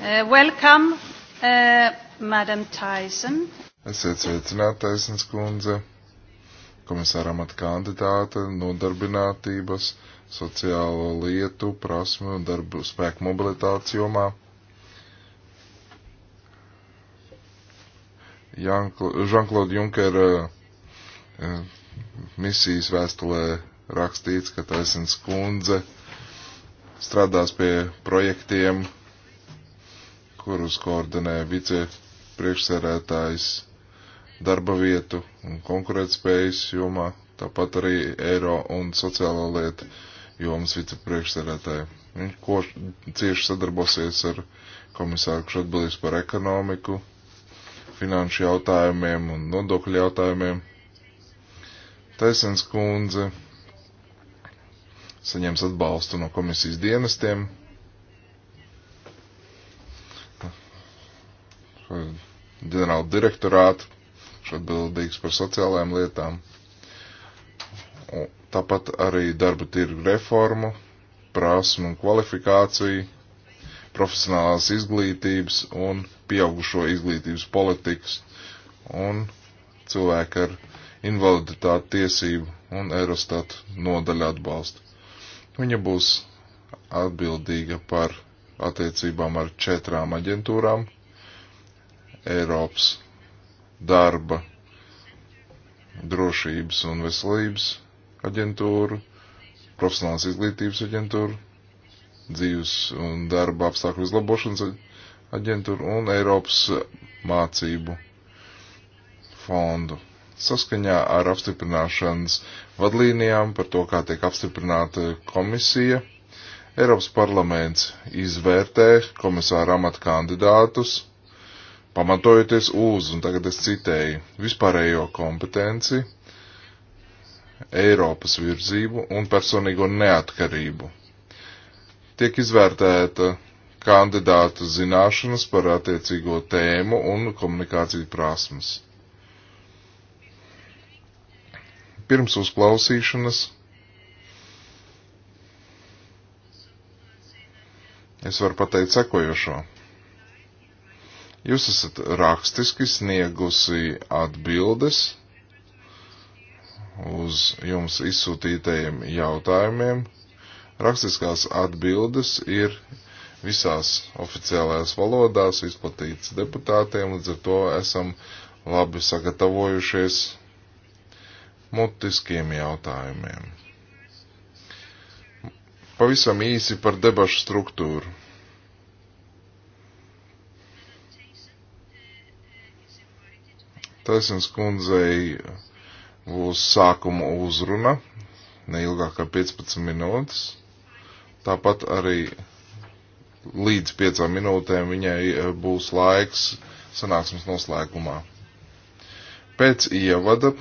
Uh, welcome, uh, Madam Tyson. Esiet sveicināti, Taisnes kundze komisāra amata kandidāta nodarbinātības, sociālo lietu, prasmu un darbu spēku mobilitātes jomā. Jean-Claude Juncker eh, misijas vēstulē rakstīts, ka taisnība skundze strādās pie projektiem, kurus koordinē vicepriekšsēdētājs darba vietu un konkurētspējas jomā, tāpat arī eiro un sociālo lietu jomas vicepriekšsēdētāju. Viņš ko cieši sadarbosies ar komisāru, kurš atbildīs par ekonomiku, finanšu jautājumiem un nodokļu jautājumiem. Taisens kundze saņems atbalstu no komisijas dienestiem. ģenerāla direktorāta kurš atbildīgs par sociālajām lietām. Un tāpat arī darba tirgu reformu, prasmu un kvalifikāciju, profesionālās izglītības un pieaugušo izglītības politikas un cilvēku ar invaliditāti tiesību un Eurostatu nodaļu atbalstu. Viņa būs atbildīga par attiecībām ar četrām aģentūrām - Eiropas darba, drošības un veselības aģentūru, profesionālās izglītības aģentūru, dzīves un darba apstākļu uzlabošanas aģentūru un Eiropas mācību fondu. Saskaņā ar apstiprināšanas vadlīnijām par to, kā tiek apstiprināta komisija, Eiropas parlaments izvērtē komisāra amata kandidātus pamatojoties uz, un tagad es citēju, vispārējo kompetenci, Eiropas virzību un personīgo neatkarību. Tiek izvērtēta kandidāta zināšanas par attiecīgo tēmu un komunikāciju prasmes. Pirms uzklausīšanas es varu pateikt sekojošo. Jūs esat rakstiski sniegusi atbildes uz jums izsūtītajiem jautājumiem. Rakstiskās atbildes ir visās oficiālajās valodās izplatīts deputātiem, līdz ar to esam labi sagatavojušies mutiskiem jautājumiem. Pavisam īsi par debašu struktūru. Taisnības kundzei būs sākuma uzruna, neilgāk kā 15 minūtes. Tāpat arī līdz 5 minūtēm viņai e, būs laiks sanāksmes noslēgumā. Pēc ievada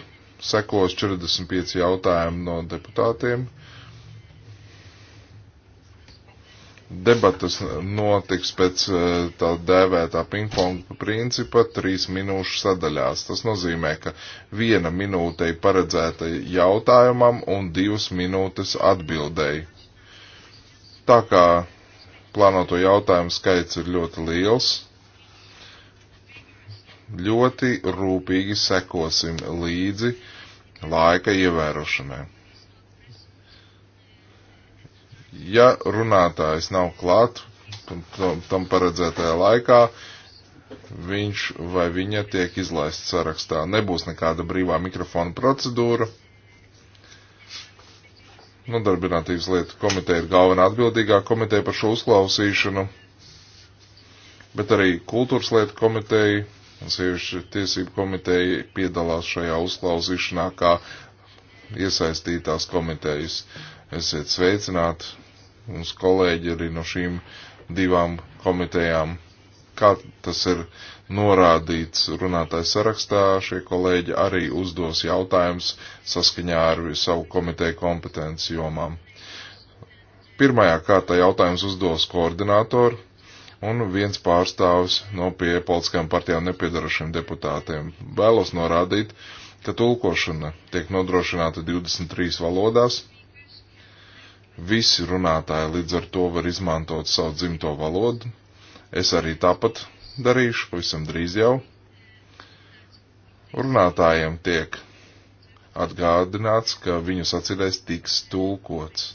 sekos 45 jautājumi no deputātiem Debatas notiks pēc eh, tā dēvētā pingpong principa trīs minūšu sadaļās. Tas nozīmē, ka viena minūte ir paredzēta jautājumam un divas minūtes atbildēji. Tā kā plānoto jautājumu skaits ir ļoti liels, ļoti rūpīgi sekosim līdzi laika ievērošanai. Ja runātājs nav klāt tam paredzētajā laikā, viņš vai viņa tiek izlaists sarakstā. Nebūs nekāda brīvā mikrofona procedūra. Nodarbinātības lietu komiteja ir galvenā atbildīgā komiteja par šo uzklausīšanu, bet arī kultūras lietu komiteja un sieviešu tiesību komiteja piedalās šajā uzklausīšanā kā iesaistītās komitejas. Esiet sveicināti! mums kolēģi arī no šīm divām komitejām, kā tas ir norādīts runātājs sarakstā, šie kolēģi arī uzdos jautājums saskaņā ar savu komiteju kompetenci jomām. Pirmajā kārtā jautājums uzdos koordinātori un viens pārstāvis no pie politiskajām partijām nepiedarošiem deputātiem. Vēlos norādīt, ka tulkošana tiek nodrošināta 23 valodās Visi runātāji līdz ar to var izmantot savu dzimto valodu. Es arī tāpat darīšu, pavisam drīz jau. Runātājiem tiek atgādināts, ka viņu sacīdais tiks tulkots.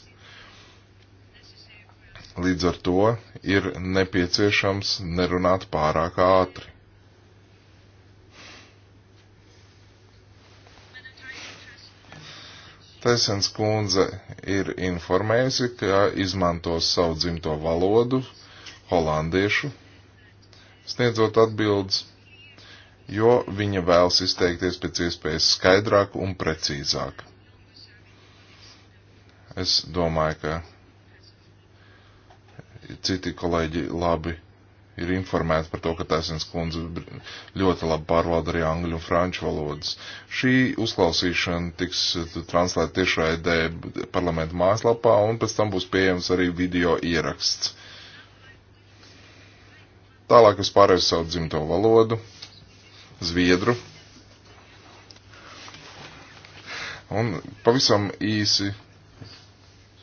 Līdz ar to ir nepieciešams nerunāt pārāk ātri. Taisens kundze ir informējusi, ka izmantos savu dzimto valodu, holandiešu, sniedzot atbildes, jo viņa vēlas izteikties pēc iespējas skaidrāk un precīzāk. Es domāju, ka citi kolēģi labi ir informēta par to, ka Taisnes kundze ļoti labi pārvalda arī angļu un franču valodas. Šī uzklausīšana tiks translēta tiešraidē parlamentu mājaslapā un pēc tam būs pieejams arī video ieraksts. Tālāk es pārēju savu dzimto valodu, zviedru. Un pavisam īsi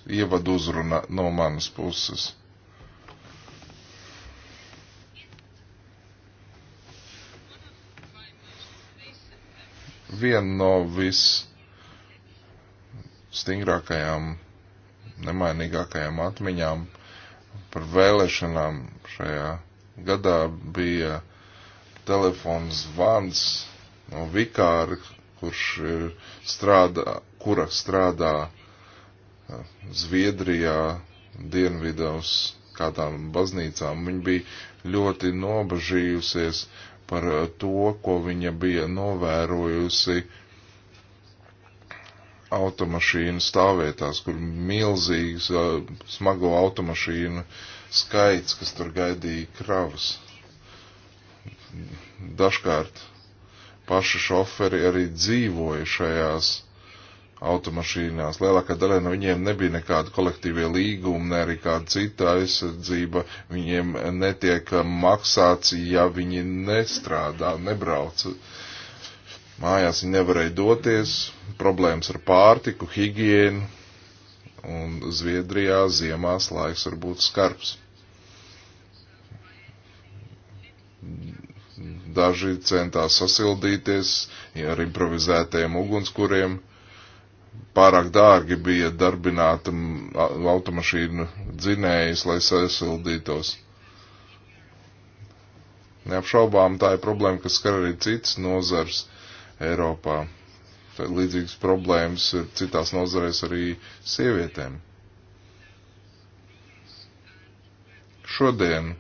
ievadu uzruna no manas puses. viena no vis stingrākajām, nemainīgākajām atmiņām par vēlēšanām šajā gadā bija telefons zvans no vikāra, kurš strādā, kura strādā eh, Zviedrijā, dienvidos, kādām baznīcām. Viņa bija ļoti nobažījusies par eh, to, ko viņa bija novērojusi automašīnu stāvvietās, kur milzīgs eh, smago automašīnu skaits, kas tur gaidīja kravas. Dažkārt paši šoferi arī dzīvoja šajās automašīnās. Lielākā daļa no viņiem nebija nekāda kolektīvie līguma, ne arī kāda cita aizsardzība. Viņiem netiek maksāts, ja viņi nestrādā, nebrauc. Mājās viņi nevarēja doties, problēmas ar pārtiku, higienu, un Zviedrijā ziemās laiks var būt skarbs. Daži centās sasildīties ar improvizētajiem ugunskuriem pārāk dārgi bija darbināt automašīnu dzinējus, lai sasildītos. Neapšaubām tā ir problēma, kas skar arī citas nozars Eiropā. Tad līdzīgas problēmas ir citās nozarēs arī sievietēm. Šodien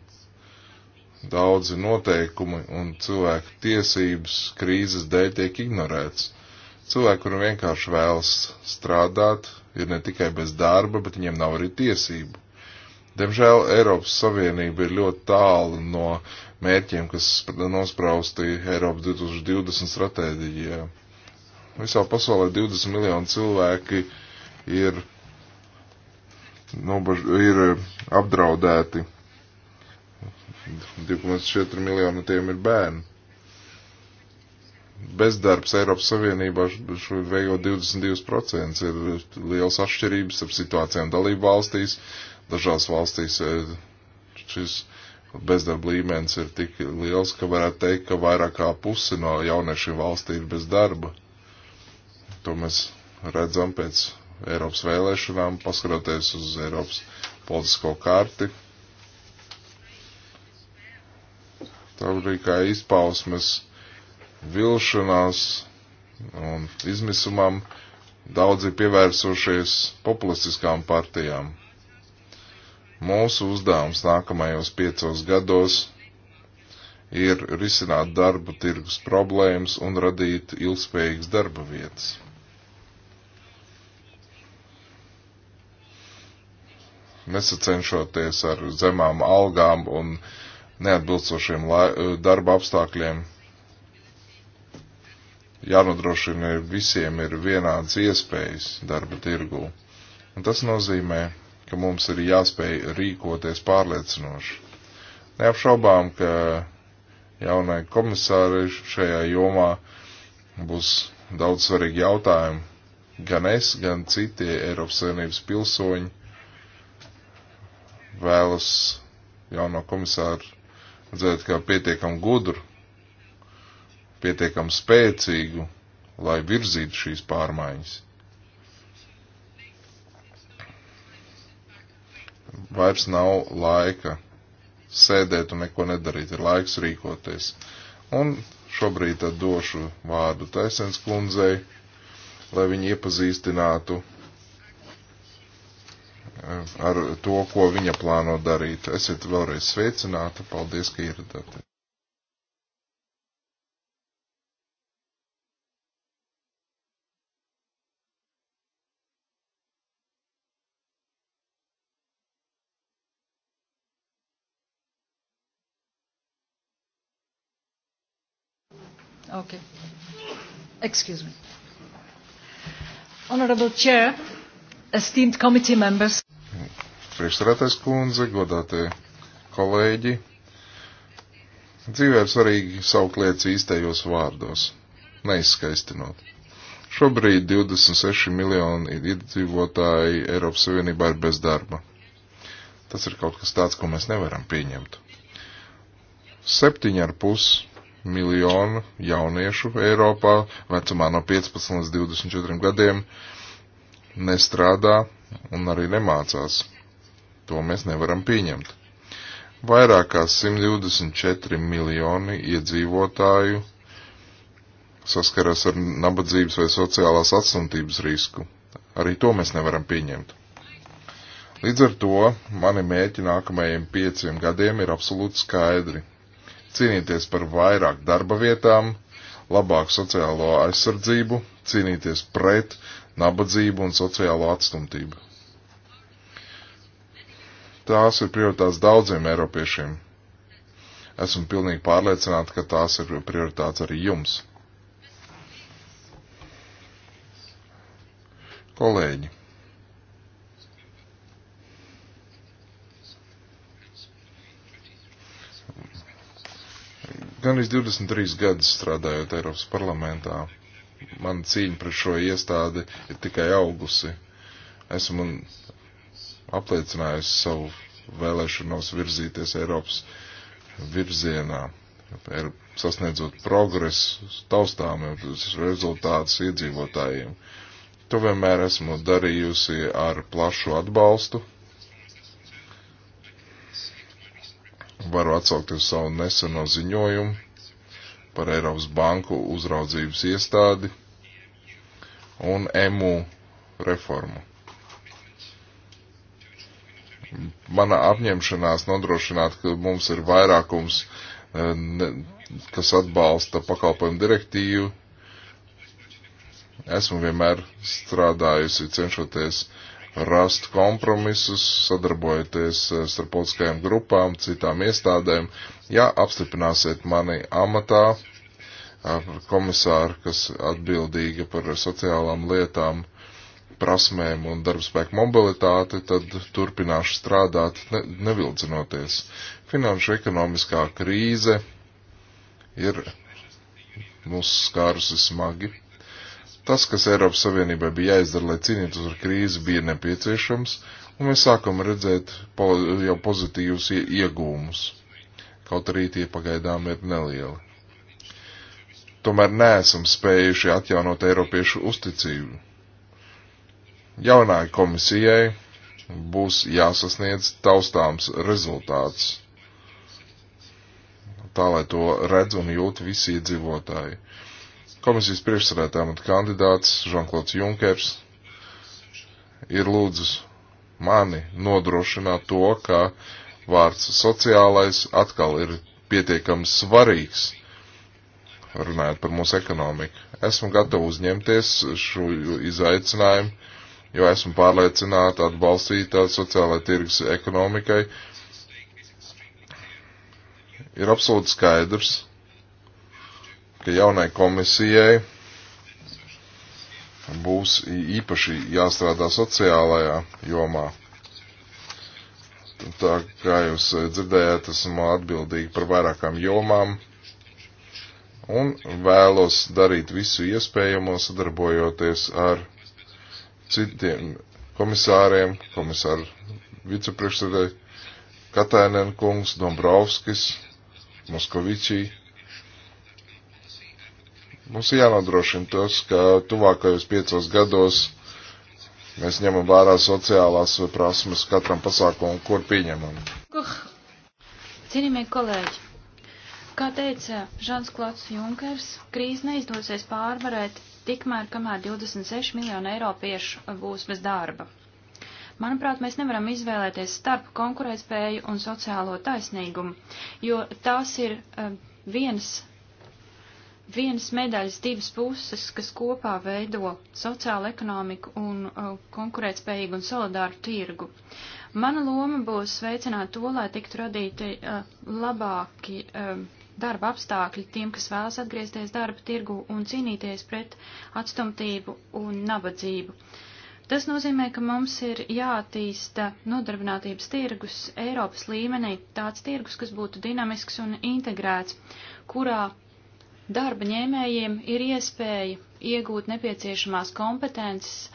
daudzi noteikumi un cilvēku tiesības krīzes dēļ tiek ignorēts Cilvēki, kuri vienkārši vēlas strādāt, ir ne tikai bez darba, bet viņiem nav arī tiesību. Diemžēl Eiropas Savienība ir ļoti tālu no mērķiem, kas nosprausti Eiropas 2020 stratēģijā. Visā pasaulē 20 miljoni cilvēki ir, nobaž, ir eh, apdraudēti. 2,4 miljoni tiem ir bērni bezdarbs Eiropas Savienībā vejo 22%. Ir liels atšķirības ar situācijām dalību valstīs. Dažās valstīs e, šis bezdarba līmenis ir tik liels, ka varētu teikt, ka vairāk kā pusi no jauniešiem valstī ir bez darba. To mēs redzam pēc Eiropas vēlēšanām, paskatoties uz Eiropas politisko karti. Tā arī kā izpausmes vilšanās un izmisumam daudzi pievērsušies populistiskām partijām. Mūsu uzdevums nākamajos piecos gados ir risināt darba tirgus problēmas un radīt ilgspējīgas darba vietas. Nesacenšoties ar zemām algām un neatbilstošiem darba apstākļiem, jānodrošina visiem ir vienādas iespējas darba tirgū. Un tas nozīmē, ka mums ir jāspēj rīkoties pārliecinoši. Neapšaubām, ka jaunai komisārai šajā jomā būs daudz svarīgi jautājumi. Gan es, gan citi Eiropas Savienības pilsoņi vēlas jauno komisāru redzēt kā pietiekam gudru, pietiekam spēcīgu, lai virzītu šīs pārmaiņas. Vairs nav laika sēdēt un neko nedarīt, ir laiks rīkoties. Un šobrīd tad došu vārdu Taisens kundzei, lai viņi iepazīstinātu eh, ar to, ko viņa plāno darīt. Esiet vēlreiz sveicināta, paldies, ka ieradāties. Okay. Excuse me. Honorable Chair, esteemed committee members. Priekšsarātais kundze, godātie kolēģi, dzīvē ir svarīgi saukt lietas īstajos vārdos, neizskaistinot. Šobrīd 26 miljoni iedzīvotāji Eiropas Savienībā ir bez darba. Tas ir kaut kas tāds, ko mēs nevaram pieņemt. Septiņi ar pus miljonu jauniešu Eiropā vecumā no 15 līdz 24 gadiem nestrādā un arī nemācās. To mēs nevaram pieņemt. Vairāk kā 124 miljoni iedzīvotāju saskaras ar nabadzības vai sociālās atstumtības risku. Arī to mēs nevaram pieņemt. Līdz ar to mani mēķi nākamajiem pieciem gadiem ir absolūti skaidri cīnīties par vairāk darba vietām, labāku sociālo aizsardzību, cīnīties pret nabadzību un sociālo atstumtību. Tās ir prioritātes daudziem eiropiešiem. Esmu pilnīgi pārliecināta, ka tās ir prioritātes arī jums. Kolēģi! Gan es 23 gadus strādājot Eiropas parlamentā. Man cīņa pret šo iestādi ir tikai augusi. Esmu apliecinājusi savu vēlēšanos virzīties Eiropas virzienā, er, sasniedzot progresu taustāmiem rezultātus iedzīvotājiem. To vienmēr esmu darījusi ar plašu atbalstu varu atsaukt uz savu neseno ziņojumu par Eiropas banku uzraudzības iestādi un EMU reformu. Mana apņemšanās nodrošināt, ka mums ir vairākums, e, kas atbalsta pakalpojumu direktīvu. Esmu vienmēr strādājusi, cenšoties uh, rast kompromisus, sadarbojoties eh, starp politiskajām grupām, citām iestādēm. Ja apstiprināsiet mani amatā par komisāru, kas atbildīga par sociālām lietām, prasmēm un darbspēku mobilitāti, tad turpināšu strādāt ne, nevilcinoties. Finanšu ekonomiskā krīze ir mūs skārusi smagi Tas, kas Eiropas Savienībai bija jāizdara, lai cīnītos ar krīzi, bija nepieciešams, un mēs sākam redzēt po, jau pozitīvus iegūmus, kaut arī tie pagaidām ir nelieli. Tomēr neesam spējuši atjaunot Eiropiešu uzticību. Jaunai komisijai būs jāsasniedz taustāms rezultāts, tā lai to redz un jūt visi iedzīvotāji. Komisijas priekšsarētām un kandidāts Žanklots Junkers ir lūdzis mani nodrošināt to, ka vārds sociālais atkal ir pietiekami svarīgs, runājot par mūsu ekonomiku. Esmu gatava uzņemties šo izaicinājumu, jo esmu pārliecināta atbalstītā sociālai tirgus ekonomikai. Ir absolūti skaidrs, ka jaunai komisijai būs īpaši jāstrādā sociālajā jomā. Tā kā jūs dzirdējāt, esmu atbildīgi par vairākām jomām un vēlos darīt visu iespējamo sadarbojoties ar citiem komisāriem, komisāru vicepriekšsēdētāju Katainen kungs, Dombrovskis, Moskovičī Mums ir jānodrošina tas, ka tuvākajos piecos gados mēs ņemam vērā sociālās prasmes katram pasākumam, kur pieņemam. Uh, Cienījamie kolēģi, kā teica Žans Klots Junkers, krīze neizdosies pārvarēt tikmēr, kamēr 26 miljonu eiropiešu būs bez darba. Manuprāt, mēs nevaram izvēlēties starp konkurētspēju un sociālo taisnīgumu, jo tās ir uh, viens vienas medaļas divas puses, kas kopā veido sociālu ekonomiku un uh, konkurētspējīgu un solidāru tirgu. Mana loma būs veicināt to, lai tiktu radīti uh, labāki uh, darba apstākļi tiem, kas vēlas atgriezties darba tirgu un cīnīties pret atstumtību un nabadzību. Tas nozīmē, ka mums ir jātīsta nodarbinātības tirgus Eiropas līmenī, tāds tirgus, kas būtu dinamisks un integrēts, kurā darba ņēmējiem ir iespēja iegūt nepieciešamās kompetences,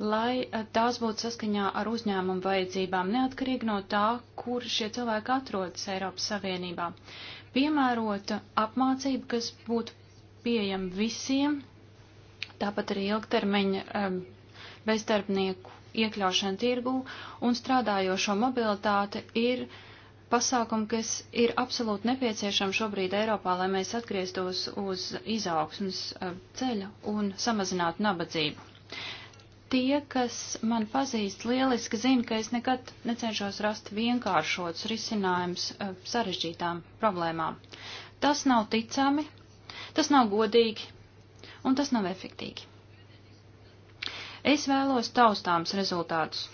lai eh, tās būtu saskaņā ar uzņēmumu vajadzībām, neatkarīgi no tā, kur šie cilvēki atrodas Eiropas Savienībā. Piemērota apmācība, kas būtu pieejama visiem, tāpat arī ilgtermiņa eh, bezdarbnieku iekļaušana tirgū un strādājošo mobilitāte ir pasākumu, kas ir absolūti nepieciešama šobrīd Eiropā, lai mēs atgrieztos uz izaugsmas eh, ceļa un samazinātu nabadzību. Tie, kas man pazīst lieliski, zina, ka es nekad necenšos rast vienkāršots risinājums eh, sarežģītām problēmām. Tas nav ticami, tas nav godīgi un tas nav efektīgi. Es vēlos taustāms rezultātus.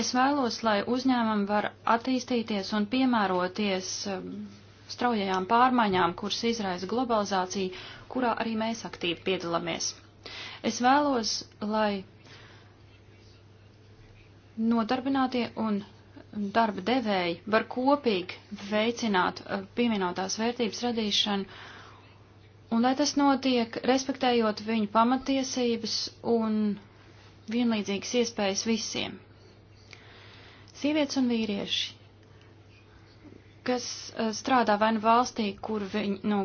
Es vēlos, lai uzņēmumi var attīstīties un piemēroties um, straujajām pārmaiņām, kuras izraisa globalizācija, kurā arī mēs aktīvi piedalāmies. Es vēlos, lai nodarbinātie un darba devēji var kopīgi veicināt uh, pieminotās vērtības radīšanu, un lai tas notiek, respektējot viņu pamatiesības un vienlīdzīgas iespējas visiem. Sievietes un vīrieši, kas eh, strādā vai nu valstī, kur viņi, nu,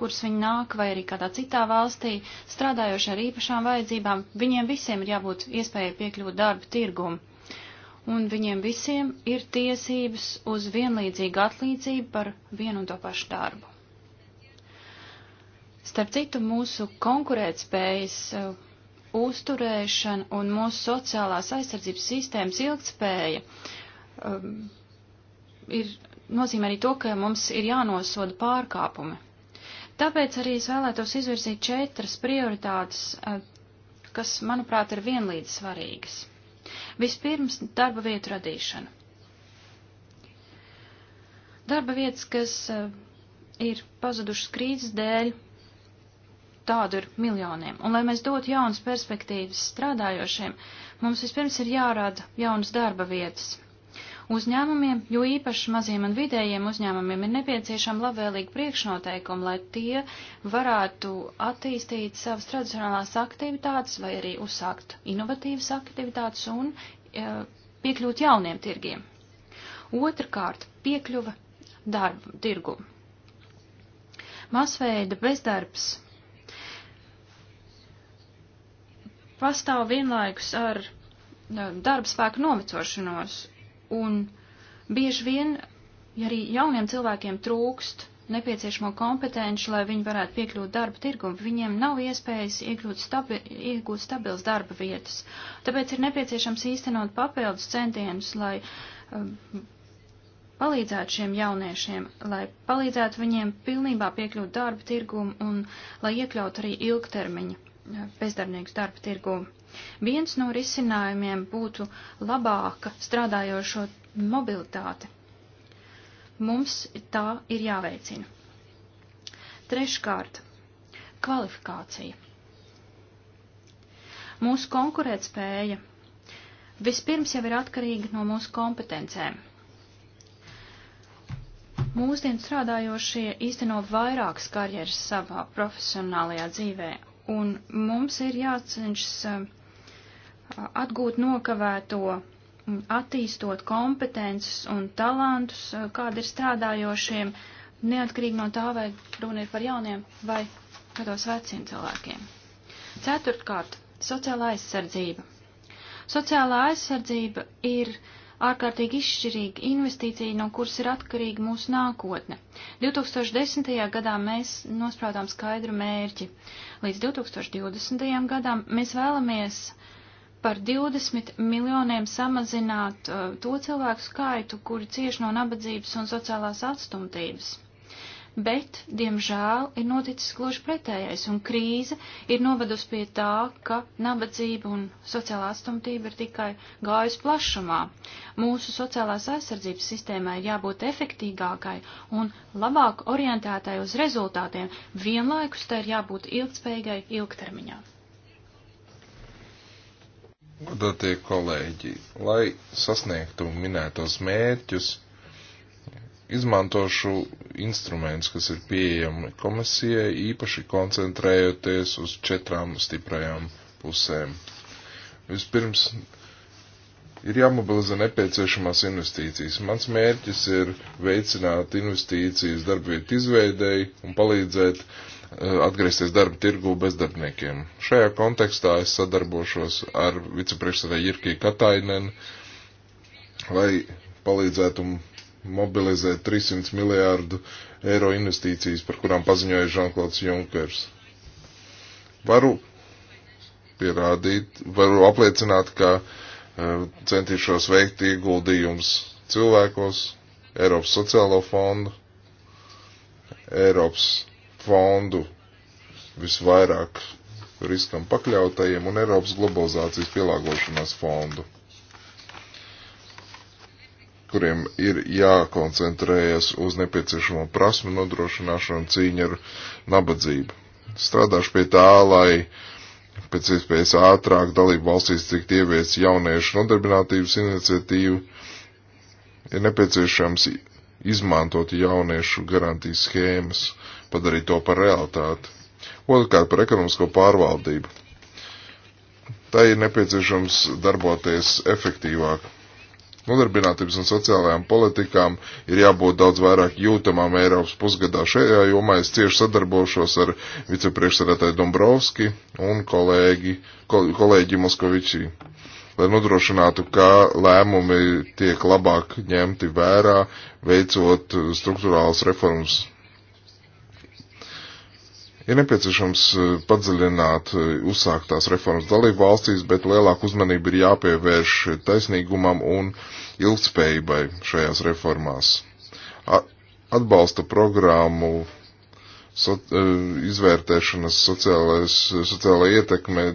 kuras viņi nāk, vai arī kādā citā valstī, strādājoši ar īpašām vajadzībām, viņiem visiem ir jābūt iespējai piekļūt darba tirgumu. Un viņiem visiem ir tiesības uz vienlīdzīgu atlīdzību par vienu un to pašu darbu. Starp citu, mūsu konkurētspējas eh, uzturēšana un mūsu sociālās aizsardzības sistēmas ilgtspēja um, ir, nozīmē arī to, ka mums ir jānosoda pārkāpumi. Tāpēc arī es vēlētos izvirzīt četras prioritātes, uh, kas, manuprāt, ir vienlīdz svarīgas. Vispirms darba vietu radīšana. Darba vietas, kas uh, ir pazudušas krīzes dēļ, tādu ir miljoniem. Un lai mēs dotu jaunas perspektīvas strādājošiem, mums vispirms ir jārada jaunas darba vietas. Uzņēmumiem, jo īpaši maziem un vidējiem uzņēmumiem, ir nepieciešama labvēlīga priekšnoteikuma, lai tie varētu attīstīt savas tradicionālās aktivitātes vai arī uzsākt inovatīvas aktivitātes un e, piekļūt jauniem tirgiem. Otrakārt, piekļuva darba tirgu. Masveida bezdarbs pastāv vienlaikus ar darba spēku novecošanos, un bieži vien, ja arī jauniem cilvēkiem trūkst nepieciešamo kompetenci, lai viņi varētu piekļūt darba tirgumu, viņiem nav iespējas iegūt, stabi iegūt stabils darba vietas. Tāpēc ir nepieciešams īstenot papildus centienus, lai um, palīdzētu šiem jauniešiem, lai palīdzētu viņiem pilnībā piekļūt darba tirgumu un lai iekļaut arī ilgtermiņu bezdarbniekus darba tirgū. Viens no risinājumiem būtu labāka strādājošo mobilitāte. Mums tā ir jāveicina. Treškārt, kvalifikācija. Mūsu konkurētspēja vispirms jau ir atkarīga no mūsu kompetencēm. Mūsdien strādājošie īsteno vairākas karjeras savā profesionālajā dzīvē, un mums ir jācenšas atgūt nokavēto, attīstot kompetences un talantus, kāda ir strādājošiem, neatkarīgi no tā, vai runa ir par jauniem vai kādos veciem cilvēkiem. Ceturtkārt, sociālā aizsardzība. Sociālā aizsardzība ir uh, ārkārtīgi izšķirīga investīcija, no kuras ir atkarīga mūsu nākotne. 2010. gadā mēs nospraudām skaidru mērķi. Līdz 2020. gadam mēs vēlamies par 20 miljoniem samazināt uh, to cilvēku skaitu, kuri cieši no nabadzības un sociālās atstumtības bet, diemžēl, ir noticis gluži pretējais, un krīze ir novedusi pie tā, ka nabadzība un sociālā atstumtība ir tikai gājusi plašumā. Mūsu sociālās aizsardzības sistēmai ir jābūt efektīgākai un labāk orientētai uz rezultātiem, vienlaikus tai ir jābūt ilgspējīgai ilgtermiņā. Godātie kolēģi, lai sasniegtu minētos mērķus, izmantošu instrumentus, kas ir pieejami komisijai, īpaši koncentrējoties uz četrām stiprajām pusēm. Vispirms ir jāmobilizē nepieciešamās investīcijas. Mans mērķis ir veicināt investīcijas darbvietu izveidēji un palīdzēt eh, atgriezties darba tirgū bezdarbniekiem. Šajā kontekstā es sadarbošos ar vicepriekšsēdēju Jirkiju Katainen, lai palīdzētu mobilizēt 300 miljārdu eiro investīcijas, par kurām paziņoja Žanklauds Junkers. Varu pierādīt, varu apliecināt, ka uh, centīšos veikt ieguldījums cilvēkos, Eiropas sociālo fondu, Eiropas fondu visvairāk riskam pakļautajiem un Eiropas globalizācijas pielāgošanās fondu kuriem ir jākoncentrējas uz nepieciešamo prasmu nodrošināšanu un cīņu ar nabadzību. Strādāšu pie tā, lai pēc iespējas ātrāk dalību valstīs tikt ievies jauniešu nodarbinātības iniciatīvu, ir nepieciešams izmantot jauniešu garantijas schēmas, padarīt to par realitāti. Otrkārt par ekonomisko pārvaldību. Tā ir nepieciešams darboties efektīvāk Nodarbinātības un sociālajām politikām ir jābūt daudz vairāk jūtamām Eiropas pusgadā. Šajā jomā es cieši sadarbošos ar vicepriekšsēdētāju Dombrovski un kolēģi, kol, kolēģi Moskovičī, lai nodrošinātu, ka lēmumi tiek labāk ņemti vērā, veicot struktūrālas reformas Ir nepieciešams eh, padziļināt eh, uzsāktās reformas dalību valstīs, bet lielāku uzmanību ir jāpievērš taisnīgumam un ilgspējībai šajās reformās. Atbalsta programmu so, eh, izvērtēšanas sociālais, sociālai ietekme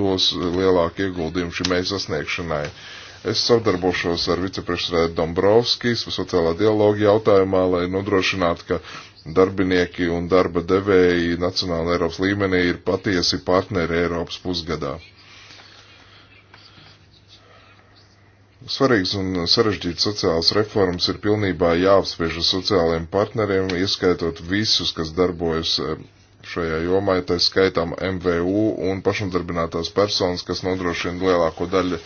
dos lielāku ieguldījumu šī mērķa sasniegšanai. Uh, Es sadarbošos ar vicepriekšsēdētāju Dombrovskis sociālā dialoga jautājumā, lai nodrošinātu, ka darbinieki un darba devēji nacionāla Eiropas līmenī ir patiesi partneri Eiropas pusgadā. Svarīgs un sarežģīts sociāls reformas ir pilnībā jāapspiež ar sociālajiem partneriem, ieskaitot visus, kas darbojas eh, šajā jomā, ja tā skaitām MVU un pašnodarbinātās personas, kas nodrošina lielāko daļu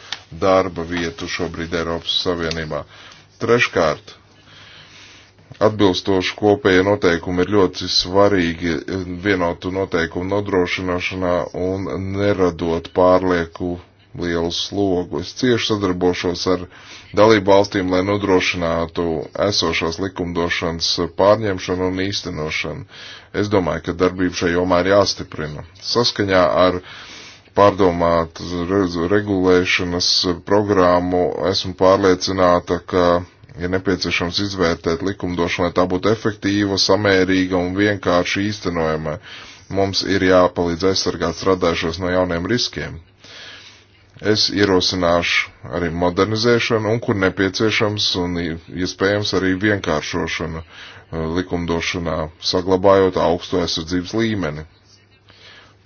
darba vietu šobrīd Eiropas Savienībā. Treškārt, atbilstoši kopējie noteikumi ir ļoti svarīgi vienotu noteikumu nodrošināšanā un neradot pārlieku lielu slogu. Es cieši sadarbošos ar dalību valstīm, lai nodrošinātu esošās likumdošanas pārņemšanu un īstenošanu. Es domāju, ka darbība šajā jomā ir jāstiprina. Saskaņā ar pārdomāt regulēšanas programmu esmu pārliecināta, ka ir nepieciešams izvērtēt likumdošanu, lai tā būtu efektīva, samērīga un vienkārši īstenojama. Mums ir jāpalīdz aizsargāt strādājušos no jauniem riskiem Es ierosināšu arī modernizēšanu un, kur nepieciešams un iespējams arī vienkāršošanu e, likumdošanā, saglabājot augstu aizsardzības līmeni.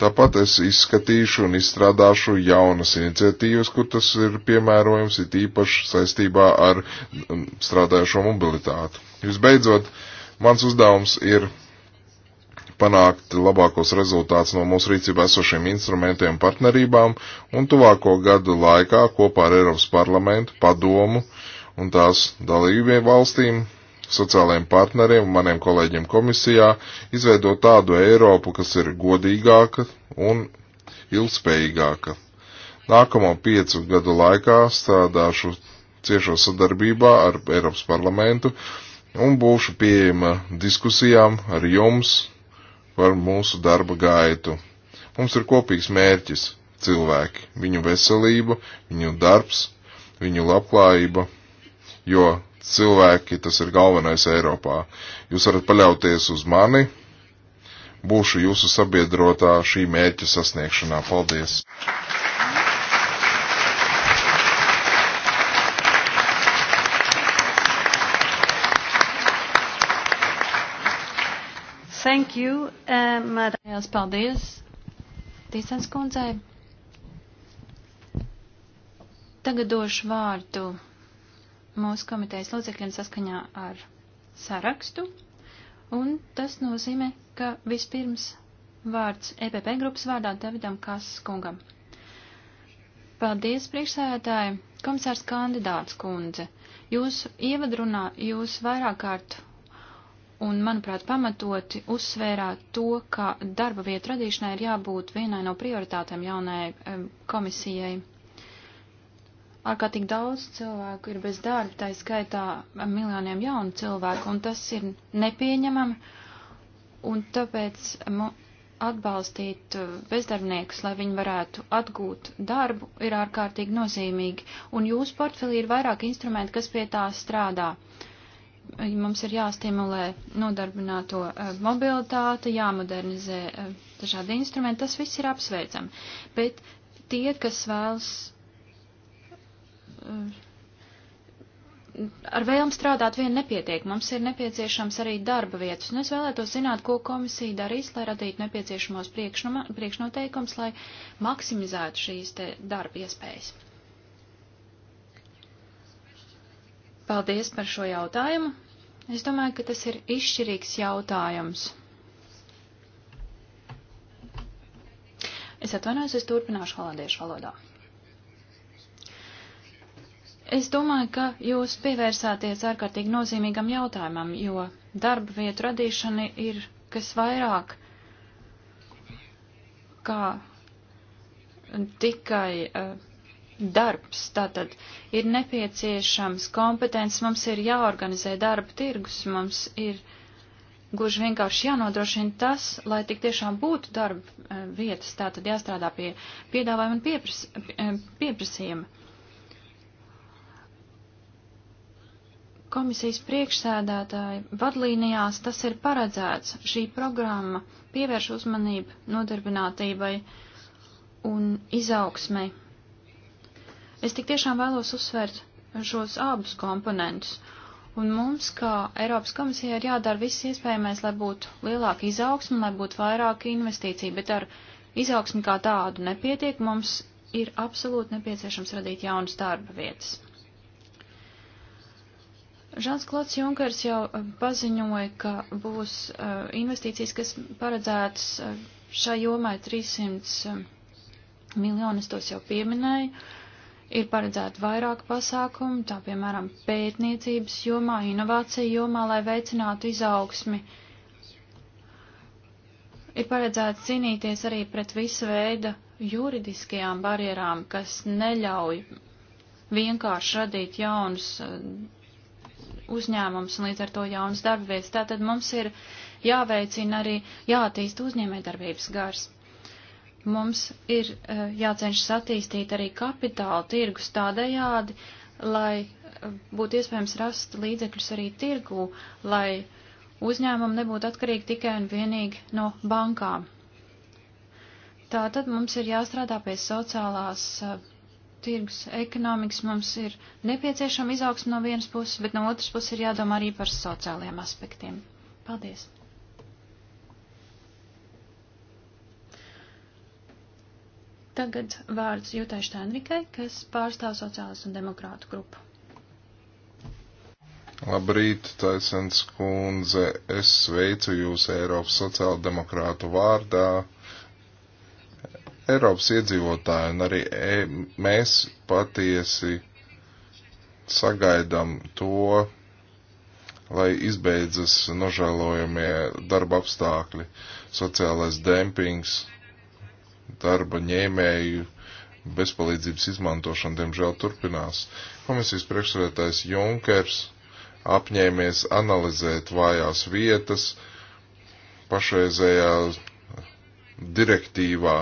Tāpat es izskatīšu un izstrādāšu jaunas iniciatīvas, kur tas ir piemērojams, it īpaši saistībā ar strādājošo mobilitāti. Visbeidzot, mans uzdevums ir panākt labākos rezultātus no mūsu rīcībā esošiem instrumentiem un partnerībām, un tuvāko gadu laikā kopā ar Eiropas parlamentu, padomu un tās dalībiem valstīm, sociālajiem partneriem un maniem kolēģiem komisijā izveidot tādu Eiropu, kas ir godīgāka un ilgspējīgāka. Nākamo piecu gadu laikā strādāšu ciešo sadarbībā ar Eiropas parlamentu un būšu pieejama diskusijām ar jums, par mūsu darba gaitu. Mums ir kopīgs mērķis - cilvēki, viņu veselība, viņu darbs, viņu labklājība, jo cilvēki tas ir galvenais Eiropā. Jūs varat paļauties uz mani, būšu jūsu sabiedrotā šī mērķa sasniegšanā. Paldies! Thank you, uh, madam. Lielas paldies, Tīsens kundzei. Tagad došu vārdu mūsu komitejas locekļiem saskaņā ar sarakstu, un tas nozīmē, ka vispirms vārds EPP grupas vārdā Davidam Kasas kungam. Paldies, priekšsēdētāji, komisārs kandidāts kundze. Jūsu ievadrunā jūs vairāk kārt un, manuprāt, pamatoti uzsvērāt to, ka darba vietu radīšanai ir jābūt vienai no prioritātēm jaunajai komisijai. Ārkārtīgi daudz cilvēku ir bez darba, tā skaitā miljoniem jaunu cilvēku, un tas ir nepieņemami, un tāpēc atbalstīt eh, bezdarbniekus, lai viņi varētu atgūt darbu, ir ārkārtīgi nozīmīgi, un jūsu portfelī ir vairāk instrumenti, kas pie tā strādā mums ir jāstimulē nodarbināto mobilitāte, jāmodernizē dažādi instrumenti, tas viss ir apsveicami. Bet tie, kas vēlas ar vēlmu strādāt vien nepietiek, mums ir nepieciešams arī darba vietas, un es vēlētos zināt, ko komisija darīs, lai radītu nepieciešamos priekšnoteikums, lai maksimizētu šīs te darba iespējas. Paldies par šo jautājumu. Es domāju, ka tas ir izšķirīgs jautājums. Es atvainojos, es turpināšu holandiešu valodā. Es domāju, ka jūs pievērsāties ārkārtīgi nozīmīgam jautājumam, jo darba vietu radīšana ir kas vairāk kā tikai uh, darbs. Tātad ir nepieciešams kompetents, mums ir jāorganizē darba tirgus, mums ir gluži vienkārši jānodrošina tas, lai tik tiešām būtu darba eh, vietas. Tātad jāstrādā pie piedāvājuma un piepras, eh, pieprasījuma. Komisijas priekšsēdētāji vadlīnijās tas ir paredzēts. Šī programma pievērš uzmanību nodarbinātībai un izaugsmai. Es tik tiešām vēlos uzsvērt šos abus komponentus. Un mums, kā Eiropas komisija, ir jādara viss iespējamais, lai būtu lielāka izaugsme, lai būtu vairāk investīcija, bet ar izaugsmi kā tādu nepietiek, mums ir absolūti nepieciešams radīt jaunas darba vietas. Žāns Klots Junkers jau eh, paziņoja, ka būs uh, investīcijas, kas paredzētas uh, šai jomai 300 miljonus, tos jau pieminēju. Ir paredzēti vairāk pasākumu, tā piemēram pētniecības jomā, inovāciju jomā, lai veicinātu izaugsmi. Ir paredzēts cīnīties arī pret visu veidu juridiskajām barjerām, kas neļauj vienkārši radīt jaunus eh, uzņēmums un līdz ar to jaunas darbvietas. Tātad mums ir jāveicina arī jātīst uzņēmē darbības gars. Mums ir eh, jācenšas attīstīt arī kapitāla tirgus tādējādi, lai eh, būtu iespējams rast līdzekļus arī tirgū, lai uzņēmumi nebūtu atkarīgi tikai un vienīgi no bankām. Tātad mums ir jāstrādā pie sociālās uh, tirgus ekonomikas, mums ir nepieciešama izaugsme no vienas puses, bet no otras puses ir jādomā arī par sociālajiem aspektiem. Paldies! Tagad vārds Jūtai Štēnvikai, kas pārstāv sociālas un demokrātu grupu. Labrīt, Taisens kundze, es sveicu jūs Eiropas sociāldemokrātu vārdā. Eiropas iedzīvotāji un arī e mēs patiesi sagaidām to, lai izbeidzas nožēlojamie darba apstākļi, sociālais dempings darba ņēmēju bezpalīdzības izmantošana, diemžēl, turpinās. Komisijas priekšsēdētājs Junkers apņēmies analizēt vājās vietas pašreizējā direktīvā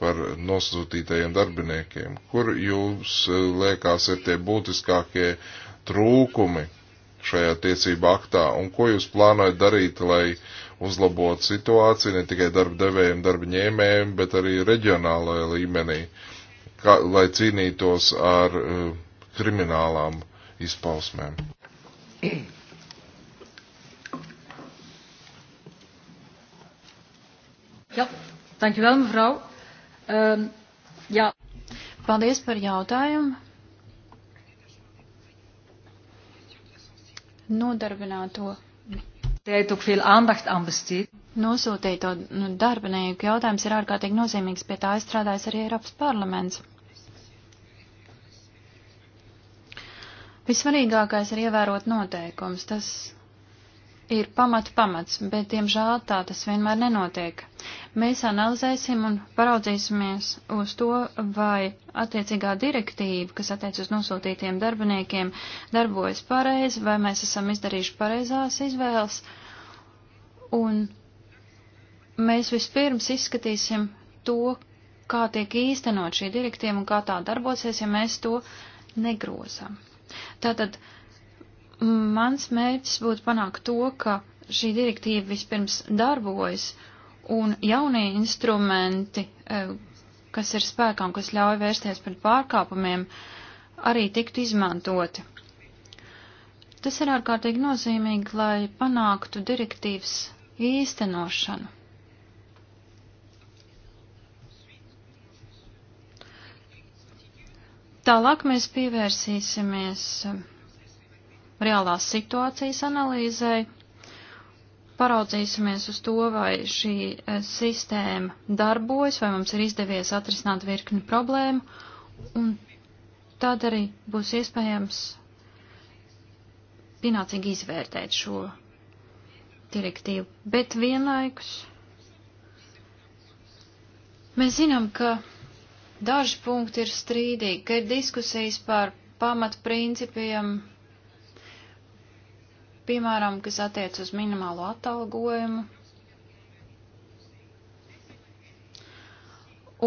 par nosūtītajiem darbiniekiem. Kur jūs e, liekas ir tie būtiskākie trūkumi šajā tiesība aktā un ko jūs plānojat darīt, lai uzlabot situāciju ne tikai darba devējiem, darba ņēmējiem, bet arī reģionālajā līmenī, kā, lai cīnītos ar uh, kriminālām izpausmēm. Jā, dankjewel mevrouw. Um, ehm, jā. Paldies par jautājumu. Nodarbināto tijd ook veel aandacht aan besteed. Nosūtīto nu, darbinieku jautājums ir ārkārtīgi nozīmīgs, pie tā aizstrādājas arī Eiropas parlaments. Visvarīgākais ir ievērot noteikums, tas ir pamata pamats, bet, diemžēl, tā tas vienmēr nenotiek. Mēs analizēsim un paraudzīsimies uz to, vai attiecīgā direktīva, kas attiec uz nosūtītiem darbiniekiem, darbojas pareizi, vai mēs esam izdarījuši pareizās izvēles. Uh, Un mēs vispirms izskatīsim to, kā tiek īstenot šī direktīva un kā tā darbosies, ja mēs to negrozam. Tātad mans mērķis būtu panākt to, ka šī direktīva vispirms darbojas un jaunie instrumenti, e, kas ir spēkā un kas ļauj vērsties pret pārkāpumiem, arī tiktu izmantoti. Tas ir ārkārtīgi nozīmīgi, lai panāktu direktīvas īstenošanu. Tālāk mēs pievērsīsimies reālās situācijas analīzei, paraudzīsimies uz to, vai šī eh, sistēma darbojas, vai mums ir izdevies atrisināt virkni problēmu, un tad arī būs iespējams pienācīgi izvērtēt šo direktīvu, bet vienlaikus mēs zinām, ka daži punkti ir strīdīgi, ka ir diskusijas par pamatprincipiem, piemēram, kas attiec uz minimālo atalgojumu.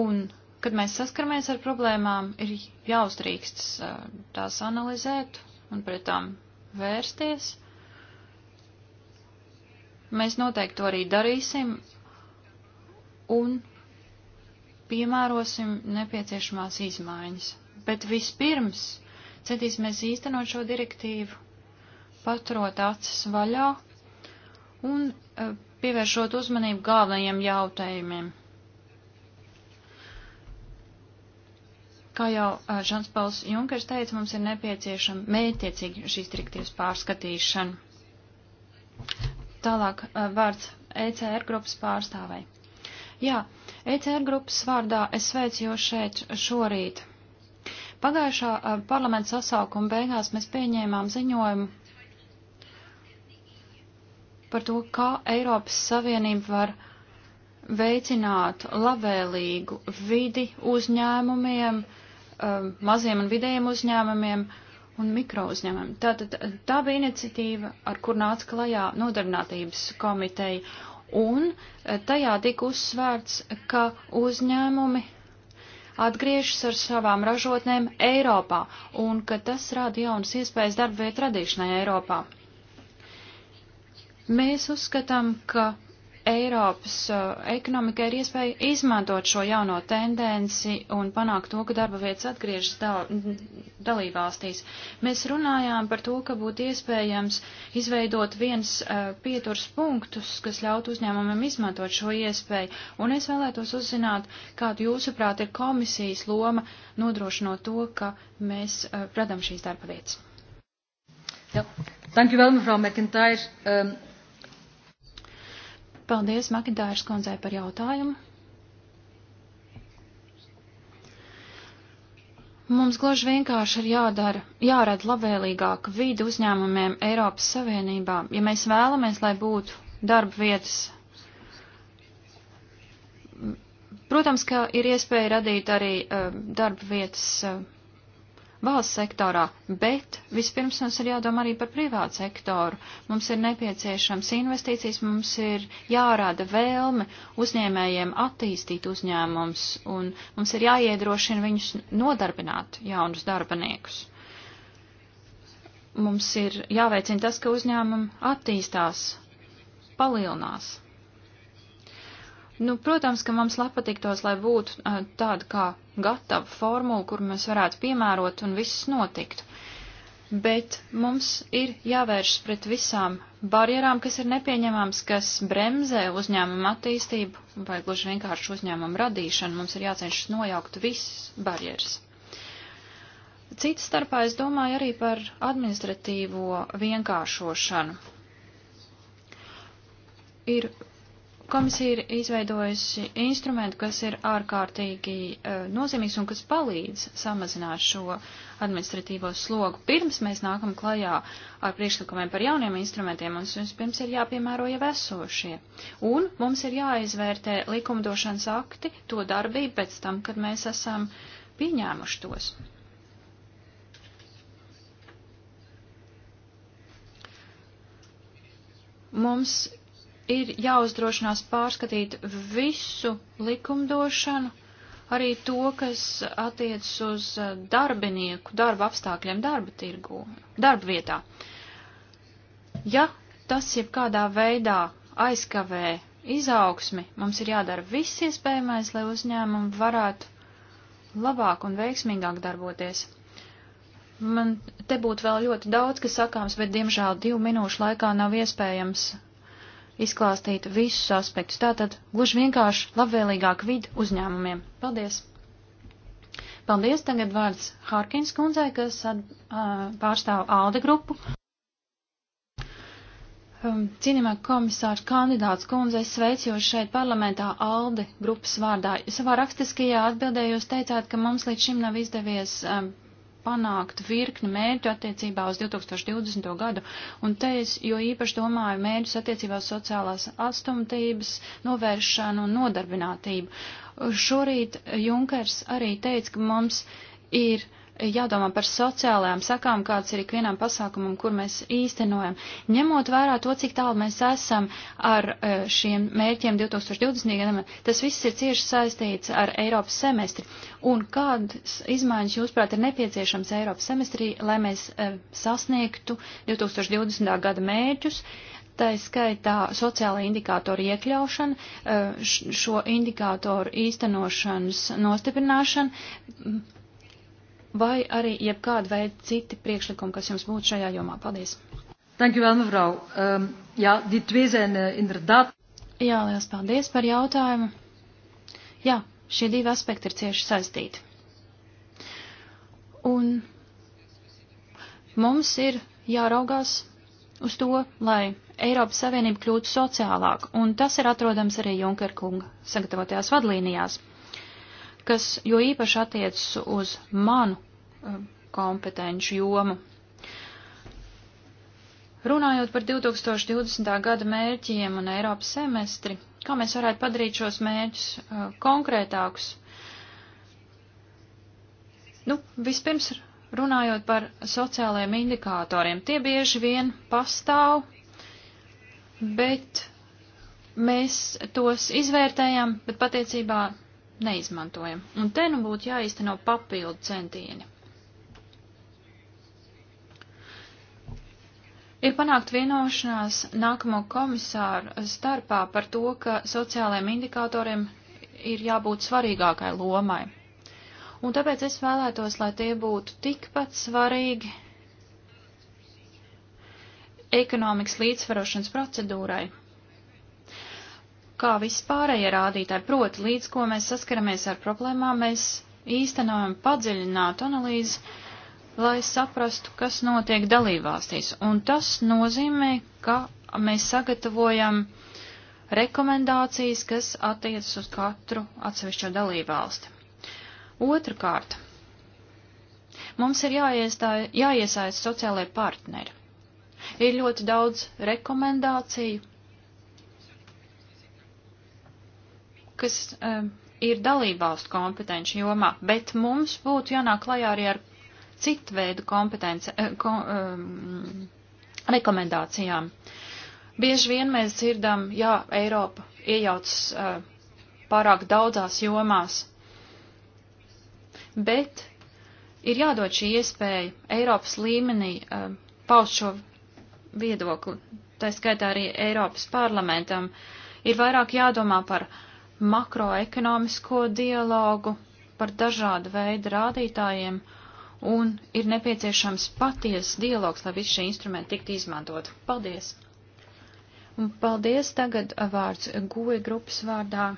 Un, kad mēs saskaramies ar problēmām, ir jāuzdrīkstas tās analizēt un pret tām vērsties. Mēs noteikti to arī darīsim un piemērosim nepieciešamās izmaiņas. Bet vispirms centīsimies īstenot šo direktīvu, paturot acis vaļā un e, pievēršot uzmanību galvenajiem jautājumiem. Kā jau e, Žants Pauls Junkers teica, mums ir nepieciešama mētiecīgi šīs direktīvas pārskatīšana. Tālāk uh, vārds ECR grupas pārstāvai. Jā, ECR grupas vārdā es sveicu jūs šeit šorīt. Pagājušā uh, parlamenta sasaukuma beigās mēs pieņēmām ziņojumu par to, kā Eiropas Savienība var veicināt labvēlīgu vidi uzņēmumiem, um, maziem un vidējiem uzņēmumiem, uh, un mikro uzņēmumi. Tātad eh, tā bija iniciatīva, ar kur nāca klajā nodarbinātības komiteja, un eh, tajā tika uzsvērts, ka uzņēmumi atgriežas ar savām ražotnēm Eiropā, un ka tas rada jaunas iespējas darba vietu radīšanai Eiropā. Mēs uzskatām, ka Eiropas uh, ekonomikai ir iespēja izmantot šo jauno tendenci un panākt to, ka darba vietas atgriežas dal dalībvalstīs. Mēs runājām par to, ka būtu iespējams izveidot viens uh, pieturs punktus, kas ļautu uzņēmumam izmantot šo iespēju, un es vēlētos uzzināt, kāda jūsuprāt ir komisijas loma nodrošinot to, ka mēs uh, radam šīs darba vietas. Jā. Dankjewel, mevrouw McIntyre. Um, Paldies Makintājas kundzei par jautājumu. Mums gluži vienkārši ir jādara, jārada labvēlīgāka vide uzņēmumiem Eiropas Savienībā, ja mēs vēlamies, lai būtu darba vietas. Protams, ka ir iespēja radīt arī uh, darba vietas uh, valsts sektorā, bet vispirms mums ir jādomā arī par privātu sektoru. Mums ir nepieciešams investīcijas, mums ir jārāda vēlme uzņēmējiem attīstīt uzņēmums un mums ir jāiedrošina viņus nodarbināt jaunus darbiniekus. Mums ir jāveicina tas, ka uzņēmumi attīstās, palielinās. Nu, protams, ka mums patiktos, lai būtu uh, tāda kā gatava formula, kur mēs varētu piemērot un viss notiktu. Bet mums ir jāvēršas pret visām barjerām, kas ir nepieņemams, kas bremzē uzņēmumu attīstību vai gluži vienkārši uzņēmumu radīšanu. Mums ir jācenšas nojaukt visas barjeras. Cita starpā es domāju arī par administratīvo vienkāršošanu. Ir Komisija ir izveidojusi instrumentu, kas ir ārkārtīgi uh, nozīmīgs un kas palīdz samazināt šo administratīvo slogu. Pirms mēs nākam klajā ar priekšlikumiem par jauniem instrumentiem, mums vispirms ir jāpiemēro jau esošie. Un mums ir jāizvērtē likumdošanas akti, to darbību pēc tam, kad mēs esam pieņēmuši tos. Mums ir jāuzdrošinās pārskatīt visu likumdošanu, arī to, kas attiec uz uh, darbinieku darba apstākļiem darba tirgu, darba vietā. Ja tas jebkādā veidā aizkavē izaugsmi, mums ir jādara viss iespējamais, lai uzņēmumi varētu labāk un veiksmīgāk darboties. Man te būtu vēl ļoti daudz, kas sakāms, bet diemžēl divu minūšu laikā nav iespējams izklāstītu visus aspektus. Tātad gluži vienkārši labvēlīgāk vidi uzņēmumiem. Paldies! Paldies! Tagad vārds Hārkins kundzei, kas at, uh, pārstāv ALDE grupu. Um, Cienījumā komisārs kandidāts kundze, es sveicu jūs šeit parlamentā ALDE grupas vārdā. Savā rakstiskajā atbildē jūs teicāt, ka mums līdz šim nav izdevies um, panākt virkni mērķu attiecībā uz 2020. gadu, un te es jo īpaši domāju mērķus attiecībā uz sociālās atstumtības, novēršanu un nodarbinātību. Šorīt Junkers arī teica, ka mums ir uh, jādomā par sociālajām sakām, kāds ir ikvienam pasākumam, kur mēs īstenojam. Ņemot vērā to, cik tālu mēs esam ar e, šiem mērķiem 2020. gadam, tas viss ir cieši saistīts ar Eiropas semestri. Un kādas izmaiņas, jūsuprāt, ir nepieciešams Eiropas semestrī, lai mēs e, sasniegtu 2020. gada mērķus? Tā ir skaitā sociāla indikātora iekļaušana, e, šo indikātoru īstenošanas nostiprināšana, vai arī jebkāda veida citi priekšlikumi, kas jums būtu šajā jomā. Paldies! Dankjewel, mevrouw. Um, ehm, jā, die twee zijn uh, inderdaad. Jā, liels paldies par jautājumu. Jā, šie divi aspekti ir cieši saistīti. Un mums ir jāraugās uz to, lai Eiropas Savienība kļūtu sociālāk, un tas ir atrodams arī Junker kunga sagatavotajās vadlīnijās kas jo īpaši attiecas uz manu eh, kompetenci jomu. Runājot par 2020. gada mērķiem un Eiropas semestri, kā mēs varētu padarīt šos mērķus uh, konkrētākus? Nu, vispirms runājot par sociālajiem indikatoriem, tie bieži vien pastāv, bet mēs tos izvērtējam, bet patiecībā neizmantojam. Un te nu būtu jāizteno papildu centieni. Ir panākt vienošanās nākamo komisāru starpā par to, ka sociālajiem indikatoriem ir jābūt svarīgākai lomai. Un tāpēc es vēlētos, lai tie būtu tikpat svarīgi ekonomikas līdzsvarošanas procedūrai, kā vispārējie rādītāji, proti līdz ko mēs saskaramies ar problēmām, mēs īstenojam padziļinātu analīzi, lai saprastu, kas notiek dalībvalstīs. Un tas nozīmē, ka mēs sagatavojam rekomendācijas, kas attiecas uz katru atsevišķo dalībvalsti. Otrakārt, mums ir jāiesaist sociālai partneri. Ir ļoti daudz rekomendāciju, kas um, ir dalībvalstu kompetenci jomā, bet mums būtu jānāk klajā arī ar citu veidu kompetence, eh, kom, um, rekomendācijām. Bieži vien mēs dzirdam, jā, Eiropa iejaucas uh, pārāk daudzās jomās, bet ir jādod šī iespēja Eiropas līmenī uh, paust šo viedokli. Tā skaitā arī Eiropas parlamentam ir vairāk jādomā par uh, makroekonomisko dialogu par dažādu veidu rādītājiem, un ir nepieciešams patiesas dialogs, lai visi šie instrumenti tiktu izmantot. Paldies! Un paldies tagad vārds goja grupas vārdā.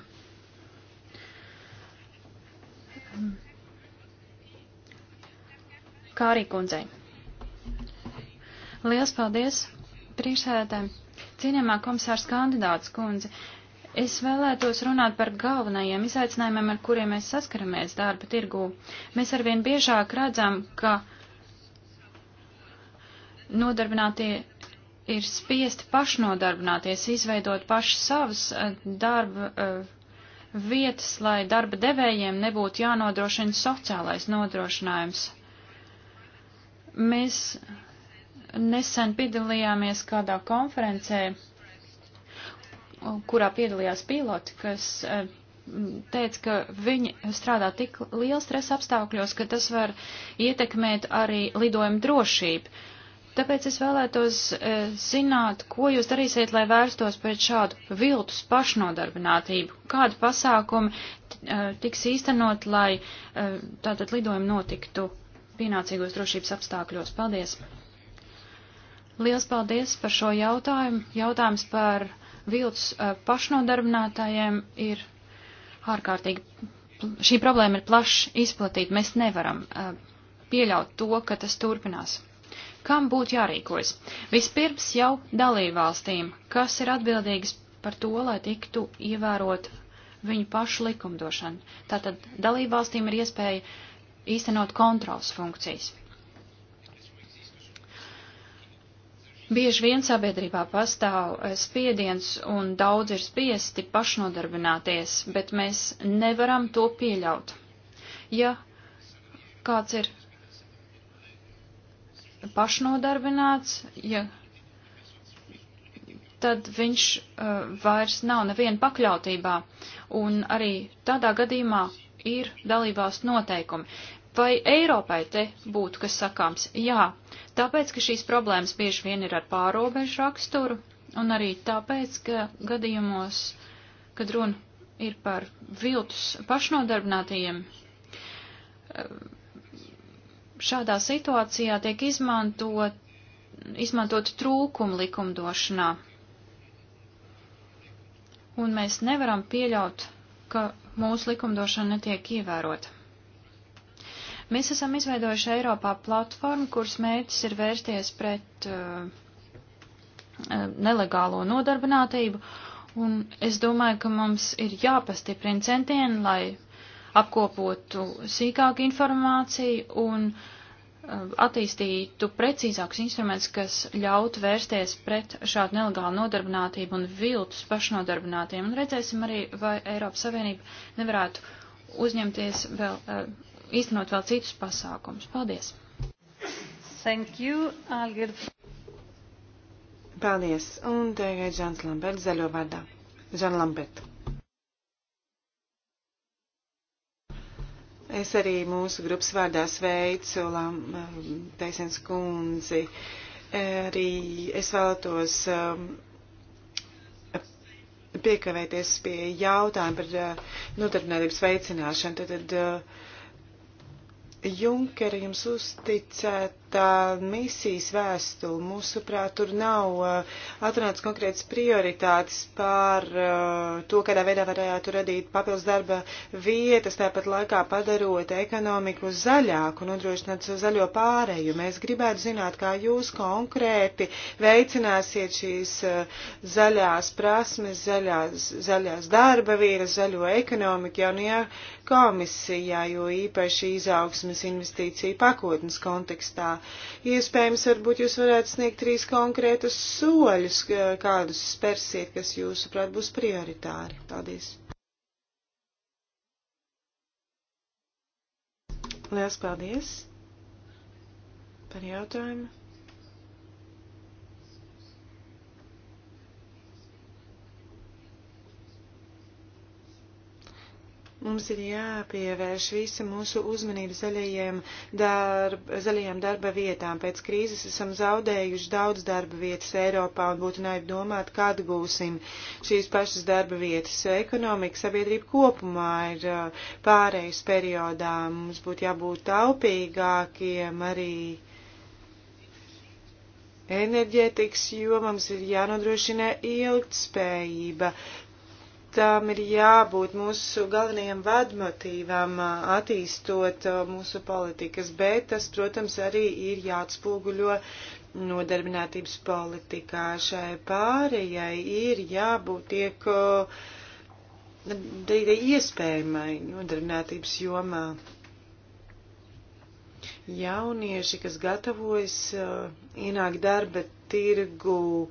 Kārī kundzei. Liels paldies priekšsēdētājiem. Cienījamā komisārs kandidāts kundze, Es vēlētos runāt par galvenajiem izaicinājumiem, ar kuriem mēs saskaramies darba tirgū. Mēs arvien biežāk redzam, ka nodarbinātie ir spiesti pašnodarbināties, izveidot paši savas eh, darba eh, vietas, lai darba devējiem nebūtu jānodrošina sociālais nodrošinājums. Mēs nesen piedalījāmies kādā konferencē kurā piedalījās piloti, kas eh, teica, ka viņi strādā tik liela stresa apstākļos, ka tas var ietekmēt arī lidojuma drošību. Tāpēc es vēlētos eh, zināt, ko jūs darīsiet, lai vērstos pret šādu viltus pašnodarbinātību. Kādi pasākumi eh, tiks īstenot, lai tātad lidojumi notiktu pienācīgos drošības apstākļos? Paldies! Liels paldies par šo jautājumu. Jautājums par viltus uh, pašnodarbinātājiem ir ārkārtīgi. Šī problēma ir plaši izplatīta. Mēs nevaram uh, pieļaut to, ka tas turpinās. Kam būtu jārīkojas? Vispirms jau dalībvalstīm, kas ir atbildīgas par to, lai tiktu ievērot viņu pašu likumdošanu. Tātad dalībvalstīm ir iespēja īstenot kontrols funkcijas. Bieži vien sabiedrībā pastāv eh, spiediens un daudz ir spiesti pašnodarbināties, bet mēs nevaram to pieļaut. Ja kāds ir pašnodarbināts, ja, tad viņš uh, vairs nav neviena pakļautībā, un arī tādā gadījumā ir dalībās noteikumi. Vai Eiropai te būtu kas sakāms? Jā, tāpēc, ka šīs problēmas bieži vien ir ar pārobežu raksturu, un arī tāpēc, ka gadījumos, kad runa ir par viltus pašnodarbinātajiem, šādā situācijā tiek izmantot, izmantot trūkumu likumdošanā. Un mēs nevaram pieļaut, ka mūsu likumdošana netiek ievērota. Mēs esam izveidojuši Eiropā platformu, kuras mērķis ir vērsties pret uh, uh, nelegālo nodarbinātību, un es domāju, ka mums ir jāpastiprina centieni, lai apkopotu sīkāku informāciju un uh, attīstītu precīzākus instrumentus, kas ļautu vērsties pret šādu nelegālu nodarbinātību un viltus pašnodarbinātiem. Un redzēsim arī, vai Eiropas Savienība nevarētu uzņemties vēl uh, īstenot vēl citus pasākumus. Paldies! Thank you. I'll get... Paldies. Un tagad Žants Lambert zaļo vārdā. Žan Lambert. Es arī mūsu grupas vārdā sveicu um, Taisens kundzi. Arī es vēlētos um, piekavēties pie jautājuma par uh, nodarbinātības veicināšanu. Tad, tad, uh, Junkera jums uzticēt tā misijas vēstule, mūsuprāt, tur nav atrunāts konkrētas prioritātes pār to, kādā veidā varētu radīt papildus darba vietas, tāpat laikā padarot ekonomiku zaļāku, nodrošināt šo zaļo pāreju. Mēs gribētu zināt, kā jūs konkrēti veicināsiet šīs zaļās prasmes, zaļās, zaļās darba vietas, zaļo ekonomiku jaunajā komisijā, jo īpaši izaugsmes investīcija pakotnes kontekstā. Iespējams, varbūt jūs varētu sniegt trīs konkrētus soļus, kādus spērsiet, kas jūsuprāt būs prioritāri. Paldies! Liels paldies par jautājumu! Mums ir jāpievērš visa mūsu uzmanība zaļajiem darba, zaļajām darba vietām. Pēc krīzes esam zaudējuši daudz darba vietas Eiropā un būtu naivi domāt, kā atgūsim šīs pašas darba vietas. Ekonomika, sabiedrība kopumā ir uh, pārējais periodā. Mums būtu jābūt taupīgākiem arī. Enerģētikas jomams ir jānodrošina ilgtspējība. Tām ir jābūt mūsu galvenajam vadmotīvam attīstot mūsu politikas, bet tas, protams, arī ir jāatspūguļo nodarbinātības politikā. Šai pārējai ir jābūt tiek iespējamai nodarbinātības jomā. Jaunieši, kas gatavojas ienāk darba tirgu, uh,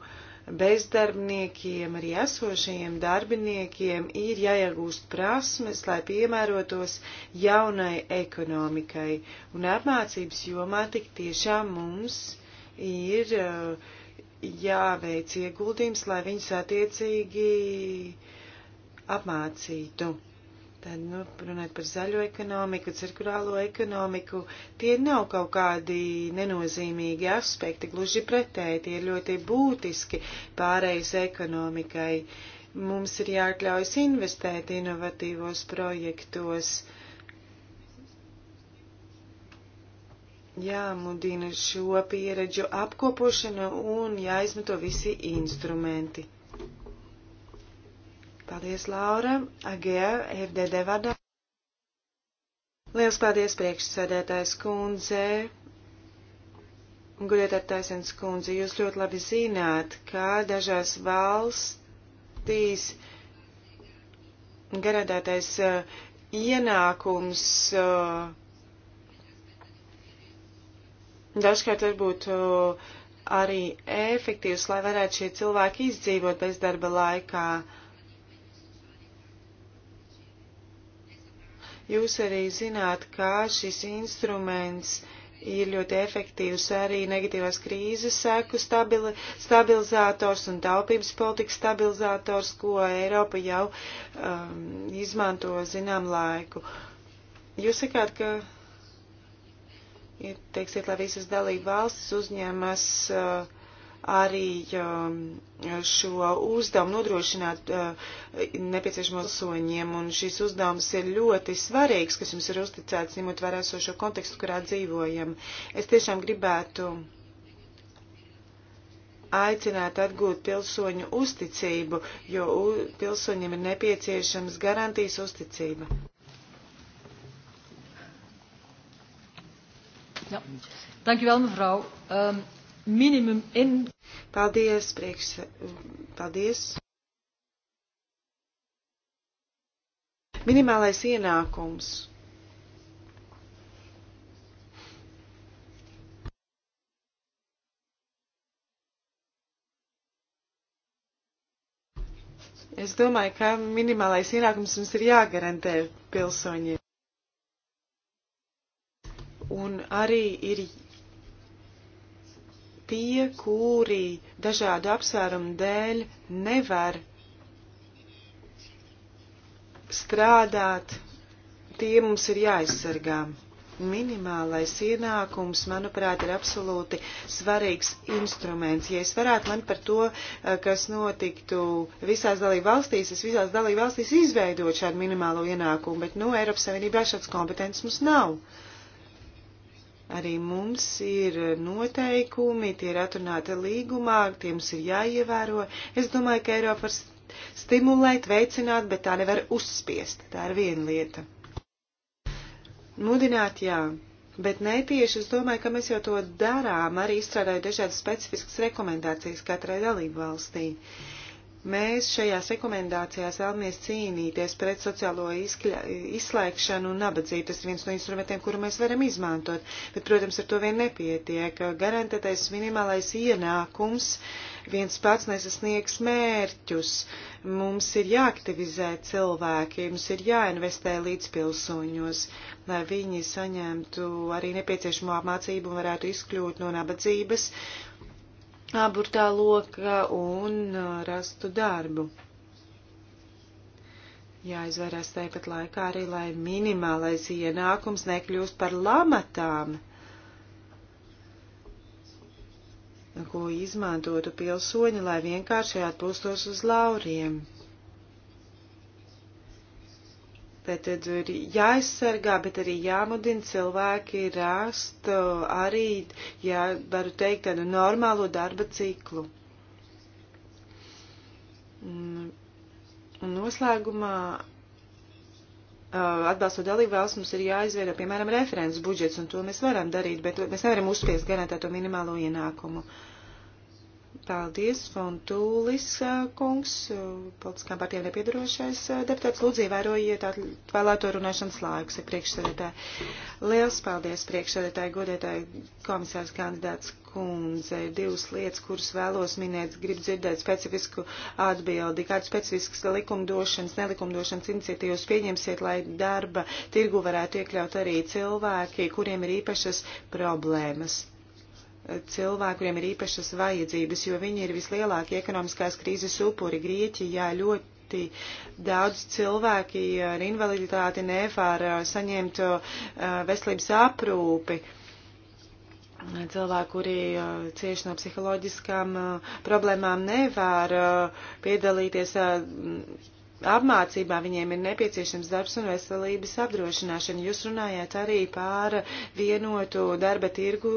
bezdarbniekiem, arī esošajiem darbiniekiem ir jāiegūst prasmes, lai piemērotos jaunai ekonomikai. Un apmācības jomā tik tiešām mums ir eh, jāveic ieguldījums, lai viņus attiecīgi apmācītu. Tad, nu, runājot par zaļo ekonomiku, cirkulālo ekonomiku, tie nav kaut kādi nenozīmīgi aspekti, gluži pretēji, tie ir ļoti būtiski pārējais ekonomikai. Mums ir jāatļaujas investēt inovatīvos projektos, jāmudina šo pieredžu apkopošanu un jāizmanto visi instrumenti. Paldies, Laura, Agē, FDD vadā. Liels paldies, priekšsēdētājs kundze. Gulietat taisens kundze, jūs ļoti labi zināt, kā dažās valstīs garantētais uh, ienākums uh, dažkārt varbūt uh, arī efektīvs, lai varētu šie cilvēki izdzīvot bezdarba laikā. Uh, Jūs arī zināt, kā šis instruments ir ļoti efektīvs arī negatīvās krīzes seku stabili, stabilizators un taupības politikas stabilizators, ko Eiropa jau um, izmanto zinām laiku. Jūs sakāt, ka ir, teiksiet, lai visas dalība valstis uzņemas uh, arī um, šo uzdevumu nodrošināt uh, nepieciešamos soņiem, un šis uzdevums ir ļoti svarīgs, kas jums ir uzticēts, ņemot vērā šo kontekstu, kurā dzīvojam. Es tiešām gribētu aicināt atgūt pilsoņu uzticību, jo pilsoņiem ir nepieciešams garantijas uzticība. Ja. Dankjewel mevrouw. Um, minimum in. Paldies, prieks. Paldies. Minimālais ienākums. Es domāju, ka minimālais ienākums mums ir jāgarantē pilsoņiem. Un arī ir tie, kuri dažādu apsvērumu dēļ nevar strādāt, tie mums ir jāaizsargā. Minimālais ienākums, manuprāt, ir absolūti svarīgs instruments. Ja es varētu lemt par to, eh, kas notiktu visās dalību valstīs, es visās dalību valstīs izveidot šādu minimālo ienākumu, bet, nu, Eiropas Savienībā šāds kompetents mums nav. Uh, Arī mums ir noteikumi, tie ir atrunāti līgumā, tie mums ir jāievēro. Es domāju, ka Eiropa var stimulēt, veicināt, bet tā nevar uzspiest. Tā ir viena lieta. Mudināt, jā. Bet ne tieši es domāju, ka mēs jau to darām, arī izstrādājot dažādas specifiskas rekomendācijas katrai dalību valstī. Uh, Mēs šajās rekomendācijās vēlamies cīnīties pret sociālo izkļa, izslēgšanu un nabadzību. Tas ir viens no instrumentiem, kuru mēs varam izmantot. Bet, protams, ar to vien nepietiek. Garantētais minimālais ienākums viens pats nesasniegs mērķus. Mums ir jāaktivizē cilvēki, mums ir jāinvestē līdz pilsoņos, lai viņi saņemtu arī nepieciešamo apmācību un varētu izkļūt no nabadzības aburtā lokā un uh, rastu darbu. Jāizvairās tāpat laikā arī, lai minimālais ienākums nekļūst par lamatām, ko izmantotu pilsoņi, lai vienkārši atpūstos uz lauriem. Tātad ir jāaizsargā, bet arī jāmudina cilvēki rast arī, ja varu teikt, tādu normālo darba ciklu. Un noslēgumā atbalstot dalībvalsts, mums ir jāizveido, piemēram, referents budžets, un to mēs varam darīt, bet mēs nevaram uzspiest garantēto minimālo ienākumu. Uh, Paldies, Fontūlis kungs, politiskām partijām nepiedarošais deputāts. Lūdzu, ievērojiet atvēlēto runāšanas laiku, ir priekšsēdētāji. Liels paldies, priekšsēdētāji, godētāji komisārs kandidāts kundze. Ir divas lietas, kuras vēlos minēt, grib dzirdēt specifisku atbildi. Kādu specifiskas likumdošanas, nelikumdošanas iniciatīvas pieņemsiet, lai darba tirgu varētu iekļaut arī cilvēki, kuriem ir īpašas problēmas? cilvēki, kuriem ir īpašas vajadzības, jo viņi ir vislielākie ekonomiskās krīzes upuri. Grieķijā ļoti ļoti daudz cilvēki ar invaliditāti nevar saņemt veselības aprūpi. Cilvēki, kuri cieši no psiholoģiskām problēmām, nevar piedalīties apmācībā, viņiem ir nepieciešams darbs un veselības apdrošināšana. Jūs runājāt arī pār vienotu darba tirgu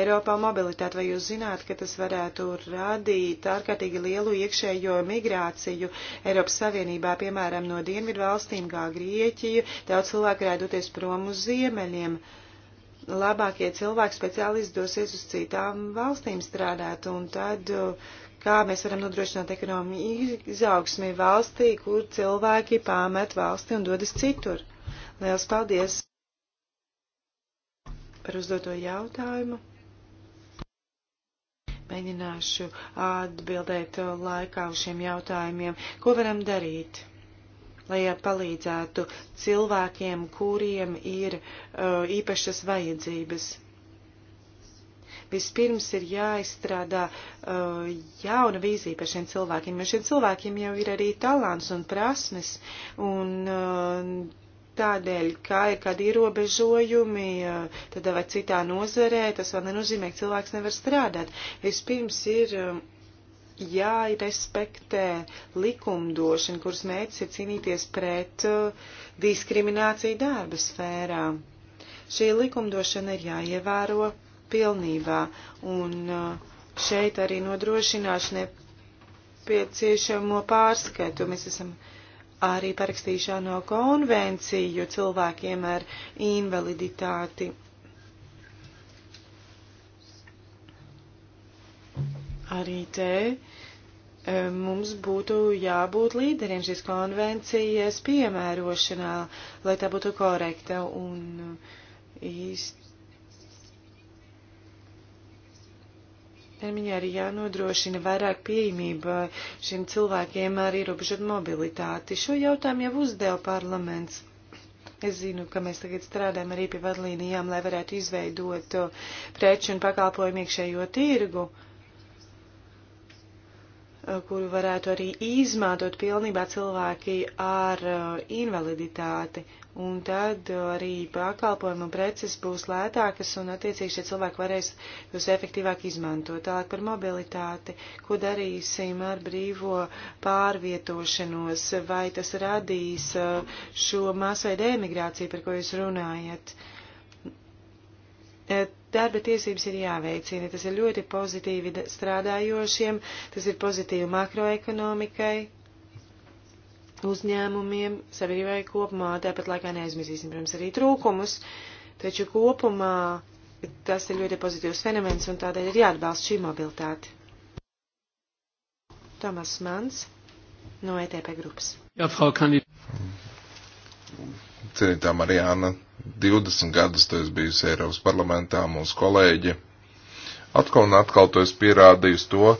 Eiropā mobilitāti, vai jūs zināt, ka tas varētu radīt ārkārtīgi lielu iekšējo migrāciju Eiropas Savienībā, piemēram, no dienvidu valstīm kā Grieķiju, daudz cilvēku raidoties prom uz ziemeļiem labākie cilvēki speciālisti dosies uz citām valstīm strādāt, un tad uh, kā mēs varam nodrošināt ekonomiju izaugsmī valstī, kur cilvēki pārmet valsti un dodas citur. Liels paldies par uzdoto jautājumu. Mēģināšu atbildēt laikā uz šiem jautājumiem. Ko varam darīt? lai palīdzētu cilvēkiem, kuriem ir uh, īpašas vajadzības. Vispirms ir jāizstrādā uh, jauna vīzija par šiem cilvēkiem, jo šiem cilvēkiem jau ir arī talants un prasmes. Un, uh, tādēļ, ka ir kādi ierobežojumi uh, tādā vai citā nozarē, tas vēl nenozīmē, ka cilvēks nevar strādāt. Vispirms ir um, jārespektē likumdošana, kuras mērķis ir cīnīties pret uh, diskrimināciju darba sfērā. Šī likumdošana ir jāievēro pilnībā. Un uh, šeit arī nodrošināšu nepieciešamo pārskatu. Mēs esam arī parakstīšano konvenciju cilvēkiem ar invaliditāti. Arī te e, mums būtu jābūt līderiem šīs konvencijas piemērošanā, lai tā būtu korekta un e, īsti Tēmiņā arī jānodrošina vairāk pieejamība šiem cilvēkiem ar ierobežotu mobilitāti. Šo jautājumu jau uzdeva parlaments. Es zinu, ka mēs tagad strādājam arī pie vadlīnijām, lai varētu izveidot preču un pakalpojumu iekšējo tirgu. Uh, kuru varētu arī izmantot pilnībā cilvēki ar uh, invaliditāti. Un tad uh, arī pakalpojumu un preces būs lētākas un attiecīgi šie cilvēki varēs tos efektīvāk izmantot. Tālāk par mobilitāti, ko darīsim ar brīvo pārvietošanos, vai tas radīs uh, šo masveidu emigrāciju, par ko jūs runājat. Uh, Eh, darba tiesības ir jāveicina, tas ir ļoti pozitīvi strādājošiem, tas ir pozitīvi makroekonomikai, uzņēmumiem, sabiedrībai kopumā, tāpat laikā neaizmirsīsim, protams, arī trūkumus, taču kopumā tas ir ļoti pozitīvs fenomens un tādēļ ir jāatbalsta šī mobilitāte. Tomas Mans no ETP grupas. Jā, Frau Kandidāte. Cienītā Marijāna, 20 gadus tu esi bijusi Eiropas parlamentā, mūsu kolēģi. Atkal un atkal tu esi pierādījusi to,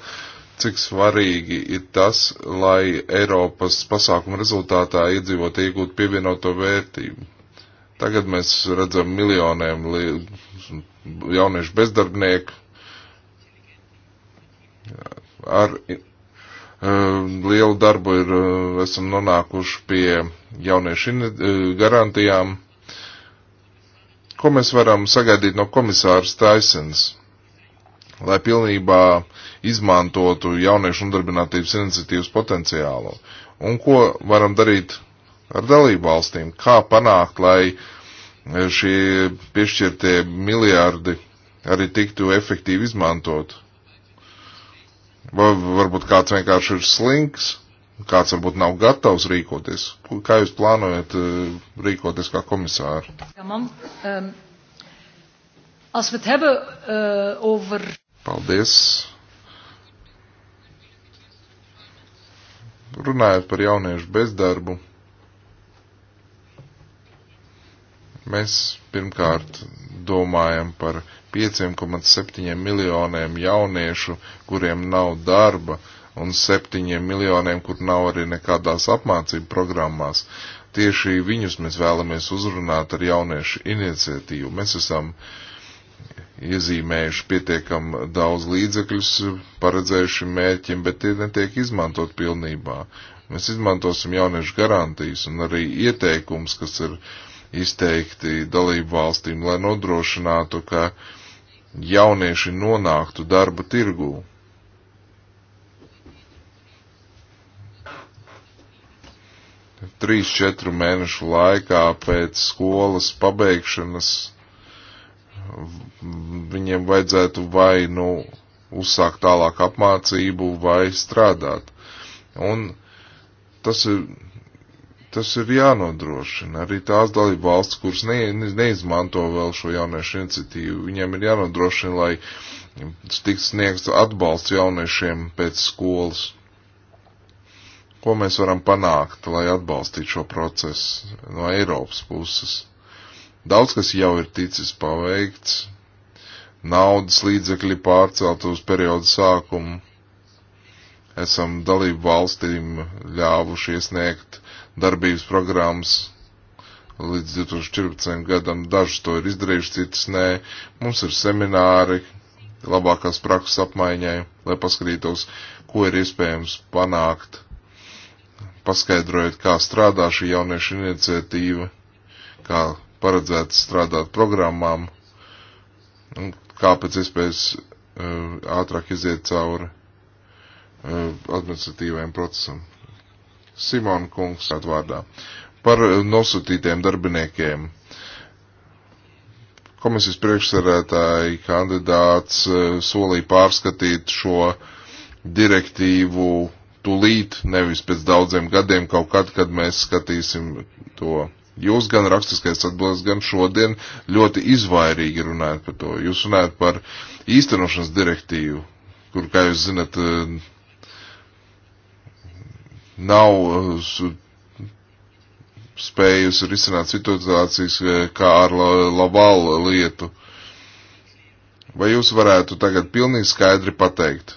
cik svarīgi ir tas, lai Eiropas pasākuma rezultātā iedzīvot iegūt pievienoto vērtību. Tagad mēs redzam miljoniem jauniešu bezdarbnieku ar e, lielu darbu ir, e, esam nonākuši pie jauniešu e, garantijām. Ko mēs varam sagaidīt no komisāras Taisens, lai pilnībā izmantotu jauniešu nodarbinātības iniciatīvas potenciālu? Un ko varam darīt ar dalību valstīm? Kā panākt, lai šie piešķirtie miljārdi arī tiktu efektīvi izmantot? Vai varbūt kāds vienkārši ir slinks? kāds varbūt nav gatavs rīkoties. Kā jūs plānojat eh, rīkoties kā komisāri? Ehm, eh, Paldies. Runājot par jauniešu bezdarbu, mēs pirmkārt domājam par 5,7 miljoniem jauniešu, kuriem nav darba, uh, un septiņiem miljoniem, kur nav arī nekādās apmācību programmās. Tieši viņus mēs vēlamies uzrunāt ar jauniešu iniciatīvu. Mēs esam iezīmējuši pietiekam daudz līdzekļus, paredzējuši mērķim, bet tie netiek izmantot pilnībā. Mēs izmantosim jauniešu garantijas un arī ieteikums, kas ir izteikti dalību valstīm, lai nodrošinātu, ka jaunieši nonāktu darba tirgū trīs, četru mēnešu laikā pēc skolas pabeigšanas viņiem vajadzētu vai nu uzsākt tālāk apmācību vai strādāt. Un tas ir, tas ir jānodrošina. Arī tās dalība valsts, kuras ne, neizmanto vēl šo jauniešu iniciatīvu, viņiem ir jānodrošina, lai tiks sniegts atbalsts jauniešiem pēc skolas. Ko mēs varam panākt, lai atbalstītu šo procesu no Eiropas puses? Daudz kas jau ir ticis paveikts, naudas līdzekļi pārcelt uz periodu sākumu, esam dalību valstīm ļāvuši iesniegt darbības programmas līdz 2014. gadam. Dažas to ir izdarījuši, citas nē. Mums ir semināri labākās prakses apmaiņai, lai paskatītos, ko ir iespējams panākt paskaidrojot, kā strādā šī jauniešu iniciatīva, kā paredzēts strādāt programmām, un kā pēc iespējas eh, ātrāk iziet cauri eh, administratīvajam procesam. Simona kungs atvārdā. Par nosūtītiem darbiniekiem. Komisijas priekšsarētāji kandidāts eh, solīja pārskatīt šo direktīvu tūlīt, nevis pēc daudziem gadiem, kaut kad, kad mēs skatīsim to. Jūs gan rakstiskais atbildes, gan šodien ļoti izvairīgi runājat par to. Jūs runājat par īstenošanas direktīvu, kur, kā jūs zinat, eh, nav eh, spējusi risināt situācijas eh, kā ar Lavalu lietu. Vai jūs varētu tagad pilnīgi skaidri pateikt,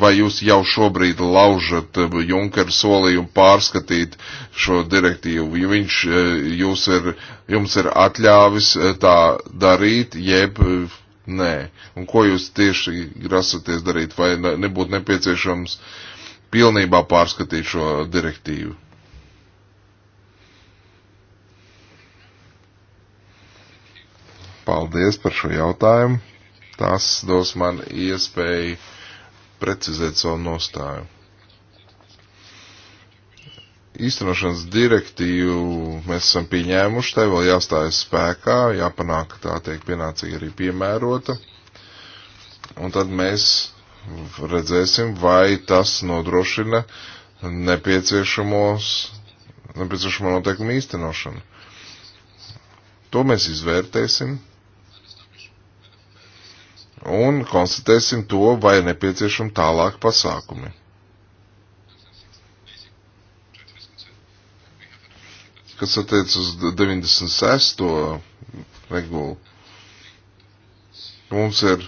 vai jūs jau šobrīd laužat eh, Junkera solījumu pārskatīt šo direktīvu? Viņš eh, jūs ir, jums ir atļāvis eh, tā darīt, jeb nē. Un ko jūs tieši grasaties darīt, vai nebūtu nepieciešams pilnībā pārskatīt šo direktīvu? Paldies par šo jautājumu. Tas dos man iespēju precizēt savu nostāju. Īstenošanas direktīvu mēs esam pieņēmuši, tai vēl jāstājas spēkā, jāpanāk, ka tā tiek pienācīgi arī piemērota. Un tad mēs redzēsim, vai tas nodrošina nepieciešamos, nepieciešamo noteikumu īstenošanu. To mēs izvērtēsim un konstatēsim to, vai ir nepieciešami tālāk pasākumi. Kas attiec uz 96. regulu, mums ir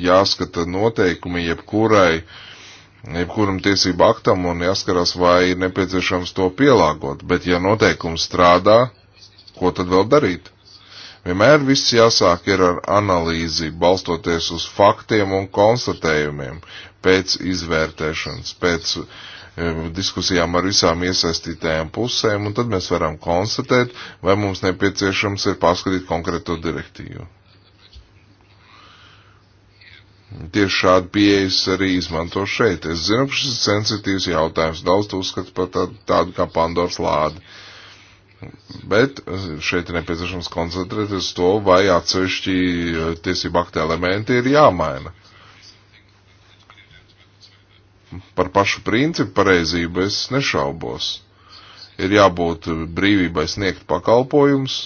jāskata noteikumi jebkurai, jebkuram tiesību aktam un jāskarās, vai ir nepieciešams to pielāgot. Bet ja noteikums strādā, ko tad vēl darīt? Vienmēr viss jāsāk ir ar analīzi, balstoties uz faktiem un konstatējumiem, pēc izvērtēšanas, pēc e, diskusijām ar visām iesaistītajām pusēm, un tad mēs varam konstatēt, vai mums nepieciešams ir paskatīt konkrēto direktīvu. Tieši šādu pieejas arī izmanto šeit. Es zinu, ka šis sensitīvs jautājums daudz uzskata par tādu, tādu kā Pandoras lādi. Bet šeit ir nepieciešams koncentrēties uz to, vai atsevišķi eh, tiesību akta elementi ir jāmaina. Par pašu principu pareizību es nešaubos. Ir jābūt brīvībai sniegt pakalpojums.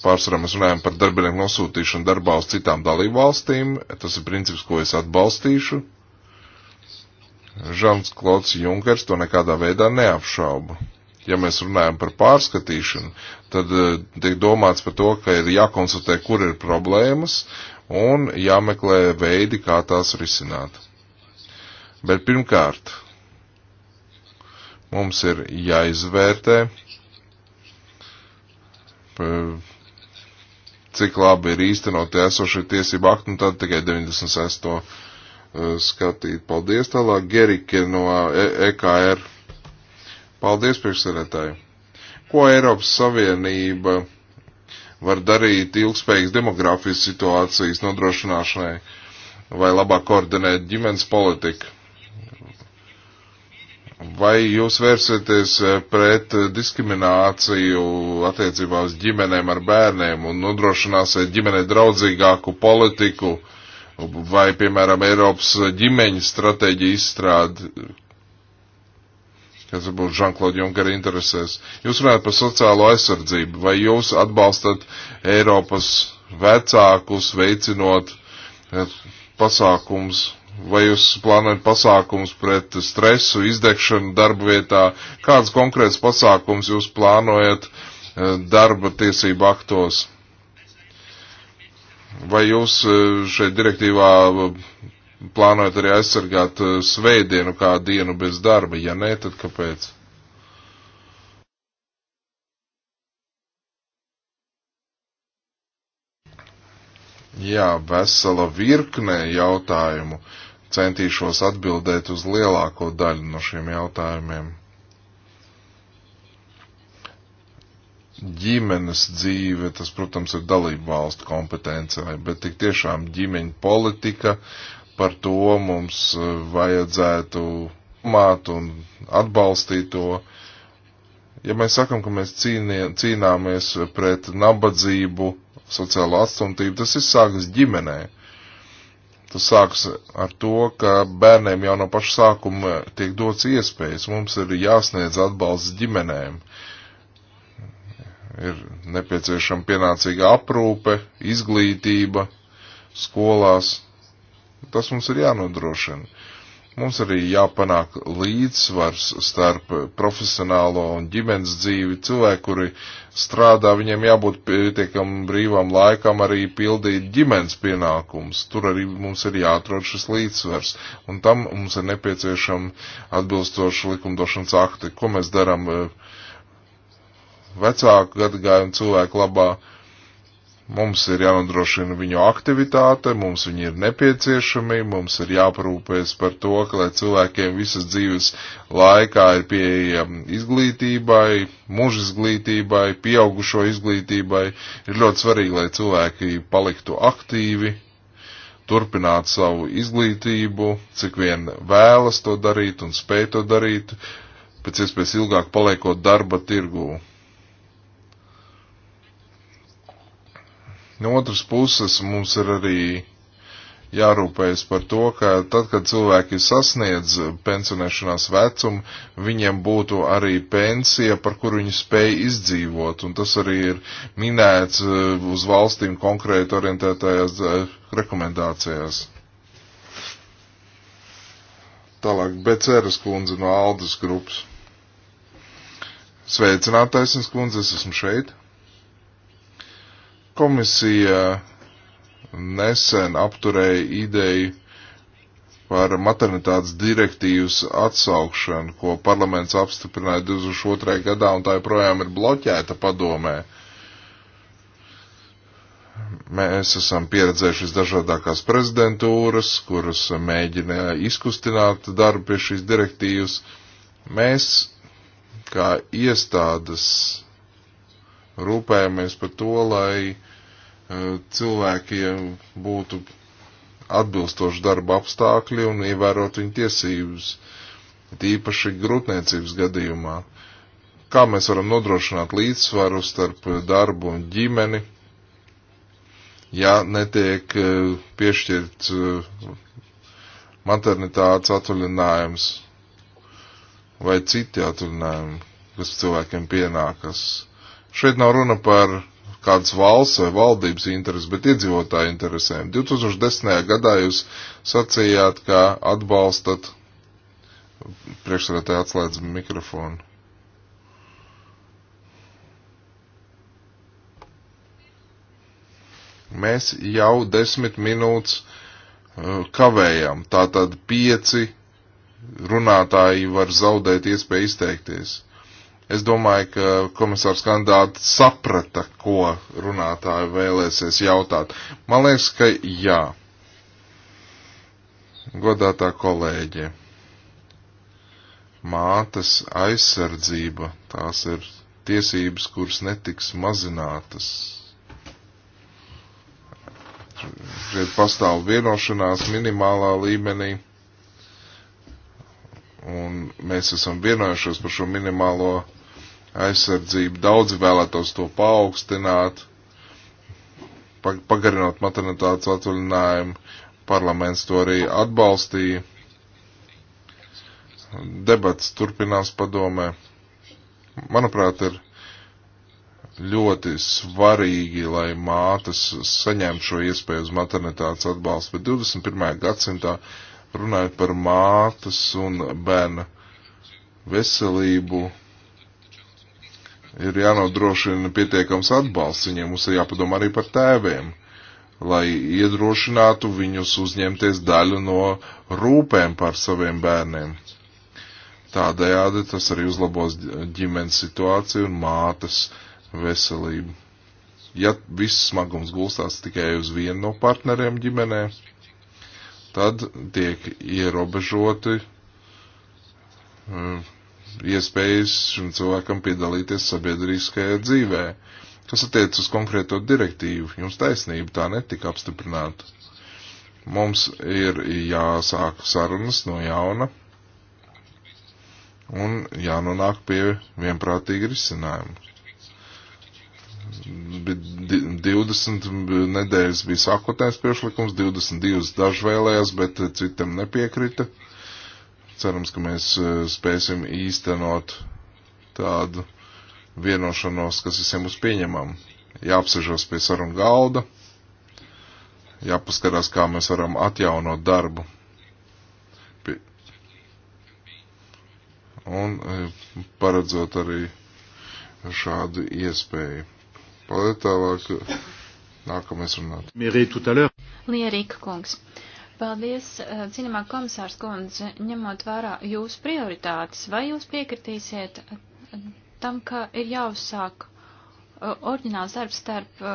Pārsvarā mēs runājam par darbinieku nosūtīšanu darbā uz citām dalībvalstīm. Tas ir princips, ko es atbalstīšu. Žants Klods Junkers to nekādā veidā neapšauba. Ja mēs runājam par pārskatīšanu, tad eh, tiek domāts par to, ka ir jākonsultē, kur ir problēmas un jāmeklē veidi, kā tās risināt. Bet pirmkārt, mums ir jāizvērtē, cik labi ir īstenoti esošie tiesību akti, un tad tikai 96. Eh, skatīt. Paldies tālāk, Gerike no EKR. Eh, e Paldies, priekšsēdētāji. Ko Eiropas Savienība var darīt ilgspējīgas demografijas situācijas nodrošināšanai vai labāk koordinēt ģimenes politiku? Vai jūs vērsieties eh, pret diskrimināciju attiecībā uz ģimenēm ar bērniem un nodrošināsiet ģimenei draudzīgāku politiku? Uh, vai, piemēram, Eiropas ģimeņa stratēģija izstrāde, kas varbūt Žanklod Junkera interesēs. Jūs runājat par sociālo aizsardzību, vai jūs atbalstat Eiropas vecākus veicinot eh, pasākums, vai jūs plānojat pasākums pret stresu, izdegšanu darba vietā, kāds konkrēts pasākums jūs plānojat eh, darba tiesību aktos? Vai jūs e, šeit direktīvā e, plānojat arī aizsargāt e, svētdienu kā dienu bez darba? Ja nē, tad kāpēc? Jā, vesela virknē jautājumu. Centīšos atbildēt uz lielāko daļu no šiem jautājumiem. ģimenes dzīve, tas, protams, ir dalību valstu kompetencijai, bet tik tiešām ģimeņa politika par to mums e, vajadzētu māt un atbalstīt to. Ja mēs sakam, ka mēs cīnie, cīnāmies pret nabadzību, sociālo atstumtību, tas ir sākas ģimenē. Tas sāks ar to, ka bērniem jau no paša sākuma tiek dots iespējas. Mums ir jāsniedz atbalsts ģimenēm ir nepieciešama pienācīga aprūpe, izglītība skolās. Tas mums ir jānodrošina. Mums arī jāpanāk līdzsvars starp profesionālo un ģimenes dzīvi. Cilvēki, kuri strādā, viņiem jābūt pietiekam brīvam laikam arī pildīt ģimenes pienākums. Tur arī mums ir jāatrod šis līdzsvars. Un tam mums ir nepieciešama atbilstoša likumdošanas akti, ko mēs darām uh, vecāku gadagājumu cilvēku labā. Mums ir jānodrošina viņu aktivitāte, mums viņi ir nepieciešami, mums ir jāparūpēs par to, ka lai cilvēkiem visas dzīves laikā ir pieejama izglītībai, mūža izglītībai, pieaugušo izglītībai. Ir ļoti svarīgi, lai cilvēki paliktu aktīvi, turpinātu savu izglītību, cik vien vēlas to darīt un spēj to darīt, pēc iespējas ilgāk paliekot darba tirgū No otras puses mums ir arī jārūpējas par to, ka tad, kad cilvēki sasniedz pensionēšanās vecumu, viņiem būtu arī pensija, par kuru viņi spēj izdzīvot. Un tas arī ir minēts eh, uz valstīm konkrēti orientētajās eh, rekomendācijās. Tālāk, Beceras kundze no Aldas grupas. Sveicinātais, kundze, es esmu šeit. Komisija nesen apturēja ideju par maternitātes direktīvas atsaukšanu, ko parlaments apstiprināja 2002. gadā, un tā joprojām ir bloķēta padomē. Mēs esam pieredzējuši dažādākās prezidentūras, kuras mēģināja izkustināt darbu pie šīs direktīvas. Mēs, kā iestādes, rūpējamies par to, lai cilvēkiem būtu atbilstoši darba apstākļi un ievērot viņu tiesības, tīpaši grūtniecības gadījumā. Kā mēs varam nodrošināt līdzsvaru starp darbu un ģimeni, ja netiek e, piešķirts e, maternitātes atvaļinājums vai citi atvaļinājumi, kas cilvēkiem pienākas. Šeit nav runa par kādas valsts vai valdības intereses, bet iedzīvotāju interesēm. 2010. gadā jūs sacījāt, ka atbalstat priekšsēdētāji atslēdz mikrofonu. Mēs jau desmit minūtes uh, kavējam, tātad pieci runātāji var zaudēt iespēju izteikties. Es domāju, ka komisārs kandidāts saprata, ko runātāji vēlēsies jautāt. Man liekas, ka jā. Godātā kolēģe, mātes aizsardzība, tās ir tiesības, kuras netiks mazinātas. Šeit pastāv vienošanās minimālā līmenī un mēs esam vienojušies par šo minimālo aizsardzību. Daudzi vēlētos to paaugstināt, pagarinot maternitātes atvaļinājumu. Parlaments to arī atbalstīja. Debats turpinās padomē. Manuprāt, ir ļoti svarīgi, lai mātes saņemtu šo iespēju uz maternitātes atbalstu, bet 21. gadsimtā runājot par mātes un bērna veselību, ir jānodrošina pietiekams atbalsts viņiem, mums ir jāpadomā arī par tēviem, lai iedrošinātu viņus uzņemties daļu no rūpēm par saviem bērniem. Tādējādi tas arī uzlabos ģimenes situāciju un mātes veselību. Ja viss smagums gulstās tikai uz vienu no partneriem ģimenē, tad tiek ierobežoti um, iespējas šim cilvēkam piedalīties sabiedriskajā dzīvē. Kas attiec uz konkrēto direktīvu, jums taisnība tā netika apstiprināta. Mums ir jāsāk sarunas no jauna un jānonāk pie vienprātīga risinājuma. 20 nedēļas bija sākotnējs priekšlikums, 22 daži vēlējās, bet citam nepiekrita. Uh, Cerams, ka mēs eh, spēsim īstenot tādu vienošanos, kas visiem būs pieņemama. Jāapsežos pie sarunu galda, jāpaskarās, kā mēs varam atjaunot darbu. Un eh, paredzot arī šādu iespēju. Paldies tālāk, nākamais runāt. Mierī, tu tālāk. Lierika kungs. Paldies, eh, cinemā komisārs kundze, ņemot vērā jūsu prioritātes, vai jūs piekritīsiet eh, tam, ka ir jāuzsāk eh, orģināls darbs starp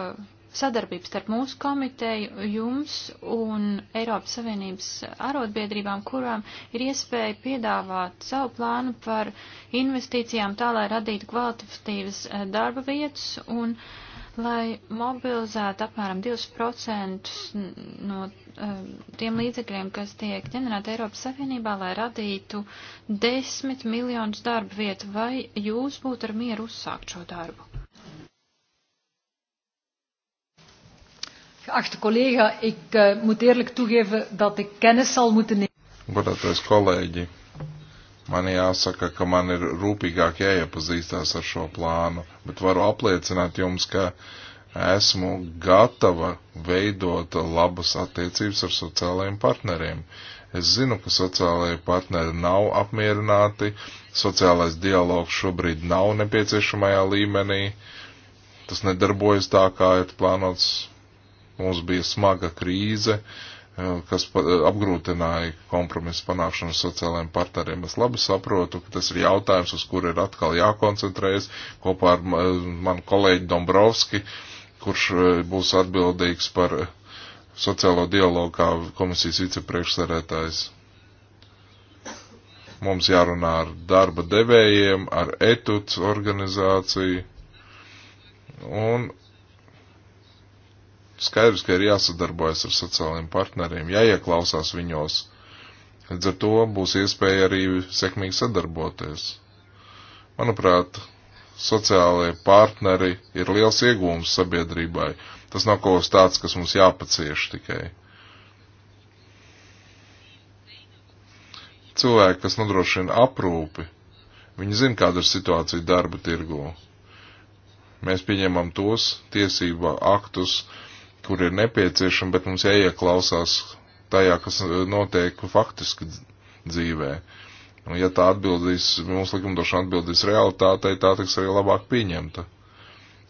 sadarbības starp mūsu komiteju, jums un Eiropas Savienības arotbiedrībām, kurām ir iespēja piedāvāt savu plānu par investīcijām tā, lai radītu kvalitatīvas darba vietas un uh, lai mobilizētu apmēram 2% no uh, tiem līdzekļiem, kas tiek ģenerēti Eiropas Savienībā, lai radītu 10 miljonus darba vietu. Vai jūs būtu ar mieru uzsākt šo darbu? Geachte collega, ik uh, moet eerlijk toegeven dat ik kennis zal moeten nemen. Godātais kolēģi, Man jāsaka, ka man ir rūpīgāk jāiepazīstās ar šo plānu, bet varu apliecināt jums, ka esmu gatava veidot labas attiecības ar sociālajiem partneriem. Es zinu, ka sociālajie partneri nav apmierināti, sociālais dialogs šobrīd nav nepieciešamajā līmenī, tas nedarbojas tā, kā ir plānots. Mums bija smaga krīze, uh, kas apgrūtināja kompromisu panākšanu sociālajiem partneriem. Es labi saprotu, ka tas ir jautājums, uz kuru ir atkal jākoncentrējas kopā ar manu kolēģi Dombrovski, kurš e, būs atbildīgs par sociālo dialogu kā komisijas vicepriekšsarētājs. Mums jārunā ar darba devējiem, ar etuc organizāciju un Skaidrs, ka ir jāsadarbojas ar sociālajiem partneriem, jāieklausās viņos. Līdz ar to būs iespēja arī sekmīgi sadarboties. Manuprāt, sociālajie partneri ir liels iegūms sabiedrībai. Tas nav kaut kas tāds, kas mums jāpacieš tikai. Cilvēki, kas nodrošina aprūpi, viņi zina, kāda ir situācija darba tirgū. Mēs pieņemam tos tiesību aktus, kur ir nepieciešama, bet mums jāieklausās tajā, kas eh, notiek faktiski dzīvē. Un nu, ja tā atbildīs, mūsu likumdošana atbildīs realitātei, tā tiks arī labāk pieņemta.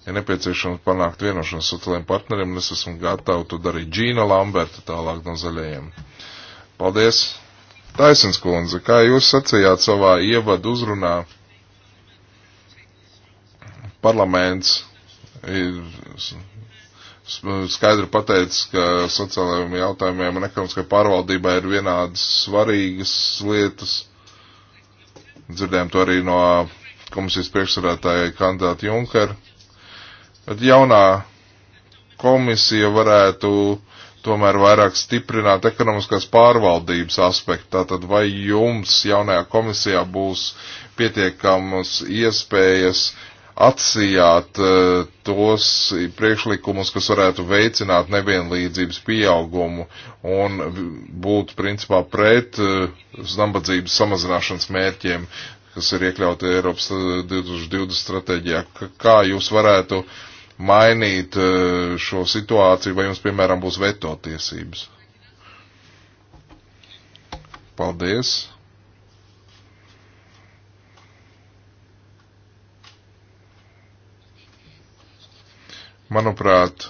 Ja nepieciešams panākt vienošanos sociālajiem partneriem, un es esmu gatavs to darīt Džīna Lamberta tālāk no zaļajiem. Paldies! Taisins kundze, kā jūs sacījāt savā ievadu uzrunā, parlaments ir skaidri pateicis, ka sociālajiem jautājumiem un ekonomiskai pārvaldībai ir vienādas svarīgas lietas. Dzirdējām to arī no komisijas priekšsarētāja kandidāta Junkera. Bet jaunā komisija varētu tomēr vairāk stiprināt ekonomiskās pārvaldības aspektu. Tātad vai jums jaunajā komisijā būs pietiekamas iespējas atsijāt eh, tos priekšlikumus, kas varētu veicināt nevienlīdzības pieaugumu un būt principā pret eh, nabadzības samazināšanas mērķiem, kas ir iekļauti Eiropas 2020 eh, stratēģijā. Kā jūs varētu mainīt šo situāciju, vai jums, piemēram, būs veto tiesības? Paldies! Manuprāt,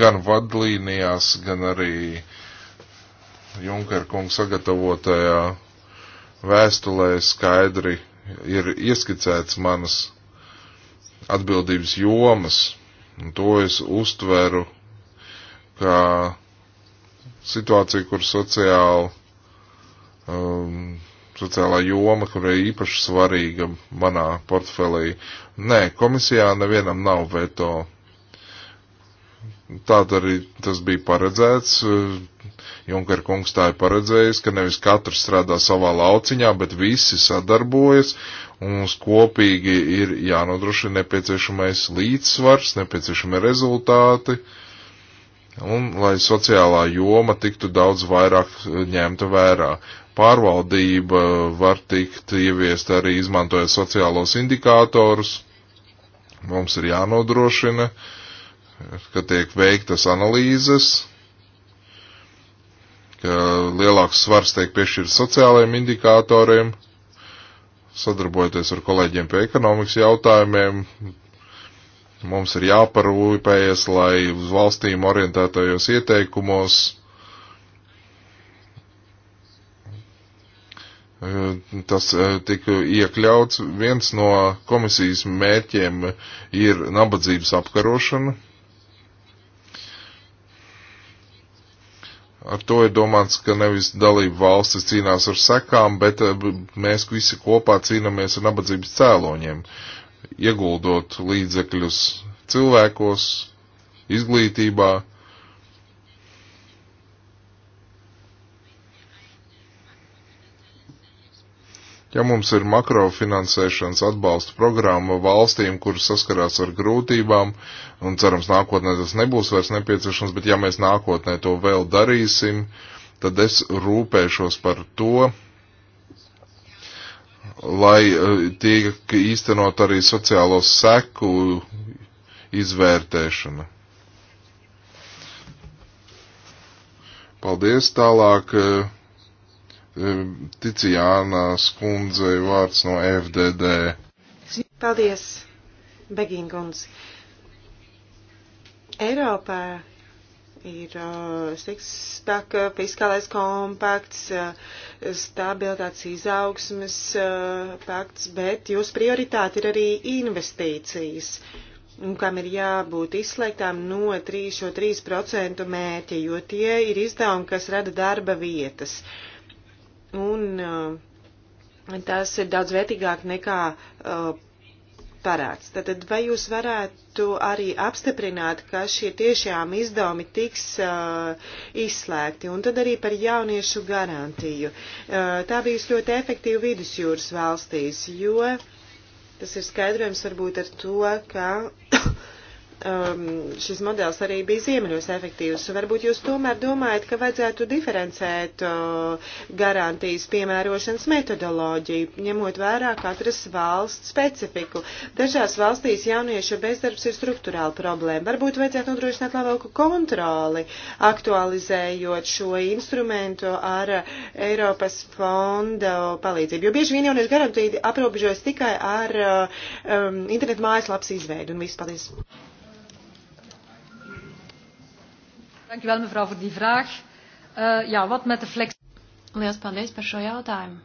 gan vadlīnijās, gan arī Junker kungs sagatavotajā vēstulē skaidri ir ieskicēts manas atbildības jomas, un to es uztveru kā situāciju, kur sociāli um, sociālā joma, kur ir īpaši svarīga manā portfelī. Nē, komisijā nevienam nav veto. Tātad arī tas bija paredzēts. Junker kungs tā ir paredzējis, ka nevis katrs strādā savā lauciņā, bet visi sadarbojas un mums kopīgi ir jānodrošina nepieciešamais līdzsvars, nepieciešami rezultāti. Un lai sociālā joma tiktu daudz vairāk ņemta vērā pārvaldība var tikt ieviest arī izmantojot sociālos indikātorus. Mums ir jānodrošina, ka tiek veiktas analīzes, ka lielāks svars tiek piešķirts sociālajiem indikātoriem, sadarbojoties ar kolēģiem pie ekonomikas jautājumiem. Mums ir jāparūpējas, lai uz valstīm orientētajos ieteikumos Eh, tas eh, tika iekļauts. Viens no komisijas mērķiem ir nabadzības apkarošana. Ar to ir domāts, ka nevis dalību valstis cīnās ar sekām, bet eh, mēs visi kopā cīnāmies ar nabadzības cēloņiem, ieguldot līdzekļus cilvēkos, izglītībā, Ja mums ir makrofinansēšanas atbalsta programma valstīm, kuras saskarās ar grūtībām, un cerams nākotnē tas nebūs vairs nepieciešams, bet ja mēs nākotnē to vēl darīsim, tad es rūpēšos par to, lai eh, tiek īstenot arī sociālo seku izvērtēšana. Paldies tālāk. Uh, Ticijāna skundzei vārds no FDD. Paldies, Begīnguns. Eiropā ir uh, six-pack fiskālais kompakts, uh, stabilitātes izaugsmes uh, pakts, bet jūsu prioritāte ir arī investīcijas, un kam ir jābūt izslēgtām no 3, 3% mērķa, jo tie ir izdevumi, kas rada darba vietas. Uh, Un uh, tas ir daudz vērtīgāk nekā uh, parāds. Tātad vai jūs varētu arī apstiprināt, ka šie tiešām izdevumi tiks uh, izslēgti? Un tad arī par jauniešu garantiju. Uh, tā bijusi ļoti efektīva vidusjūras valstīs, jo tas ir skaidrojums varbūt ar to, ka um, šis modelis arī bija ziemeļos efektīvs. Varbūt jūs tomēr domājat, ka vajadzētu diferencēt uh, garantijas piemērošanas metodoloģiju, ņemot vērā katras valsts specifiku. Dažās valstīs jauniešu bezdarbs ir struktūrāla problēma. Varbūt vajadzētu nodrošināt labāku kontroli, aktualizējot šo instrumentu ar Eiropas fonda palīdzību. Jo bieži vien jauniešu garantija aprobežojas tikai ar uh, um, internetu mājaslapas izveidu. Un viss, paldies! Dankjewel, mevrouw, voor die vraag. Uh, eh, jā, wat met de flex... Liels paldies par šo jautājumu.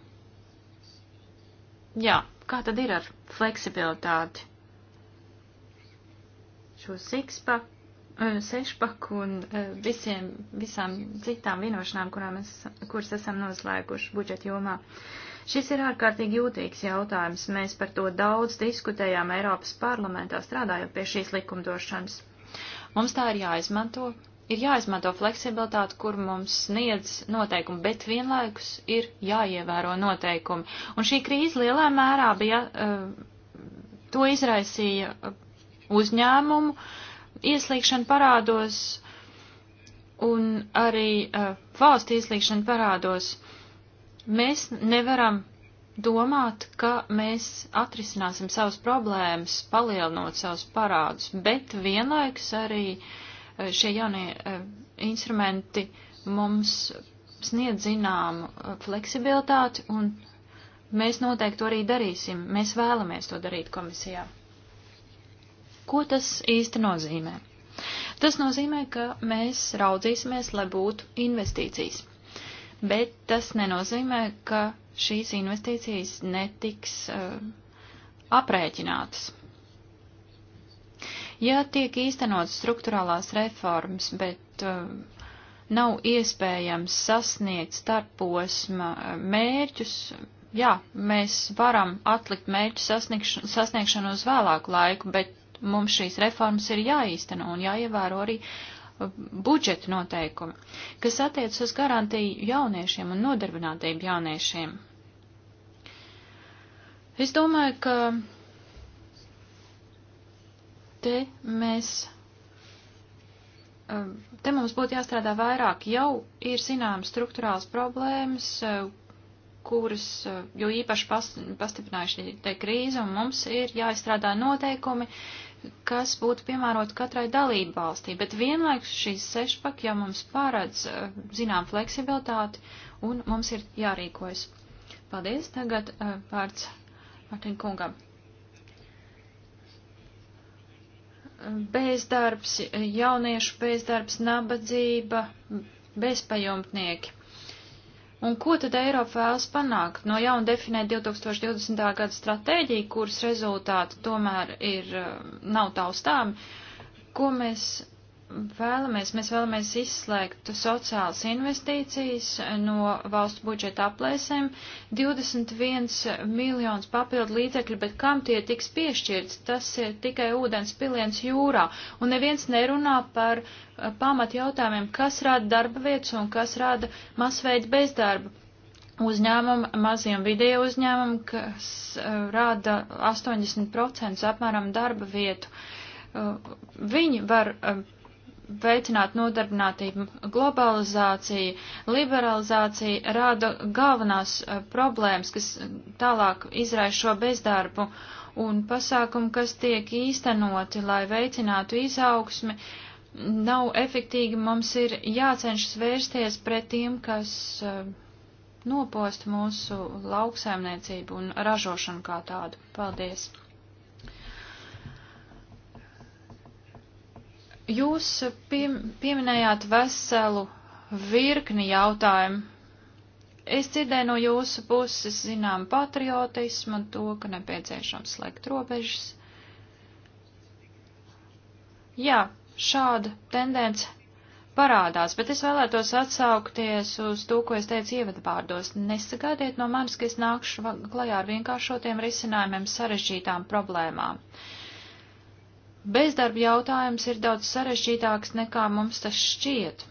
Jā, kā tad ir ar fleksibilitāti? Šo sixpack, uh, sešpack un uh, visiem, visām citām vienošanām, kurām es, kuras esam noslēguši budžeta jomā. Šis ir ārkārtīgi jūtīgs jautājums. Mēs par to daudz diskutējām Eiropas parlamentā, strādājot pie šīs likumdošanas. Mums tā ir jāizmanto, ir jāizmanto fleksibilitāte, kur mums sniedz noteikumi, bet vienlaikus ir jāievēro noteikumi. Un šī krīze lielā mērā bija, eh, to izraisīja eh, uzņēmumu ieslīgšana parādos un arī eh, valsts ieslīgšana parādos. Mēs nevaram domāt, ka mēs atrisināsim savas problēmas, palielinot savus parādus, bet vienlaikus arī uh, Eh, šie jaunie eh, instrumenti mums sniedz zināmu eh, fleksibilitāti, un mēs noteikti to arī darīsim. Mēs vēlamies to darīt komisijā. Ko tas īsti nozīmē? Tas nozīmē, ka mēs raudzīsimies, lai būtu investīcijas. Bet tas nenozīmē, ka šīs investīcijas netiks uh, aprēķinātas. Ja tiek īstenotas struktūrālās reformas, bet uh, nav iespējams sasniegt starposma mērķus, jā, mēs varam atlikt mērķu sasniegšanu, sasniegšanu uz vēlāku laiku, bet mums šīs reformas ir jāīsteno un jāievēro arī uh, budžeta noteikumi, kas attiec uz garantiju jauniešiem un nodarbinātību jauniešiem. Es domāju, ka Te mēs eh, te mums būtu jāstrādā vairāk. Jau ir zināmas struktūrāls problēmas, eh, kuras, eh, jo īpaši pas, pastiprinājuši te krīze, un mums ir jāizstrādā noteikumi, kas būtu piemērot katrai dalību valstī. Bet vienlaikus šīs sešpak jau mums pārādz zinām fleksibilitāti, un mums ir jārīkojas. Paldies, tagad vārds Martin Kungam. bezdarbs, jauniešu bezdarbs, nabadzība, bezpajumtnieki. Un ko tad Eiropa vēlas panākt? No jauna definēt 2020. gada stratēģiju, kuras rezultāti tomēr ir, eh, nav taustāmi, ko mēs vēlamies, mēs vēlamies izslēgt sociālas investīcijas no valsts budžeta aplēsēm. 21 miljonus papildu līdzekļu, bet kam tie tiks piešķirts? Tas ir tikai ūdens piliens jūrā. Un neviens nerunā par eh, pamat jautājumiem, kas rada darba vietas un kas rada masveida bezdarba. Uzņēmumu, maziem video uzņēmumu, kas uh, rada 80% apmēram darba vietu. Uh, viņi var uh, veicināt nodarbinātību, globalizācija, liberalizācija rāda galvenās eh, problēmas, kas tālāk izraisa šo bezdarbu un pasākumu, kas tiek īstenoti, lai veicinātu izaugsmi, nav efektīgi. Mums ir jācenšas vērsties pret tiem, kas eh, nopost mūsu lauksaimniecību un ražošanu kā tādu. Paldies! Jūs pie, pieminējāt veselu virkni jautājumu. Es dzirdēju no jūsu puses, zinām, patriotismu un to, ka nepieciešams slēgt robežas. Jā, šāda tendence parādās, bet es vēlētos atsaukties uz to, ko es teicu ievadvārdos. Nesagaidiet no manis, ka es nākšu klajā ar vienkāršotiem risinājumiem sarežģītām problēmām. Uh, Bezdarba jautājums ir daudz sarežģītāks nekā mums tas šķiet.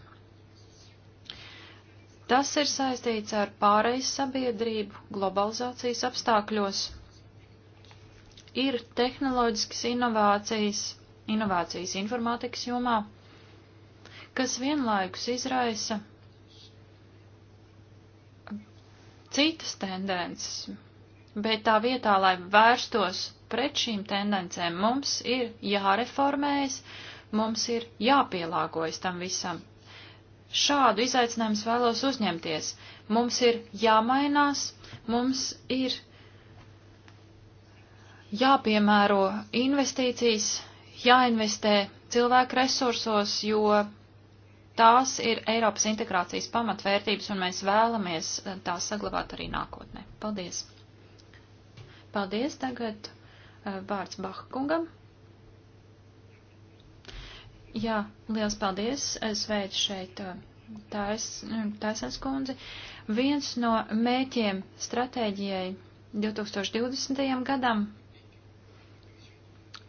Tas ir saistīts ar pārejas sabiedrību globalizācijas apstākļos. Ir tehnoloģiskas inovācijas, inovācijas informātikas jomā, kas vienlaikus izraisa citas tendences, bet tā vietā, lai vērstos pret šīm tendencēm. Mums ir jāreformējas, mums ir jāpielāgojas tam visam. Šādu izaicinājumu vēlos uzņemties. Mums ir jāmainās, mums ir jāpiemēro investīcijas, jāinvestē cilvēku resursos, jo tās ir Eiropas integrācijas pamatvērtības, un mēs vēlamies tās saglabāt arī nākotnē. Paldies! Paldies tagad! Eh, vārds Bahkungam. Jā, liels paldies. Sveicu šeit eh, Taisens nu, kundzi. Viens no mēķiem stratēģijai 2020. gadam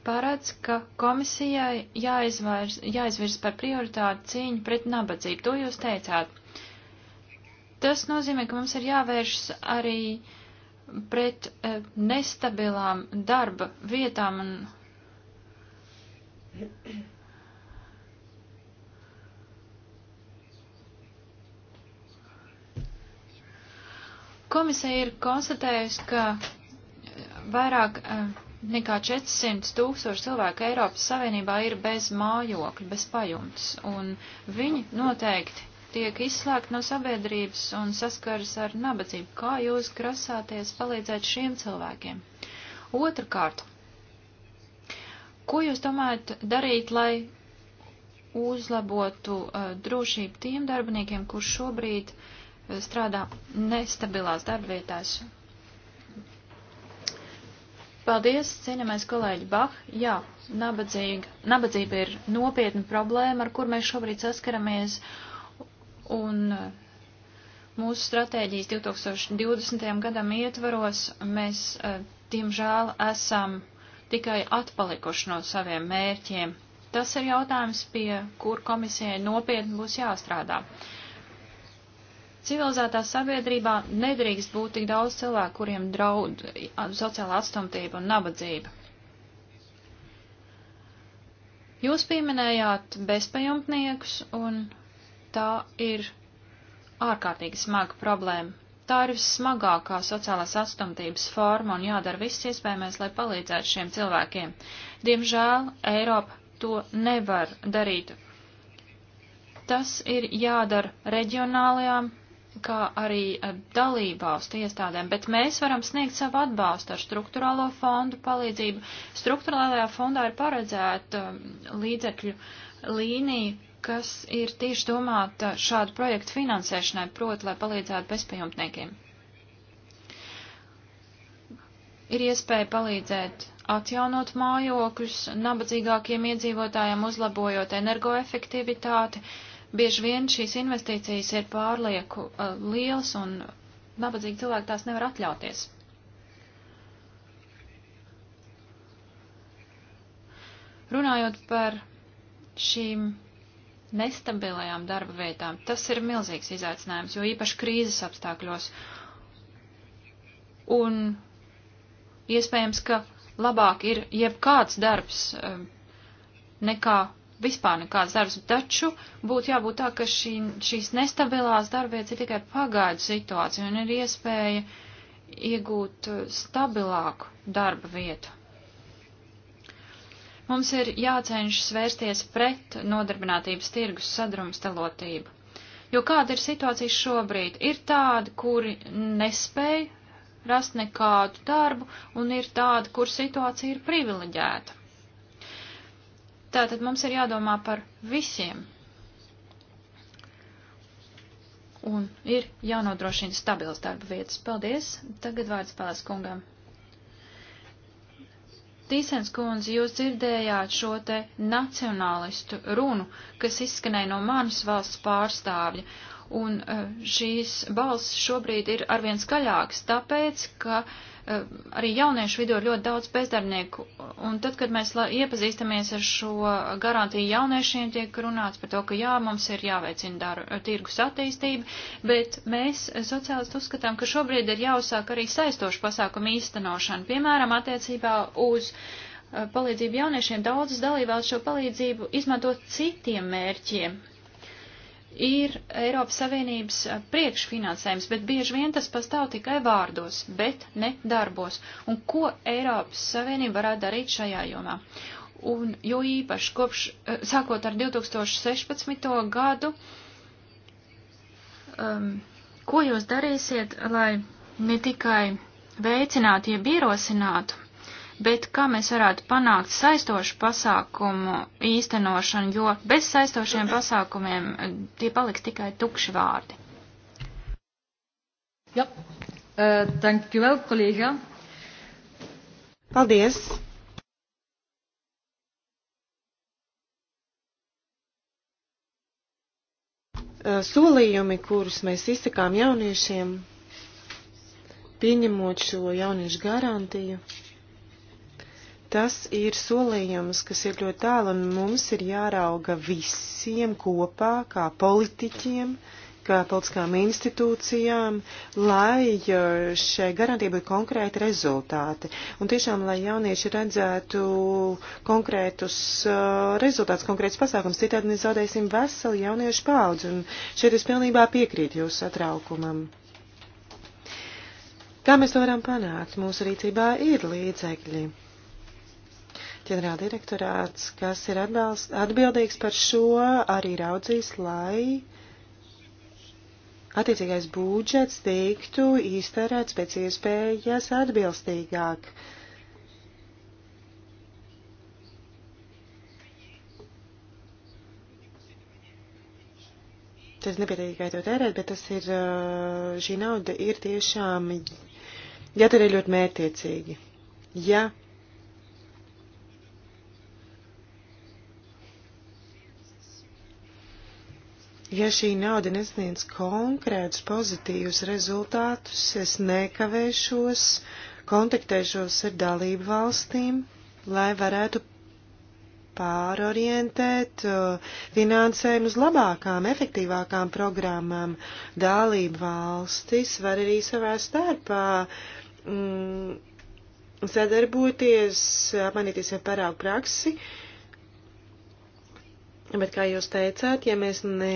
paredz, ka komisijai jāizvairs, jāizvirs par prioritāti cīņu pret nabadzību. To jūs teicāt. Tas nozīmē, ka mums ir jāvēršas arī uh, pret eh, nestabilām darba vietām un Komisija ir konstatējusi, ka vairāk eh, nekā 400 tūkstoši cilvēku Eiropas Savienībā ir bez mājokļa, bez pajumtes, un viņi noteikti tiek izslēgti no sabiedrības un saskaras ar nabadzību. Kā jūs grasāties palīdzēt šiem cilvēkiem? Otrakārt, ko jūs domājat darīt, lai uzlabotu uh, drošību tiem darbiniekiem, kurš šobrīd uh, strādā nestabilās darbvietās? Paldies, cienījamais kolēģi Bah. Jā, nabadzīga. nabadzība ir nopietna problēma, ar kur mēs šobrīd saskaramies. Uh, Un eh, mūsu stratēģijas 2020. gadam ietvaros mēs, eh, diemžēl, esam tikai atpalikuši no saviem mērķiem. Tas ir jautājums, pie kur komisijai nopietni būs jāstrādā. Civilizētā sabiedrībā nedrīkst būt tik daudz cilvēku, kuriem draud sociāla atstumtība un nabadzība. Jūs pieminējāt bezpajumtniekus, un tā ir ārkārtīgi smaga problēma. Tā ir vissmagākā sociālās atstumtības forma un jādara viss iespējamais, lai palīdzētu šiem cilvēkiem. Diemžēl Eiropa to nevar darīt. Tas ir jādara reģionālajām, kā arī eh, dalībvalstu iestādēm, bet mēs varam sniegt savu atbalstu ar struktūrālo fondu palīdzību. Struktūrālajā fondā ir paredzēta um, līdzekļu līnija kas ir tieši domāta šādu projektu finansēšanai, proti, lai palīdzētu bezpajumtniekiem. Ir iespēja palīdzēt atjaunot mājokļus nabadzīgākiem iedzīvotājiem, uzlabojot energoefektivitāti. Bieži vien šīs investīcijas ir pārlieku uh, lielas un nabadzīgi cilvēki tās nevar atļauties. Runājot par šīm nestabilajām darba vietām. Tas ir milzīgs izaicinājums, jo īpaši krīzes apstākļos. Un iespējams, ka labāk ir jebkāds darbs eh, nekā vispār nekāds darbs, taču būtu jābūt tā, ka šī, šīs nestabilās darbvietas ir tikai pagaidu situācija un ir iespēja iegūt eh, stabilāku darba vietu. Mums ir jācenšas vērsties pret nodarbinātības tirgus sadrumstalotību. Jo kāda ir situācija šobrīd? Ir tādi, kuri nespēj rast nekādu darbu, un ir tādi, kur situācija ir privileģēta. Tātad mums ir jādomā par visiem. Un ir jānodrošina stabils darba vietas. Paldies! Tagad vārds pāles kungam. Tīsens kundze, jūs dzirdējāt šo te nacionālistu runu, kas izskanēja no manas valsts pārstāvja, un eh, šīs balss šobrīd ir arvien skaļāks, tāpēc, ka uh, Eh, arī jauniešu vidū ir ļoti daudz bezdarbnieku. Un tad, kad mēs iepazīstamies ar šo garantiju jauniešiem, tiek runāts par to, ka jā, mums ir jāveicina daru, eh, tirgus attīstība, bet mēs eh, sociālisti uzskatām, ka šobrīd ir jāuzsāk arī saistošu pasākumu īstenošanu, piemēram, attiecībā uz palīdzību jauniešiem. Daudzas dalībās šo palīdzību izmanto citiem mērķiem, ir Eiropas Savienības eh, priekšfinansējums, bet bieži vien tas pastāv tikai vārdos, bet ne darbos. Un ko Eiropas Savienība varētu darīt šajā jomā? Un jo īpaši kopš, eh, sākot ar 2016. gadu, um, ko jūs darīsiet, lai ne tikai veicinātu, jeb ierosinātu bet kā mēs varētu panākt saistošu pasākumu īstenošanu, jo bez saistošiem pasākumiem eh, tie paliks tikai tukši vārdi. Jā, uh, thank you well, kolēģa. Paldies. Uh, solījumi, kurus mēs izsakām jauniešiem, pieņemot šo jauniešu garantiju. Tas ir solījums, kas ir ļoti tālu, un mums ir jārauga visiem kopā, kā politiķiem, kā politiskām institūcijām, lai uh, šai garantijai būtu konkrēti rezultāti. Un tiešām, lai jaunieši redzētu konkrētus uh, rezultātus, konkrētus pasākums, citādi mēs zaudēsim veselu jauniešu paudzi. Un šeit es pilnībā piekrītu jūsu satraukumam. Kā mēs to varam panākt? Mūsu rīcībā ir līdzekļi ģenerāldirektorāts, kas ir atbalst, atbildīgs par šo, arī raudzīs, lai attiecīgais būdžets tiktu iztērēts pēc iespējas atbilstīgāk. Tas nepietiek tikai to tērēt, bet tas ir, šī nauda ir tiešām jātērē ļoti mērtiecīgi. Ja Ja šī nauda nesniedz konkrētus pozitīvus rezultātus, es nekavēšos, kontaktēšos ar dalību valstīm, lai varētu pārorientēt uh, finansējumu uz labākām, efektīvākām programmām. Dalību valstis var arī savā starpā mm, sadarboties, apmainīties ar parāgu praksi, bet, kā jūs teicāt, ja mēs ne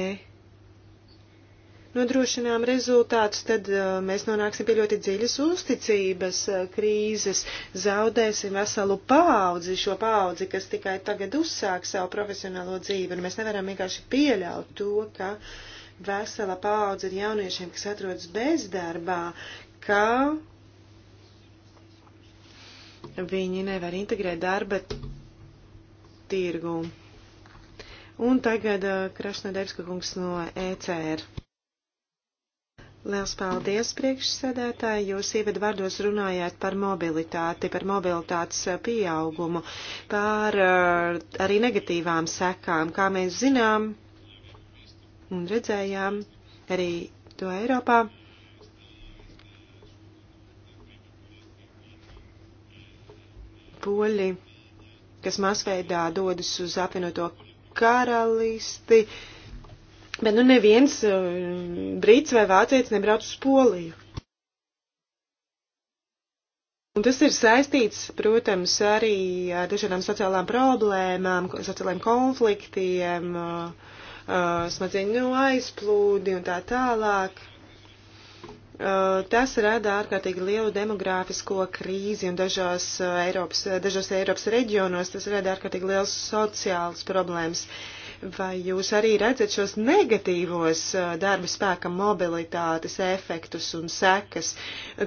nodrošinām rezultātus, tad uh, mēs nonāksim pie ļoti dziļas uzticības uh, krīzes, zaudēsim veselu paudzi, šo paudzi, kas tikai tagad uzsāk savu profesionālo dzīvi, un mēs nevaram vienkārši pieļaut to, ka vesela paudze ir jauniešiem, kas atrodas bezdarbā, ka viņi nevar integrēt darba tirgu. Un tagad uh, Krašna Debska kungs no ECR. Liels paldies, priekšsēdētāji. Jūs ievadvārdos runājāt par mobilitāti, par mobilitātes eh, pieaugumu, par eh, arī negatīvām sekām. Kā mēs zinām un redzējām arī to Eiropā. Poļi, kas masveidā dodas uz apvienoto karalisti, uh, Bet nu neviens eh, brīts vai vācietis nebrauc uz Poliju. Un tas ir saistīts, protams, arī ar dažādām sociālām problēmām, sociālajiem konfliktiem, eh, eh, smadzeņu aizplūdi un tā tālāk. Tas rada ārkārtīgi lielu demogrāfisko krīzi un dažos Eiropas, dažos Eiropas reģionos tas rada ārkārtīgi liels sociāls problēmas. Uh, Vai jūs arī redzat šos negatīvos uh, darba spēka mobilitātes efektus un sekas?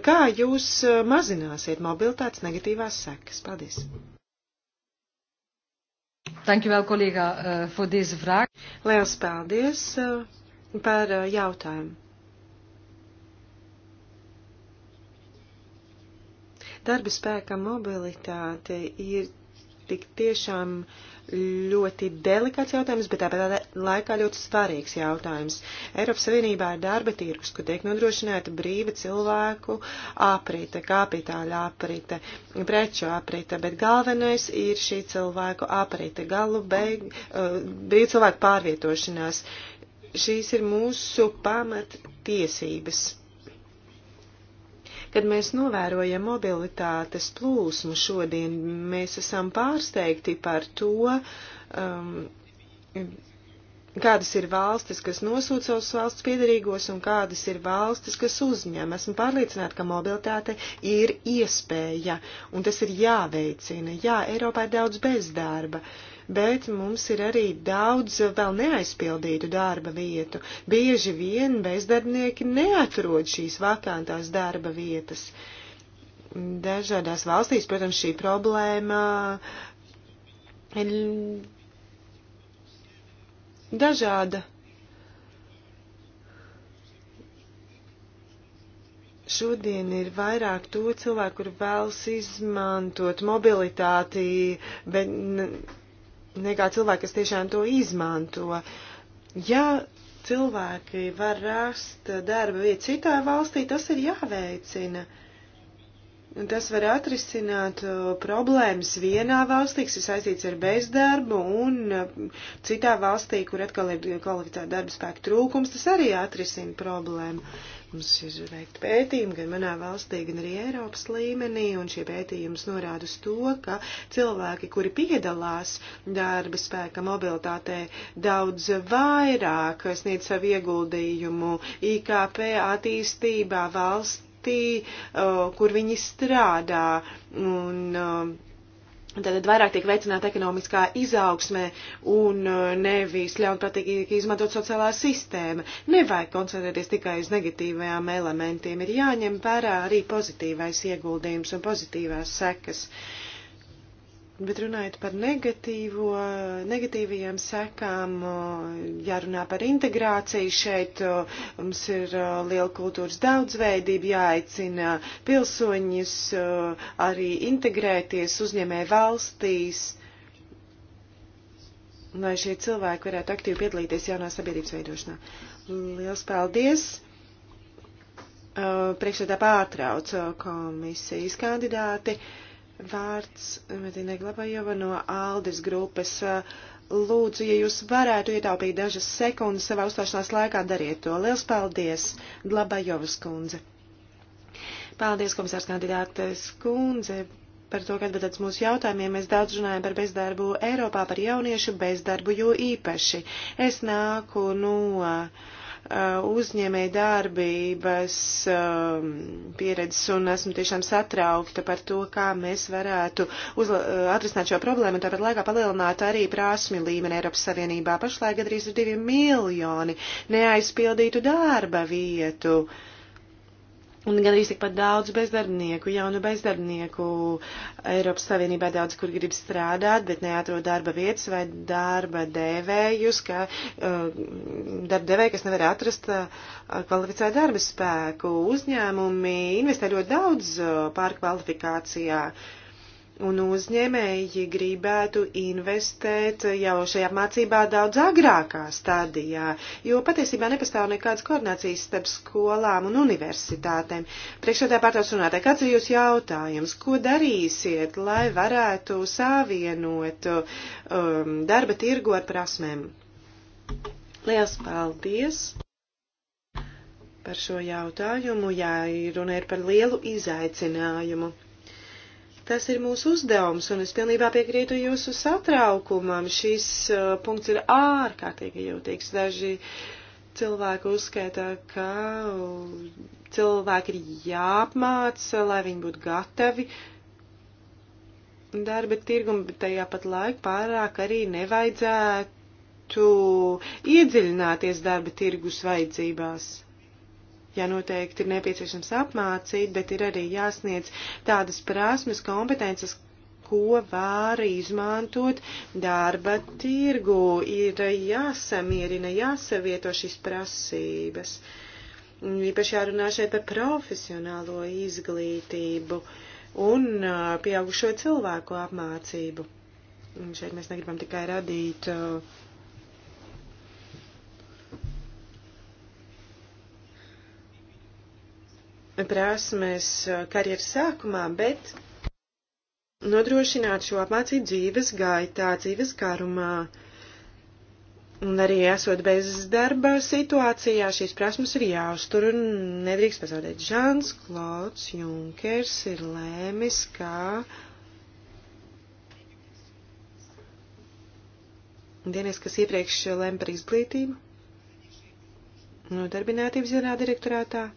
Kā jūs uh, mazināsiet mobilitātes negatīvās sekas? Paldies! Dankjewel, collega, voor uh, deze vraag. Liels paldies par jautājumu. Darba spēka mobilitāte ir tik tiešām uh, ļoti delikāts jautājums, bet tāpat laikā ļoti svarīgs jautājums. Eiropas Savienībā ir darba tirgus, kur tiek nodrošināta brīva cilvēku aprite, kapitāla aprite, preču aprite, bet galvenais ir šī cilvēku aprite, galu beig, eh, brīva cilvēku pārvietošanās. Šīs ir mūsu pamat tiesības Kad mēs novērojam mobilitātes plūsmu šodien, mēs esam pārsteigti par to, um, kādas ir valstis, kas nosūta savus valsts piedarīgos un kādas ir valstis, kas uzņem. Esmu pārliecināta, ka mobilitāte ir iespēja un tas ir jāveicina. Jā, Eiropā ir daudz bezdarba. Uh, bet mums ir arī daudz vēl neaizpildītu darba vietu. Bieži vien bezdarbnieki neatrod šīs vakantās darba vietas. Dažādās valstīs, protams, šī problēma ir dažāda. Šodien ir vairāk to cilvēku, kur vēlas izmantot mobilitāti, bet nekā cilvēki, kas tiešām to izmanto. Ja cilvēki var rast darba vietu citā valstī, tas ir jāveicina. Uh, Un tas var atrisināt problēmas vienā valstī, kas ir saistīts ar bezdarbu, un citā valstī, kur atkal ir kvalificēta darba spēka trūkums, tas arī atrisina problēmu. Mums ir veikta pētījumi gan manā valstī, gan arī Eiropas līmenī, un šie pētījums norāda uz to, ka cilvēki, kuri piedalās darba spēka mobilitātē, daudz vairāk sniedz savu ieguldījumu IKP attīstībā valsts valstī, uh, kur viņi strādā. Un, Tātad uh, vairāk tiek veicināta ekonomiskā izaugsme un uh, nevis ļaunprātīgi izmantot sociālā sistēma. Nevajag koncentrēties tikai uz negatīvajām elementiem, ir jāņem vērā arī pozitīvais ieguldījums un pozitīvās sekas. Uh, Bet runājot par negatīvo, negatīvajām sekām, jārunā par integrāciju šeit, mums ir liela kultūras daudzveidība, jāaicina pilsoņus arī integrēties uzņēmē valstīs, lai šie cilvēki varētu aktīvi piedalīties jaunā sabiedrības veidošanā. Liels paldies! Priekšsēdā pārtrauc komisijas kandidāti. Vārds Medina Glabājova no Aldis grupas. Lūdzu, ja jūs varētu ietaupīt dažas sekundes savā uzstāšanās laikā, dariet to. Liels paldies, Glabājovas kundze. Paldies, komisārs kandidātes kundze, par to, ka atbildēt mūsu jautājumiem. Mēs daudz runājam par bezdarbu Eiropā, par jauniešu bezdarbu, jo īpaši es nāku no. Nu, Uh, uzņēmēja darbības um, pieredzes un esmu tiešām satraukta par to, kā mēs varētu uh, atrisināt šo problēmu un tāpat laikā palielināt arī prasmju līmeni Eiropas Savienībā. Pašlaik gadrīz ir divi miljoni neaizpildītu darba vietu. Uh, Un gan arī tikpat daudz bezdarbnieku, jaunu bezdarbnieku Eiropas Savienībā daudz, kur grib strādāt, bet neatrod darba vietas vai darba devējus, ka uh, darba devēji, kas nevar atrast uh, kvalificētu darba spēku. Uzņēmumi investē ļoti daudz uh, pārkvalifikācijā. Uh, un uzņēmēji gribētu investēt jau šajā mācībā daudz agrākā stadijā, jo patiesībā nepastāv nekādas koordinācijas starp skolām un universitātēm. Priekšādā pārtaus runātē, kāds ir jūsu jautājums? Ko darīsiet, lai varētu savienot um, darba tirgu ar prasmēm? Liels paldies! Par šo jautājumu, jā, runa ir par lielu izaicinājumu Tas ir mūsu uzdevums, un es pilnībā piekrītu jūsu satraukumam. Šis uh, punkts ir ārkārtīgi jūtīgs. Daži cilvēki uzskaita, ka uh, cilvēki ir jāapmāca, uh, lai viņi būtu gatavi darba tirgumu, bet tajā pat laikā pārāk arī nevajadzētu iedziļināties darba tirgus vajadzībās. Jā, noteikti ir nepieciešams apmācīt, bet ir arī jāsniedz tādas prasmes, kompetences, ko var izmantot darba tirgu. Ir jāsamierina, jāsavieto šīs prasības. Īpaši jārunā šeit par profesionālo izglītību un uh, pieaugušo cilvēku apmācību. Un šeit mēs negribam tikai radīt uh, prasmes eh, karjeras sākumā, bet nodrošināt šo apmācību dzīves gaitā, dzīves garumā. Un arī esot bezdarba situācijā, šīs prasmes ir jāuztur un nedrīkst pazaudēt. Žāns Klauds Junkers ir lēmis, ka dienas, kas iepriekš lēma par izglītību, nodarbinātības vienā direktorātā,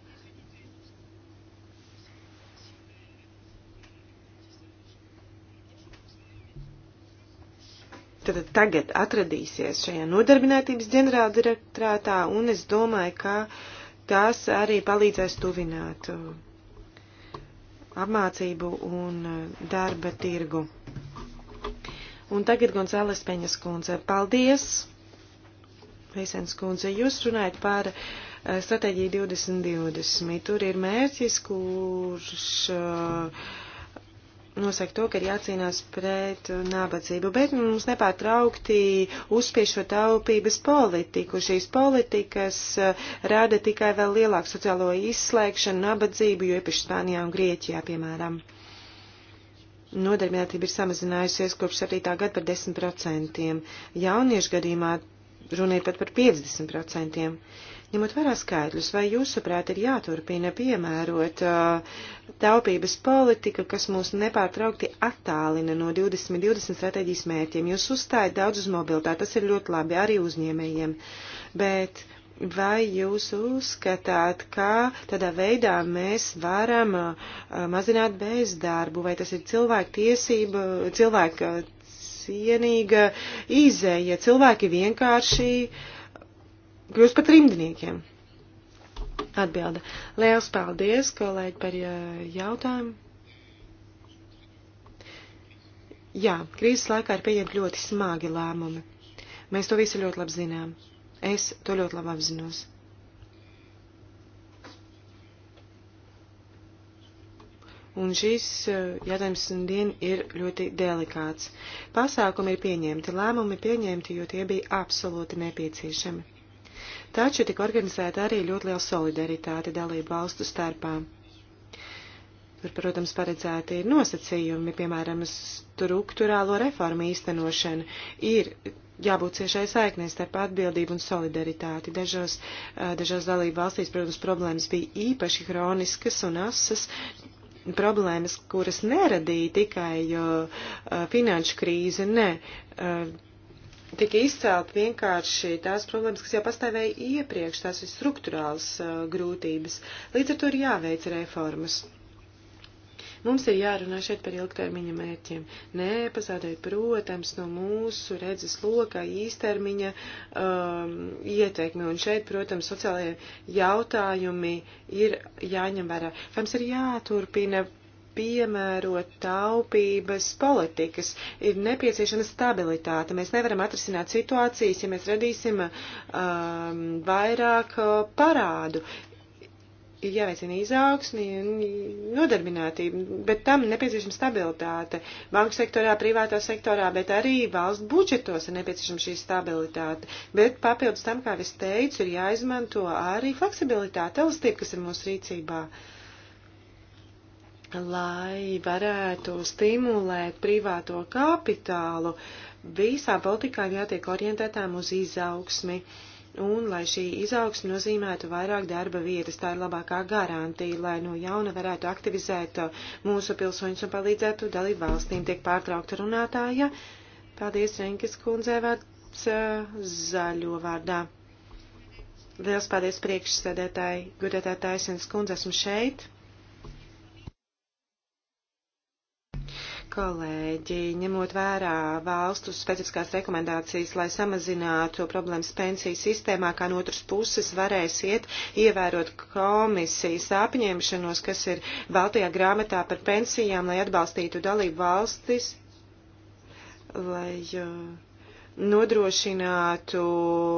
tad tagad atradīsies šajā nodarbinātības ģenerāldirektorātā, un es domāju, ka tās arī palīdzēs tuvināt uh, apmācību un uh, darba tirgu. Un tagad Gonzāles Peņas kundze, paldies! Veisens kundze, jūs runājat par uh, stratēģiju 2020. Tur ir mērķis, kurš uh, nosaka to, ka ir jācīnās pret uh, nabadzību, bet mums nepārtraukti uzspiež šo taupības politiku. Šīs politikas uh, rada tikai vēl lielāku sociālo izslēgšanu, nabadzību, jo īpaši Spānijā un Grieķijā, piemēram. Nodarbinātība ir samazinājusies kopš 7. gada par 10%, jauniešu gadījumā runa ir pat par 50%. Ņemot vērā skaidrus, vai jūsuprāt ir jāturpina piemērot uh, taupības politika, kas mūs nepārtraukti attālina no 2020 stratēģijas mērķiem? Jūs uzstājat daudz uz mobilitāti, tas ir ļoti labi arī uzņēmējiem, bet vai jūs uzskatāt, ka tādā veidā mēs varam uh, mazināt bezdarbu, vai tas ir cilvēku tiesība, cilvēka cienīga izēja, cilvēki vienkārši uh, kļūst par trimdniekiem. Atbilde. Liels paldies, kolēģi, par eh, jautājumu. Jā, krīzes laikā ir pieņemti ļoti smagi lēmumi. Mēs to visu ļoti labi zinām. Es to ļoti labi apzinos. un šis eh, jautājums dien ir ļoti delikāts. Pasākumi ir pieņemti, lēmumi pieņemti, jo tie bija absolūti nepieciešami taču tika organizēta arī ļoti liela solidaritāte dalību valstu starpā. Tur, protams, paredzēti ir nosacījumi, piemēram, struktūrālo reformu īstenošana. Ir jābūt ciešai saiknē starp atbildību un solidaritāti. Dažos, dažos dalību valstīs, protams, problēmas bija īpaši hroniskas un asas. Problēmas, kuras neradīja tikai jo, finanšu krīze, ne tika izcelt vienkārši tās problēmas, kas jau pastāvēja iepriekš, tās ir struktūrāls uh, grūtības. Līdz ar to ir jāveic reformas. Mums ir jārunā šeit par ilgtermiņa mērķiem. Nē, pazaudēt, protams, no mūsu redzes lokā īstermiņa um, ieteikmi. Un šeit, protams, sociālajie jautājumi ir jāņem vērā. Mums ir jāturpina piemērot taupības politikas. Ir nepieciešama stabilitāte. Mēs nevaram atrisināt situācijas, ja mēs radīsim um, vairāk uh, parādu. Ir jāveicina izaugsmi un nodarbinātība, bet tam nepieciešama stabilitāte. Banku sektorā, privātā sektorā, bet arī valsts budžetos ir nepieciešama šī stabilitāte. Bet papildus tam, kā es teicu, ir jāizmanto arī fleksibilitāte, elastība, kas ir mūsu rīcībā. Uh, lai varētu stimulēt privāto kapitālu, visā politikā ir jātiek orientētām uz izaugsmi. Un, lai šī izaugsme nozīmētu vairāk darba vietas, tā ir labākā garantija, lai no jauna varētu aktivizēt mūsu pilsoņus un palīdzētu dalību valstīm, tiek pārtraukta runātāja. Paldies, Renkis kundzē, vārds eh, zaļo vārdā. Liels paldies priekšsēdētāji, gudētāji Taisins kundze, esmu šeit. Kolēģi, ņemot vērā valstu specifiskās rekomendācijas, lai samazinātu problēmas pensiju sistēmā, kā no otras puses varēsiet ievērot komisijas apņemšanos, kas ir Baltijā grāmatā par pensijām, lai atbalstītu dalību valstis, lai. Uh, nodrošinātu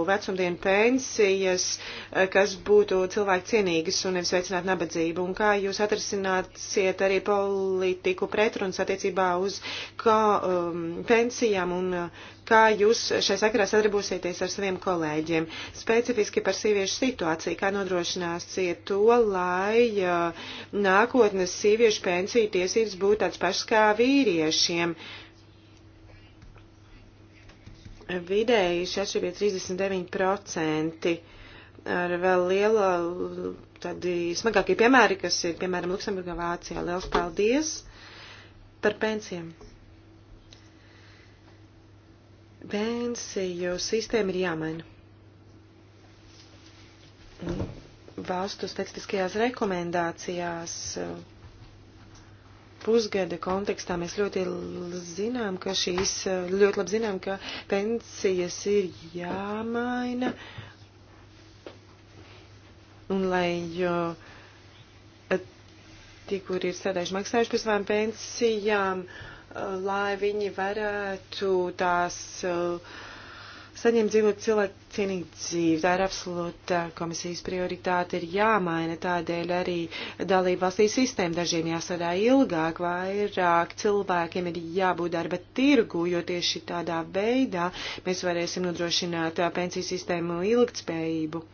vecumdienu pensijas, eh, kas būtu cilvēku cienīgas un nevis veicinātu nabadzību. Un kā jūs atrisināsiet arī politiku pretrunas attiecībā uz kā, um, pensijām un uh, kā jūs šai sakarā sadarbosieties ar saviem kolēģiem. Specifiski par sieviešu situāciju, kā nodrošināsiet to, lai uh, nākotnes sieviešu pensiju tiesības būtu tāds pašas kā vīriešiem. Uh, Vidēji šī atšķirība ir 39% ar vēl liela, tādi smagākie piemēri, kas ir, piemēram, Luksemburgā, Vācijā. Liels paldies par pensijām. Pensiju sistēma ir jāmaina. Valstu specifiskajās rekomendācijās. Uh, pusgada kontekstā mēs ļoti zinām, ka šīs, ļoti labi zinām, ka pensijas ir jāmaina. Un lai tie, kur ir sēdējuši maksājuši par savām pensijām, lai viņi varētu tās uh, saņemt dzīvot cilvēcienīgu dzīvi. Tā ir absolūta komisijas prioritāte, ir jāmaina tādēļ arī dalību valstī sistēma. Dažiem jāsadā ilgāk, vairāk cilvēkiem ir jābūt darba tirgu, jo tieši tādā veidā mēs varēsim nodrošināt pensiju sistēmu ilgtspējību.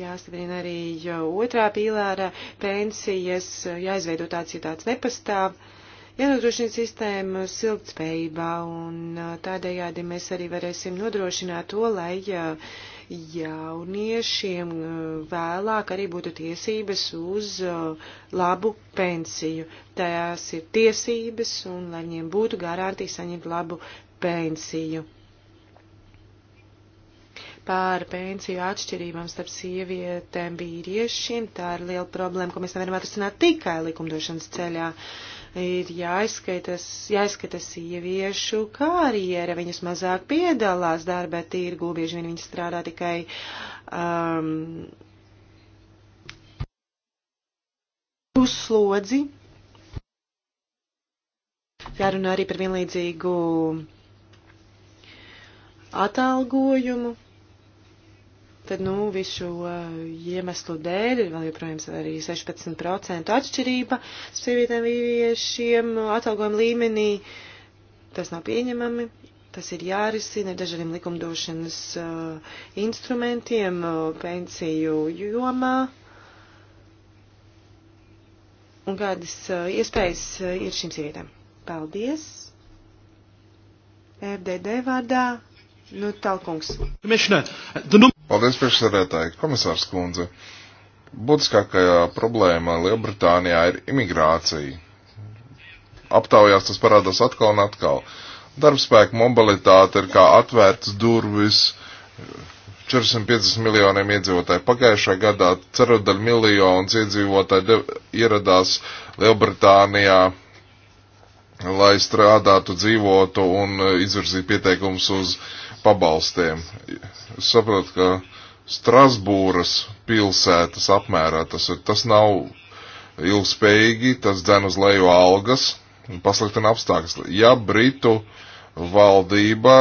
Jāstiprina arī otrā pīlāra pensijas, jāizveido tāds, ja tāds nepastāv. Uh, ienodrošina sistēmu siltspējībā, un tādējādi mēs arī varēsim nodrošināt to, lai jauniešiem vēlāk arī būtu tiesības uz labu pensiju. Tās ir tiesības, un lai viņiem būtu garantija saņemt labu pensiju. Pār pensiju atšķirībām starp sievietēm vīriešiem tā ir liela problēma, ko mēs nevaram atrisināt tikai likumdošanas ceļā. Uh, ir jāizskaitas, jāizskaitas sieviešu karjera, viņas mazāk piedalās darba tirgu, bieži vien viņas strādā tikai. Um, Uzslodzi. Jārunā arī par vienlīdzīgu atalgojumu tad, nu, visu uh, iemeslu dēļ ir vēl joprojām arī 16% atšķirība sievietēm vīriešiem atalgojuma līmenī. Tas nav pieņemami. Tas ir jārisina dažādiem likumdošanas uh, instrumentiem, uh, pensiju jomā. Un kādas uh, iespējas uh, ir šīm sievietēm? Paldies! FDD vārdā. Nu, talkungs. Paldies, priekšsarētāji, komisārs kundze. Būtiskākā problēma Lielbritānijā ir imigrācija. Aptaujās tas parādās atkal un atkal. Darbspēka mobilitāte ir kā atvērts durvis 450 miljoniem iedzīvotāju. Pagājušā gadā cerudaļ miljonus iedzīvotāju ieradās Lielbritānijā, lai strādātu, dzīvotu un izvirzītu pieteikumus uz pabalstiem. Es saprotu, ka Strasbūras pilsētas apmērā tas, ir, tas nav ilgspējīgi, tas dzen uz leju algas un pasliktina apstākļus. Ja Britu valdība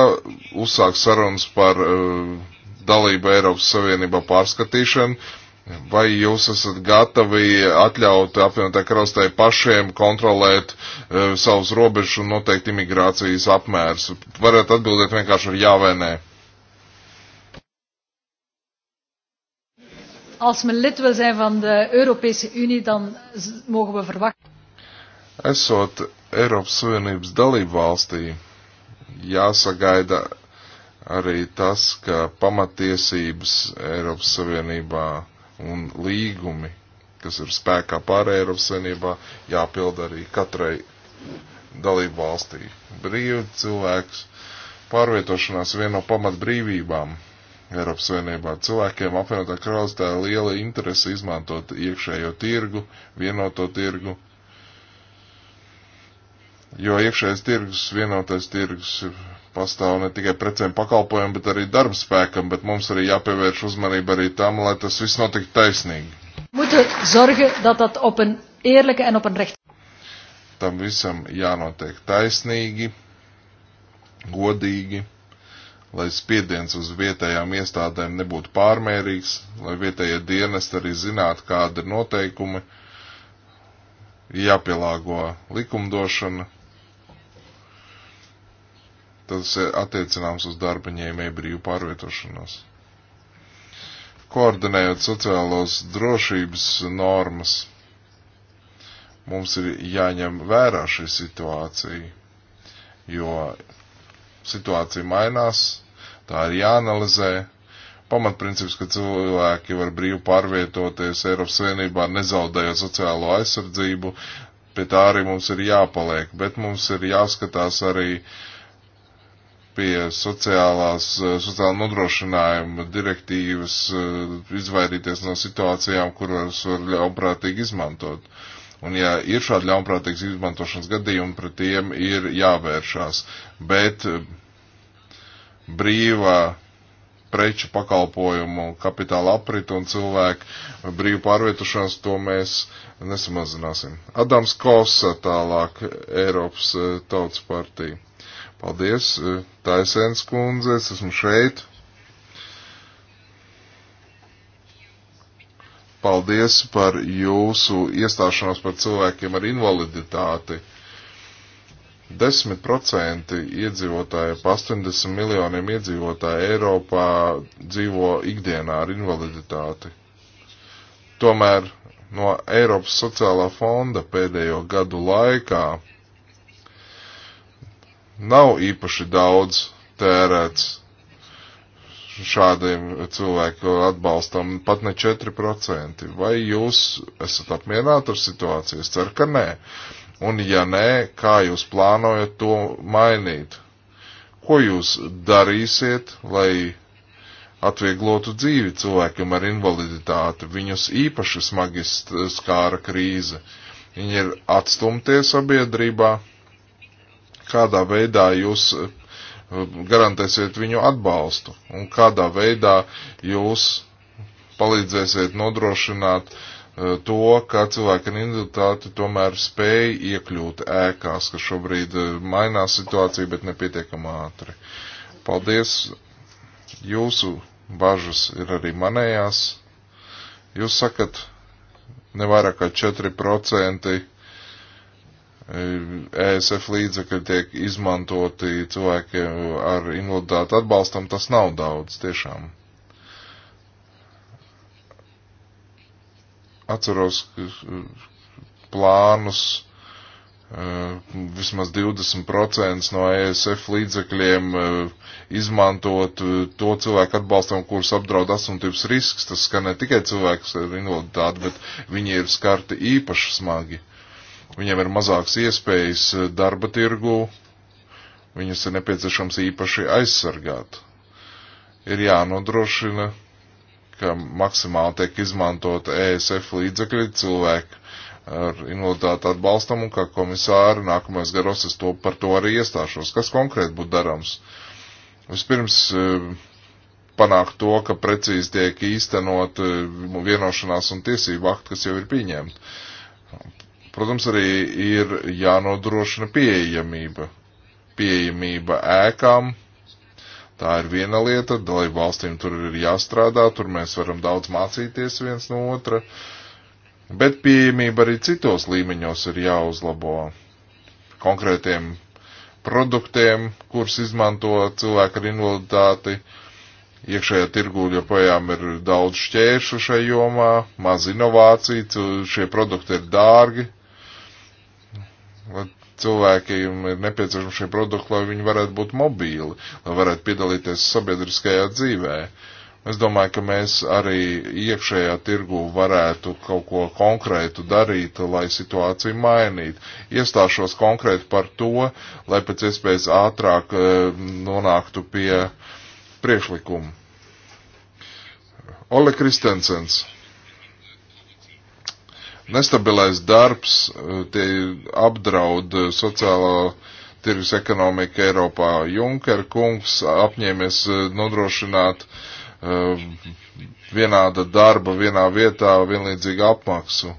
uzsāk sarunas par uh, dalību Eiropas Savienībā pārskatīšanu, Vai jūs esat gatavi atļaut apvienotā karalistē pašiem kontrolēt uh, savus robežus un noteikt imigrācijas apmērus? Varat atbildēt vienkārši ar jā vai nē. Als men lid wil zijn van de Europese Unie, dan mogen we verwachten. Esot Eiropas Savienības dalību valstī, jāsagaida arī tas, ka pamatiesības Eiropas Savienībā un līgumi, kas ir spēkā pār Eiropas Savienībā, jāpilda arī katrai dalību valstī. Brīvi cilvēks pārvietošanās viena no pamat brīvībām Eiropas Savienībā. Cilvēkiem apvienotā karalistē liela interese izmantot iekšējo tirgu, vienoto tirgu, jo iekšējais tirgus, vienotais tirgus ir pastāv ne tikai precēm pakalpojumiem, bet arī darba spēkam, bet mums arī jāpievērš uzmanība arī tam, lai tas viss notiktu taisnīgi. Tam visam jānotiek taisnīgi, godīgi, lai spiediens uz vietējām iestādēm nebūtu pārmērīgs, lai vietējie dienesti arī zinātu, kāda ir noteikumi, jāpielāgo likumdošana tas attiecināms uz darba ņēmēju brīvu pārvietošanos. Koordinējot sociālos drošības normas, mums ir jāņem vērā šī situācija, jo situācija mainās, tā ir jāanalizē. Pamatprincips, ka cilvēki var brīvi pārvietoties Eiropas Savienībā, nezaudējot sociālo aizsardzību, pie tā arī mums ir jāpaliek, bet mums ir jāskatās arī uh, pie sociālās, eh, sociāla nodrošinājuma direktīvas, eh, izvairīties no situācijām, kuras var ļaunprātīgi izmantot. Un ja ir šādi ļaunprātīgas izmantošanas gadījumi, pret tiem ir jāvēršās. Bet eh, brīvā preču pakalpojumu, kapitāla aprita un cilvēku brīvu pārvietošanos, to mēs nesamazināsim. Adams Kosa tālāk, Eiropas Tautas partija. Paldies, eh, Taisēns kundze, es esmu šeit. Paldies par jūsu iestāšanos par cilvēkiem ar invaliditāti. 10% iedzīvotāja, pa 80 miljoniem iedzīvotāja Eiropā dzīvo ikdienā ar invaliditāti. Tomēr no Eiropas sociālā fonda pēdējo gadu laikā nav īpaši daudz tērēts šādiem cilvēku atbalstam, pat ne 4%. Vai jūs esat apmierināti ar situāciju? Es ceru, ka nē. Un ja nē, kā jūs plānojat to mainīt? Ko jūs darīsiet, lai atvieglotu dzīvi cilvēkam ar invaliditāti? Viņus īpaši smagi skāra krīze. Viņi ir atstumtie sabiedrībā, kādā veidā jūs uh, garantēsiet viņu atbalstu un kādā veidā jūs palīdzēsiet nodrošināt uh, to, ka cilvēka individualitāte tomēr spēj iekļūt ēkās, ka šobrīd uh, mainās situācija, bet nepietiekam ātri. Paldies! Jūsu bažas ir arī manējās. Jūs sakat, nevairāk kā 4% ESF līdzekļi tiek izmantoti cilvēkiem ar invaliditāti atbalstam, tas nav daudz tiešām. Atceros uh, plānus, uh, vismaz 20% no ESF līdzekļiem uh, izmantot to cilvēku atbalstam, kurus apdraud asumtības risks. Tas skar ne tikai cilvēkus ar invaliditāti, bet viņi ir skarti īpaši smagi viņiem ir mazāks iespējas eh, darba tirgu, viņus ir nepieciešams īpaši aizsargāt. Ir jānodrošina, ka maksimāli tiek izmantot ESF līdzekļi cilvēki ar invaliditāti atbalstam un kā komisāri nākamais garos es to par to arī iestāšos. Kas konkrēti būtu darams? Vispirms eh, panākt to, ka precīzi tiek īstenot eh, vienošanās un tiesību akti, kas jau ir pieņemti. Protams, arī ir jānodrošina pieejamība. Pieejamība ēkām, tā ir viena lieta, dalību valstīm tur ir jāstrādā, tur mēs varam daudz mācīties viens no otra, bet pieejamība arī citos līmeņos ir jāuzlabo konkrētiem produktiem, kurus izmanto cilvēki ar invaliditāti. Iekšējā tirgū joprojām ir daudz šķēršu šai jomā, maz inovāciju, šie produkti ir dārgi, cilvēkiem ir nepieciešama šie produkti, lai viņi varētu būt mobīli, lai varētu piedalīties sabiedriskajā dzīvē. Es domāju, ka mēs arī iekšējā tirgu varētu kaut ko konkrētu darīt, lai situāciju mainītu. Iestāšos konkrēti par to, lai pēc iespējas ātrāk eh, nonāktu pie priekšlikumu. Ole Kristensens. Nestabilais darbs eh, tie apdraud eh, sociālo tirgus ekonomiku Eiropā. Junker kungs apņēmies eh, nodrošināt vienāda darba vienā vietā vienlīdzīgu apmaksu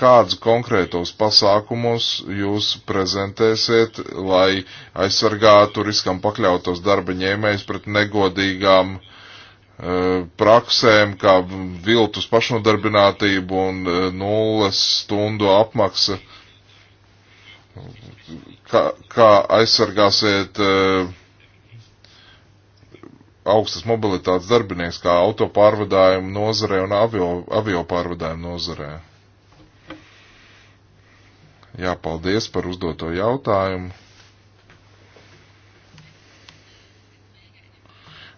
kādus konkrētos pasākumus jūs prezentēsiet, lai aizsargātu riskam pakļautos darba ņēmējs pret negodīgām Eh, praksēm, kā viltus pašnodarbinātību un eh, nulles stundu apmaksa. Kā, kā aizsargāsiet eh, augstas mobilitātes darbinieks, kā autopārvadājumu nozarē un avio, avio pārvadājumu nozarē? Jāpaldies par uzdoto jautājumu.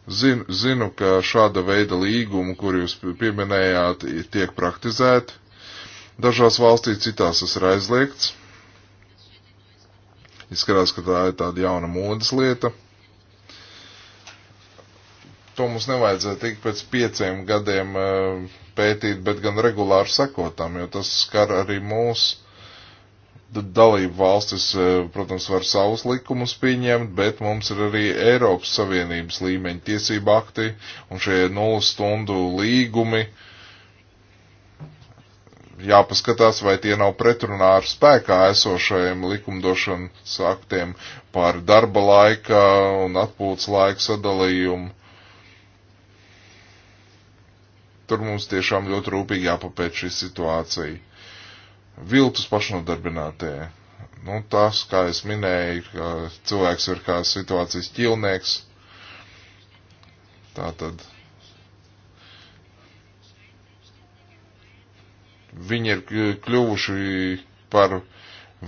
Zinu, zinu, ka šāda veida līgumi, kur jūs pieminējāt, tiek praktizēti. Dažās valstīs citās tas ir aizliegts. Izskatās, ka tā ir tāda jauna modas lieta. To mums nevajadzētu tik pēc pieciem gadiem eh, pētīt, bet gan regulāri sekotām, jo tas skar arī mūsu dalību valstis, e, protams, var savus likumus pieņemt, bet mums ir arī Eiropas Savienības līmeņa tiesība akti un šie nulles stundu līgumi. Jāpaskatās, vai tie nav pretrunā ar spēkā esošajiem likumdošanas aktiem par darba laika un atpūtas laika sadalījumu. Tur mums tiešām ļoti rūpīgi jāpapēc šī situācija viltus pašnodarbinātie. Nu, tas, kā es minēju, ka cilvēks ir kā situācijas ķilnieks. Tātad viņi ir kļuvuši par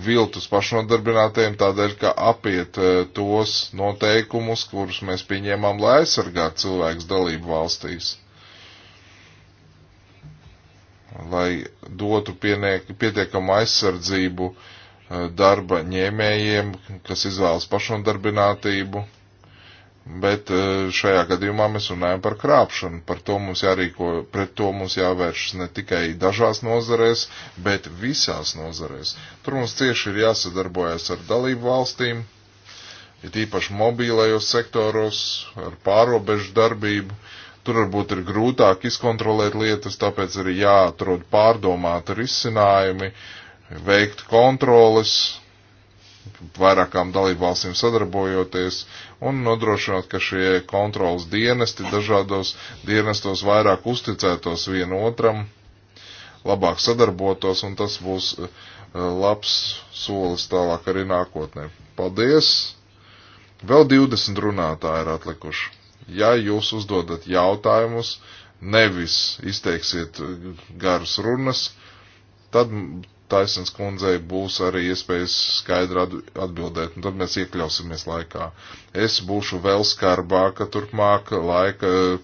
viltus pašnodarbinātiem tādēļ, ka apiet e, tos noteikumus, kurus mēs pieņēmām, lai aizsargātu cilvēkus dalību valstīs lai dotu pietiekamu aizsardzību eh, darba ņēmējiem, kas izvēlas pašnodarbinātību. Bet eh, šajā gadījumā mēs runājam par krāpšanu. Par to mums jārīko, pret to mums jāvēršas ne tikai dažās nozarēs, bet visās nozarēs. Tur mums cieši ir jāsadarbojas ar dalību valstīm, ir īpaši mobīlajos sektoros, ar pārobežu darbību, Tur varbūt ir grūtāk izkontrolēt lietas, tāpēc arī jāatrod pārdomāti risinājumi, veikt kontroles, vairākām dalībvalstīm sadarbojoties un nodrošināt, ka šie kontrolas dienesti dažādos dienestos vairāk uzticētos vienotram, labāk sadarbotos un tas būs eh, labs solis tālāk arī nākotnē. Paldies! Vēl 20 runātāji ir atlikuši ja jūs uzdodat jautājumus, nevis izteiksiet garas runas, tad taisnīgs kundzei būs arī iespējas skaidri atbildēt, un tad mēs iekļausimies laikā. Es būšu vēl skarbāka turpmāk laika eh,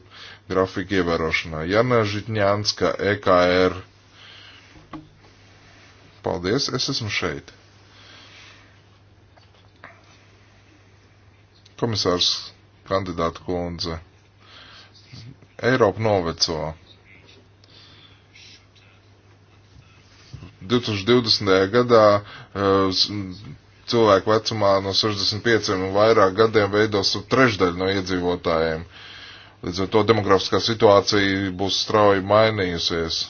grafika ievērošanā. Jana Žitņānska, EKR. Paldies, es esmu šeit. Komisārs kandidāta kundze. Eiropa noveco. 2020. gadā eh, cilvēku vecumā no 65 un vairāk gadiem veidos trešdaļu no iedzīvotājiem. Līdz ar to demografiskā situācija būs strauji mainījusies.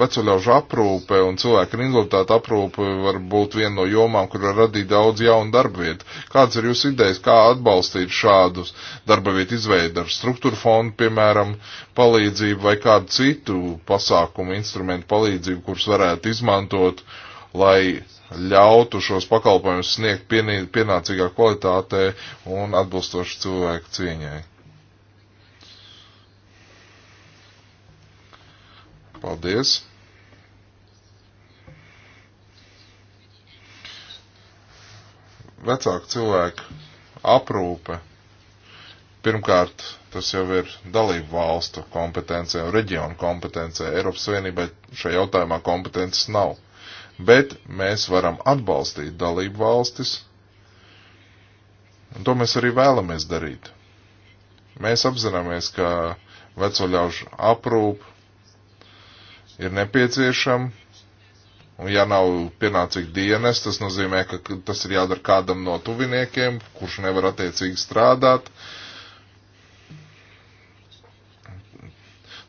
vecoļaužu aprūpe un cilvēku invaliditāte aprūpe var būt viena no jomām, kur var radīt daudz jaunu darba vietu. Kāds ir jūsu idejas, kā atbalstīt šādus darba vietu izveidu ar struktūra fondu, piemēram, palīdzību vai kādu citu pasākumu, instrumentu palīdzību, kurus varētu izmantot, lai ļautu šos pakalpojumus sniegt pienācīgā kvalitātē un atbilstoši cilvēku cieņai? Paldies! Vecāku cilvēku aprūpe. Pirmkārt, tas jau ir dalību valstu kompetencija un reģionu kompetencija. Eiropas Savienībai šajā jautājumā kompetences nav. Bet mēs varam atbalstīt dalību valstis, un to mēs arī vēlamies darīt. Mēs apzināmies, ka vecoļaužu aprūpe ir nepieciešama. Un ja nav pienācīgi dienas, tas nozīmē, ka tas ir jādara kādam no tuviniekiem, kurš nevar attiecīgi strādāt.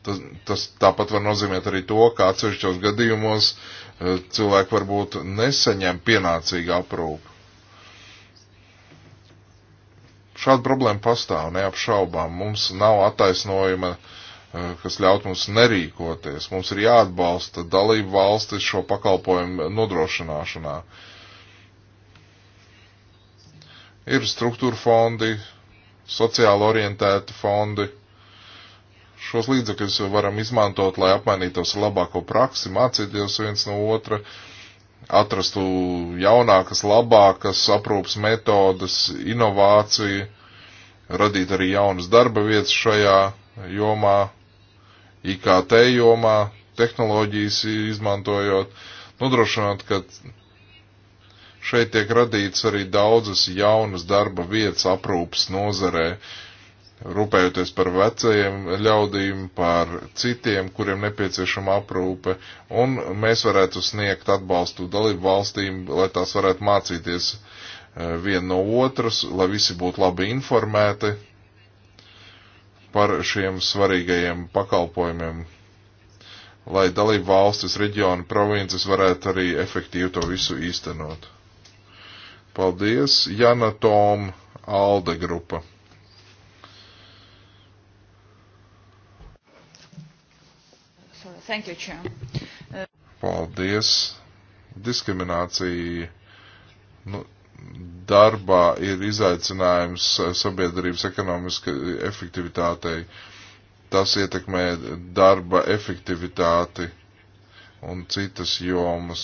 Tas, tas tāpat var nozīmēt arī to, ka atsevišķos gadījumos e, cilvēki varbūt nesaņem pienācīgu aprūpu. Šāda problēma pastāv neapšaubām. Mums nav attaisnojuma uh, Eh, kas ļaut mums nerīkoties. Mums ir jāatbalsta dalību valstis šo pakalpojumu nodrošināšanā. Ir struktūra fondi, sociāli orientēti fondi. Šos līdzekļus varam izmantot, lai apmainītos ar labāko praksi, mācīties viens no otra, atrastu jaunākas, labākas aprūpas metodas, inovāciju, radīt arī jaunas darba vietas šajā jomā, IKT jomā, tehnoloģijas izmantojot, nodrošinot, ka šeit tiek radīts arī daudzas jaunas darba vietas aprūpas nozarē, rūpējoties par vecajiem ļaudīm, par citiem, kuriem nepieciešama aprūpe, un mēs varētu sniegt atbalstu dalību valstīm, lai tās varētu mācīties eh, viena no otras, lai visi būtu labi informēti, par šiem svarīgajiem pakalpojumiem, lai dalību valstis, reģionu, provinces varētu arī efektīvi to visu īstenot. Paldies, Jana Tom, Alde grupa. Thank you, Chair. Paldies. Diskriminācija nu, darbā ir izaicinājums sabiedrības ekonomiskai efektivitātei. Tas ietekmē darba efektivitāti un citas jomas.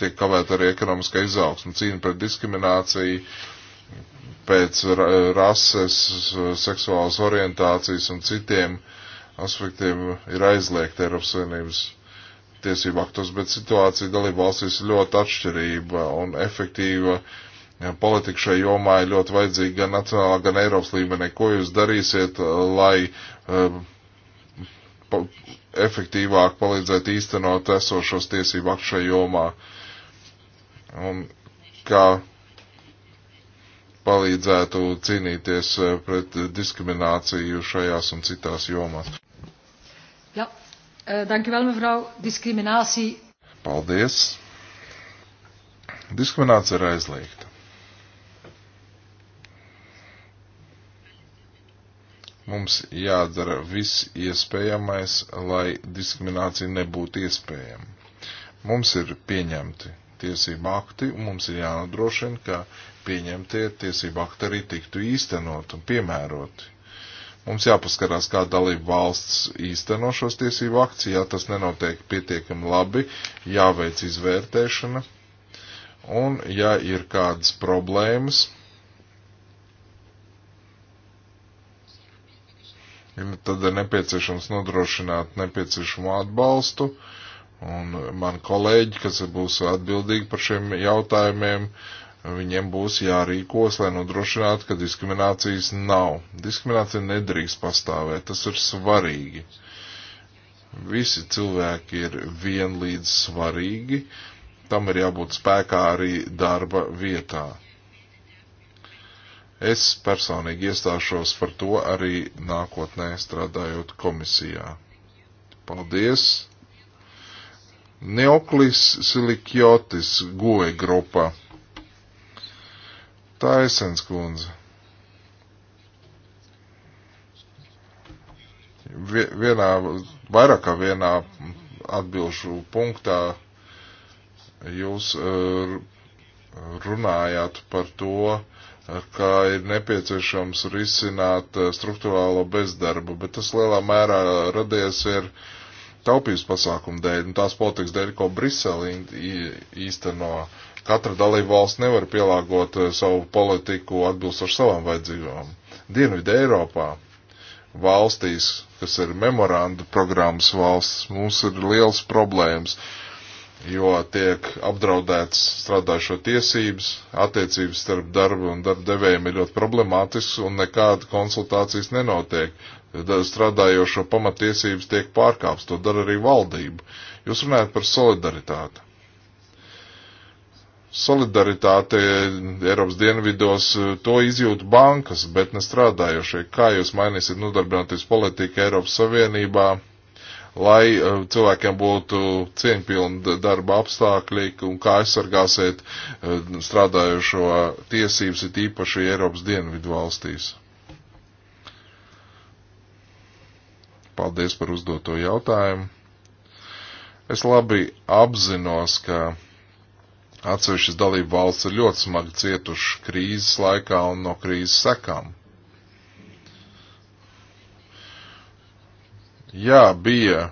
Tiek kavēta arī ekonomiskā izaugsme, cīņa pret diskrimināciju, pēc rases, seksuālas orientācijas un citiem aspektiem ir aizliegta Eiropas Savienības tiesību aktos, bet situācija dalība valstīs ir ļoti atšķirība un efektīva uh, politika šai jomā ir ļoti vajadzīga gan nacionālā, gan Eiropas līmenī. Ko jūs darīsiet, lai um, pa, efektīvāk palīdzētu īstenot esošos tiesību aktu šai jomā? Un kā palīdzētu cīnīties uh, pret diskrimināciju šajās un citās jomās? Jā, ja. Eh, dankjewel mevrouw. Diskriminācija. Paldies. Diskriminācija ir aizliegta. Mums jādara viss iespējamais, lai diskriminācija nebūtu iespējama. Mums ir pieņemti tiesību akti, un mums ir jānodrošina, ka pieņemtie tiesību akti arī tiktu īstenot un piemēroti. Mums jāpaskarās, kā dalība valsts īsteno šos tiesību akts, ja tas nenotiek pietiekami labi, jāveic izvērtēšana, un ja ir kādas problēmas, Tad ir nepieciešams nodrošināt nepieciešamo atbalstu. Un man kolēģi, kas būs atbildīgi par šiem jautājumiem, viņiem būs jārīkos, lai nodrošinātu, ka diskriminācijas nav. Diskriminācija nedrīkst pastāvēt, tas ir svarīgi. Visi cilvēki ir vienlīdz svarīgi, tam ir jābūt spēkā arī darba vietā. Es personīgi iestāšos par to arī nākotnē strādājot komisijā. Paldies! Neoklis Silikjotis goja grupa. Tā esens kundze. Vienā, vairāk kā vienā atbilžu punktā jūs eh, runājāt par to, kā ir nepieciešams risināt eh, struktūrālo bezdarbu, bet tas lielā mērā radies ir taupības pasākumu dēļ un tās politikas dēļ, ko Brisele īsteno. Katra dalība valsts nevar pielāgot eh, savu politiku atbilstoši savām vajadzībām. Dienvidē Eiropā valstīs, kas ir memoranda programmas valsts, mums ir liels problēmas. Uh, jo tiek apdraudēts strādājušo tiesības, attiecības starp darbu un darba devējiem ir ļoti problemātisks un nekāda konsultācijas nenotiek. Strādājošo pamatiesības tiek pārkāpts, to dara arī valdība. Jūs runājat par solidaritāti. Solidaritāte Eiropas dienvidos to izjūt bankas, bet ne strādājošie. Kā jūs mainīsiet nodarbinātības politiku Eiropas Savienībā? lai eh, cilvēkiem būtu cieņpilni darba apstākļi un kā aizsargāsiet eh, strādājošo tiesības, it īpaši Eiropas dienvidu valstīs. Paldies par uzdoto jautājumu. Es labi apzinos, ka atsevišķas dalību valsts ir ļoti smagi cietuši krīzes laikā un no krīzes sekām Jā, bija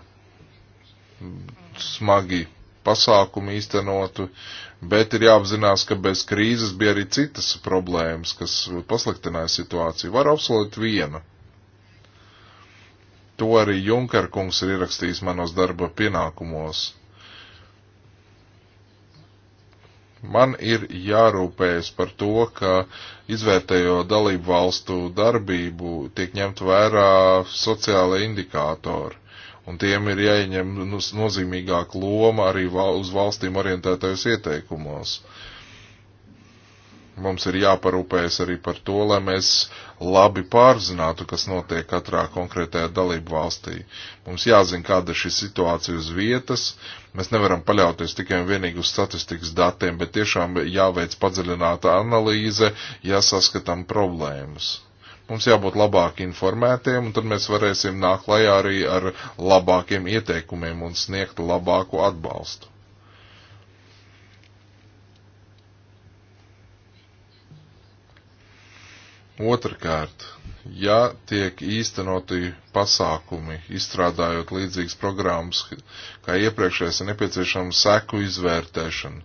smagi pasākumi īstenotu, bet ir jāapzinās, ka bez krīzes bija arī citas problēmas, kas pasliktināja situāciju. Var apsolīt vienu. To arī Junker kungs ir ierakstījis manos darba pienākumos Man ir jārūpējas par to, ka izvērtējot dalību valstu darbību, tiek ņemt vērā sociāla indikātori, un tiem ir jāieņem nozīmīgāk loma arī val uz valstīm orientētajos ieteikumos. Uh, mums ir jāparūpējas arī par to, lai mēs labi pārzinātu, kas notiek katrā konkrētajā dalību valstī. Mums jāzina, kāda ir šī situācija uz vietas. Mēs nevaram paļauties tikai un vienīgi uz statistikas datiem, bet tiešām jāveic padziļināta analīze, jāsaskatām problēmas. Mums jābūt labāk informētiem, un tad mēs varēsim nākt klajā arī ar labākiem ieteikumiem un sniegt labāku atbalstu. Otrakārt, ja tiek īstenoti pasākumi, izstrādājot līdzīgas programmas, kā iepriekšējais, ir nepieciešama seku izvērtēšana.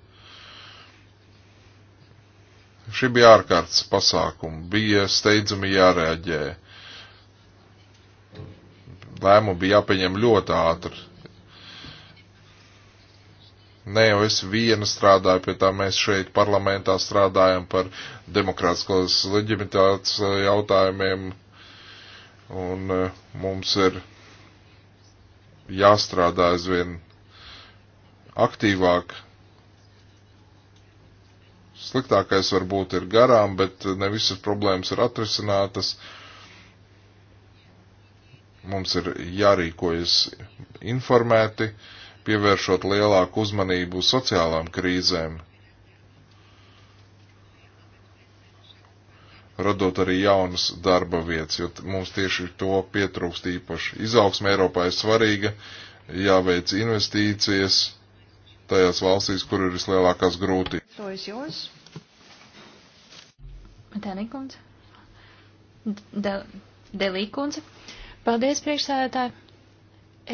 Šī bija ārkārtas pasākuma, bija steidzami jārēģē. Lēmumu bija jāpieņem ļoti ātri. Ne jau es viena strādāju pie tā, mēs šeit parlamentā strādājam par demokrātiskos leģimitātes eh, jautājumiem, un eh, mums ir jāstrādā aizvien aktīvāk. Sliktākais varbūt ir garām, bet ne visas problēmas ir atrisinātas. Mums ir jārīkojas informēti. Uh, pievēršot lielāku uzmanību sociālām krīzēm, radot arī jaunas darba vietas, jo mums tieši to pietrūkst īpaši. Izaugsme Eiropā ir svarīga, jāveic investīcijas tajās valstīs, kur ir vislielākās grūtības. To es jūs. Tēnikundze. De, Delīkundze. Paldies, priekšsēdētāji.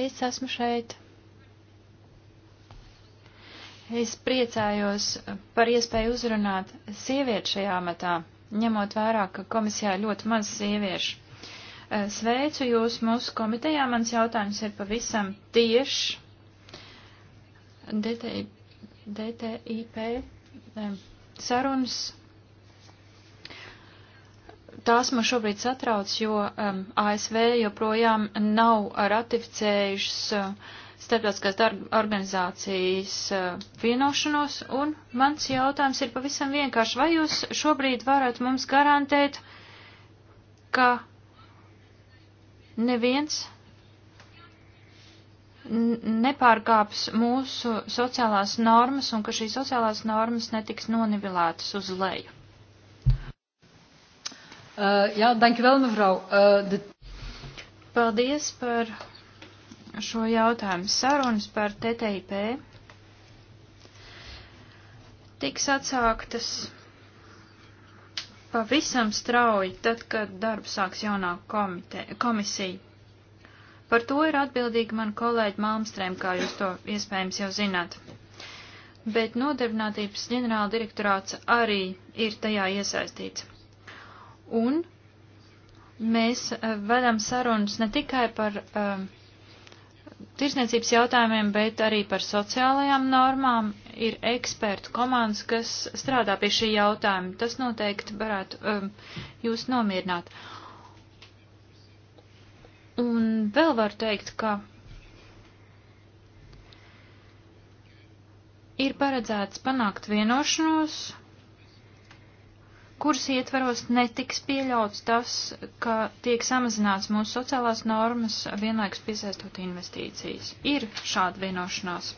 Es esmu šeit Es priecājos par iespēju uzrunāt sievieti šajā amatā, ņemot vērā, ka komisijā ļoti maz sieviešu. Eh, sveicu jūs mūsu komitejā, mans jautājums ir pavisam tieši DTI, DTIP eh, sarunas. Tās man šobrīd satrauc, jo um, eh, ASV joprojām nav ratificējušas uh, starptautiskās darba organizācijas uh, vienošanos, un mans jautājums ir pavisam vienkārši. Vai jūs šobrīd varat mums garantēt, ka neviens nepārkāps mūsu sociālās normas un ka šīs sociālās normas netiks nonivilētas uz leju? Uh, jā, dank vēl, mevrau. Uh, eh, de... Paldies par šo jautājumu. Sarunas par TTIP tiks atsāktas pavisam strauji, tad, kad darbu sāks jaunā komite, komisija. Par to ir atbildīga man kolēģi Malmstrēm, kā jūs to iespējams jau zināt. Bet nodarbinātības ģenerāla direktorāts arī ir tajā iesaistīts. Un mēs eh, vedam sarunas ne tikai par uh, tirsniecības jautājumiem, bet arī par sociālajām normām ir ekspertu komandas, kas strādā pie šī jautājuma. Tas noteikti varētu um, jūs nomierināt. Un vēl var teikt, ka ir paredzēts panākt vienošanos kuras ietvaros netiks pieļauts tas, ka tiek samazināts mūsu sociālās normas, vienlaikus piesaistot investīcijas. Ir šāda vienošanās.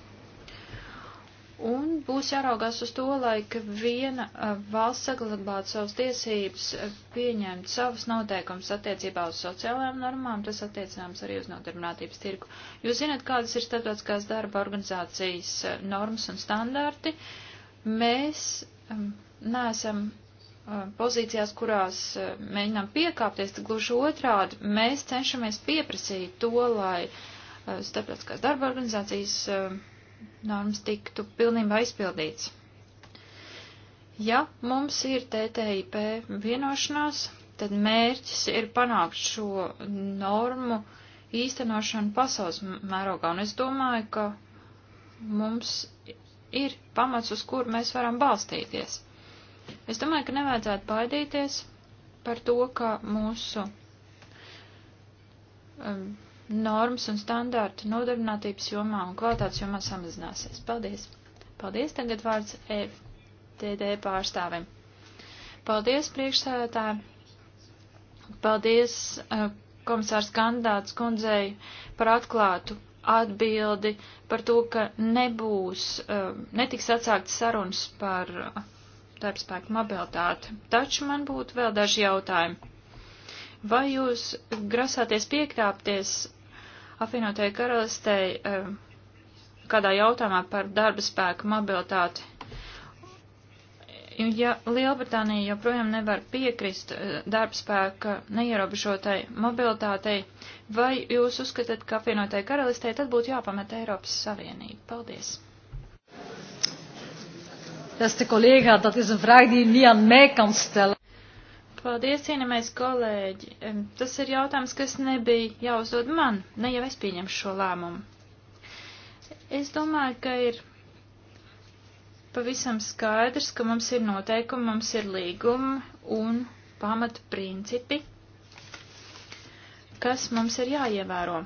Un būs jāraugās uz to, lai viena valsts saglabātu savas tiesības, pieņemt savus noteikumus attiecībā uz sociālajām normām, tas attiecināms arī uz nodarbinātības tirgu. Jūs zināt, kādas ir starptautiskās darba organizācijas normas un standarti. Mēs neesam Uh, pozīcijās, kurās uh, mēģinām piekāpties, tad gluži otrādi mēs cenšamies pieprasīt to, lai uh, starptautiskās darba organizācijas normas tiktu pilnībā izpildīts. Ja mums ir TTIP vienošanās, tad mērķis ir panākt šo normu īstenošanu pasaules mērogā, un es domāju, ka mums ir pamats, uz kur mēs varam balstīties. Es domāju, ka nevajadzētu baidīties par to, ka mūsu um, normas un standārti nodarbinātības jomā un kvalitātes jomā samazināsies. Paldies! Paldies! Tagad vārds FTD e pārstāvim. Paldies, priekšsēdētāji! Paldies, uh, komisārs kandidāts kundzei par atklātu atbildi par to, ka nebūs, uh, netiks atsāktas sarunas par uh, darbspēku mobilitāti. Taču man būtu vēl daži jautājumi. Vai jūs grasāties piekrāpties apvienotajai karalistei eh, kādā jautājumā par darbspēku mobilitāti? Ja Lielbritānija joprojām nevar piekrist eh, darbspēka neierobežotai mobilitātei, vai jūs uzskatāt, ka apvienotajai karalistei tad būtu jāpamet Eiropas Savienība? Paldies! Beste collega, dat is een vraag die je niet aan mij kan stellen. Paldies, cienījamais kolēģi. Tas ir jautājums, kas nebija jāuzdod man, ne jau es pieņemšu šo lēmumu. Es domāju, ka ir pavisam skaidrs, ka mums ir noteikumi, mums ir līgumi un pamata principi, kas mums ir jāievēro.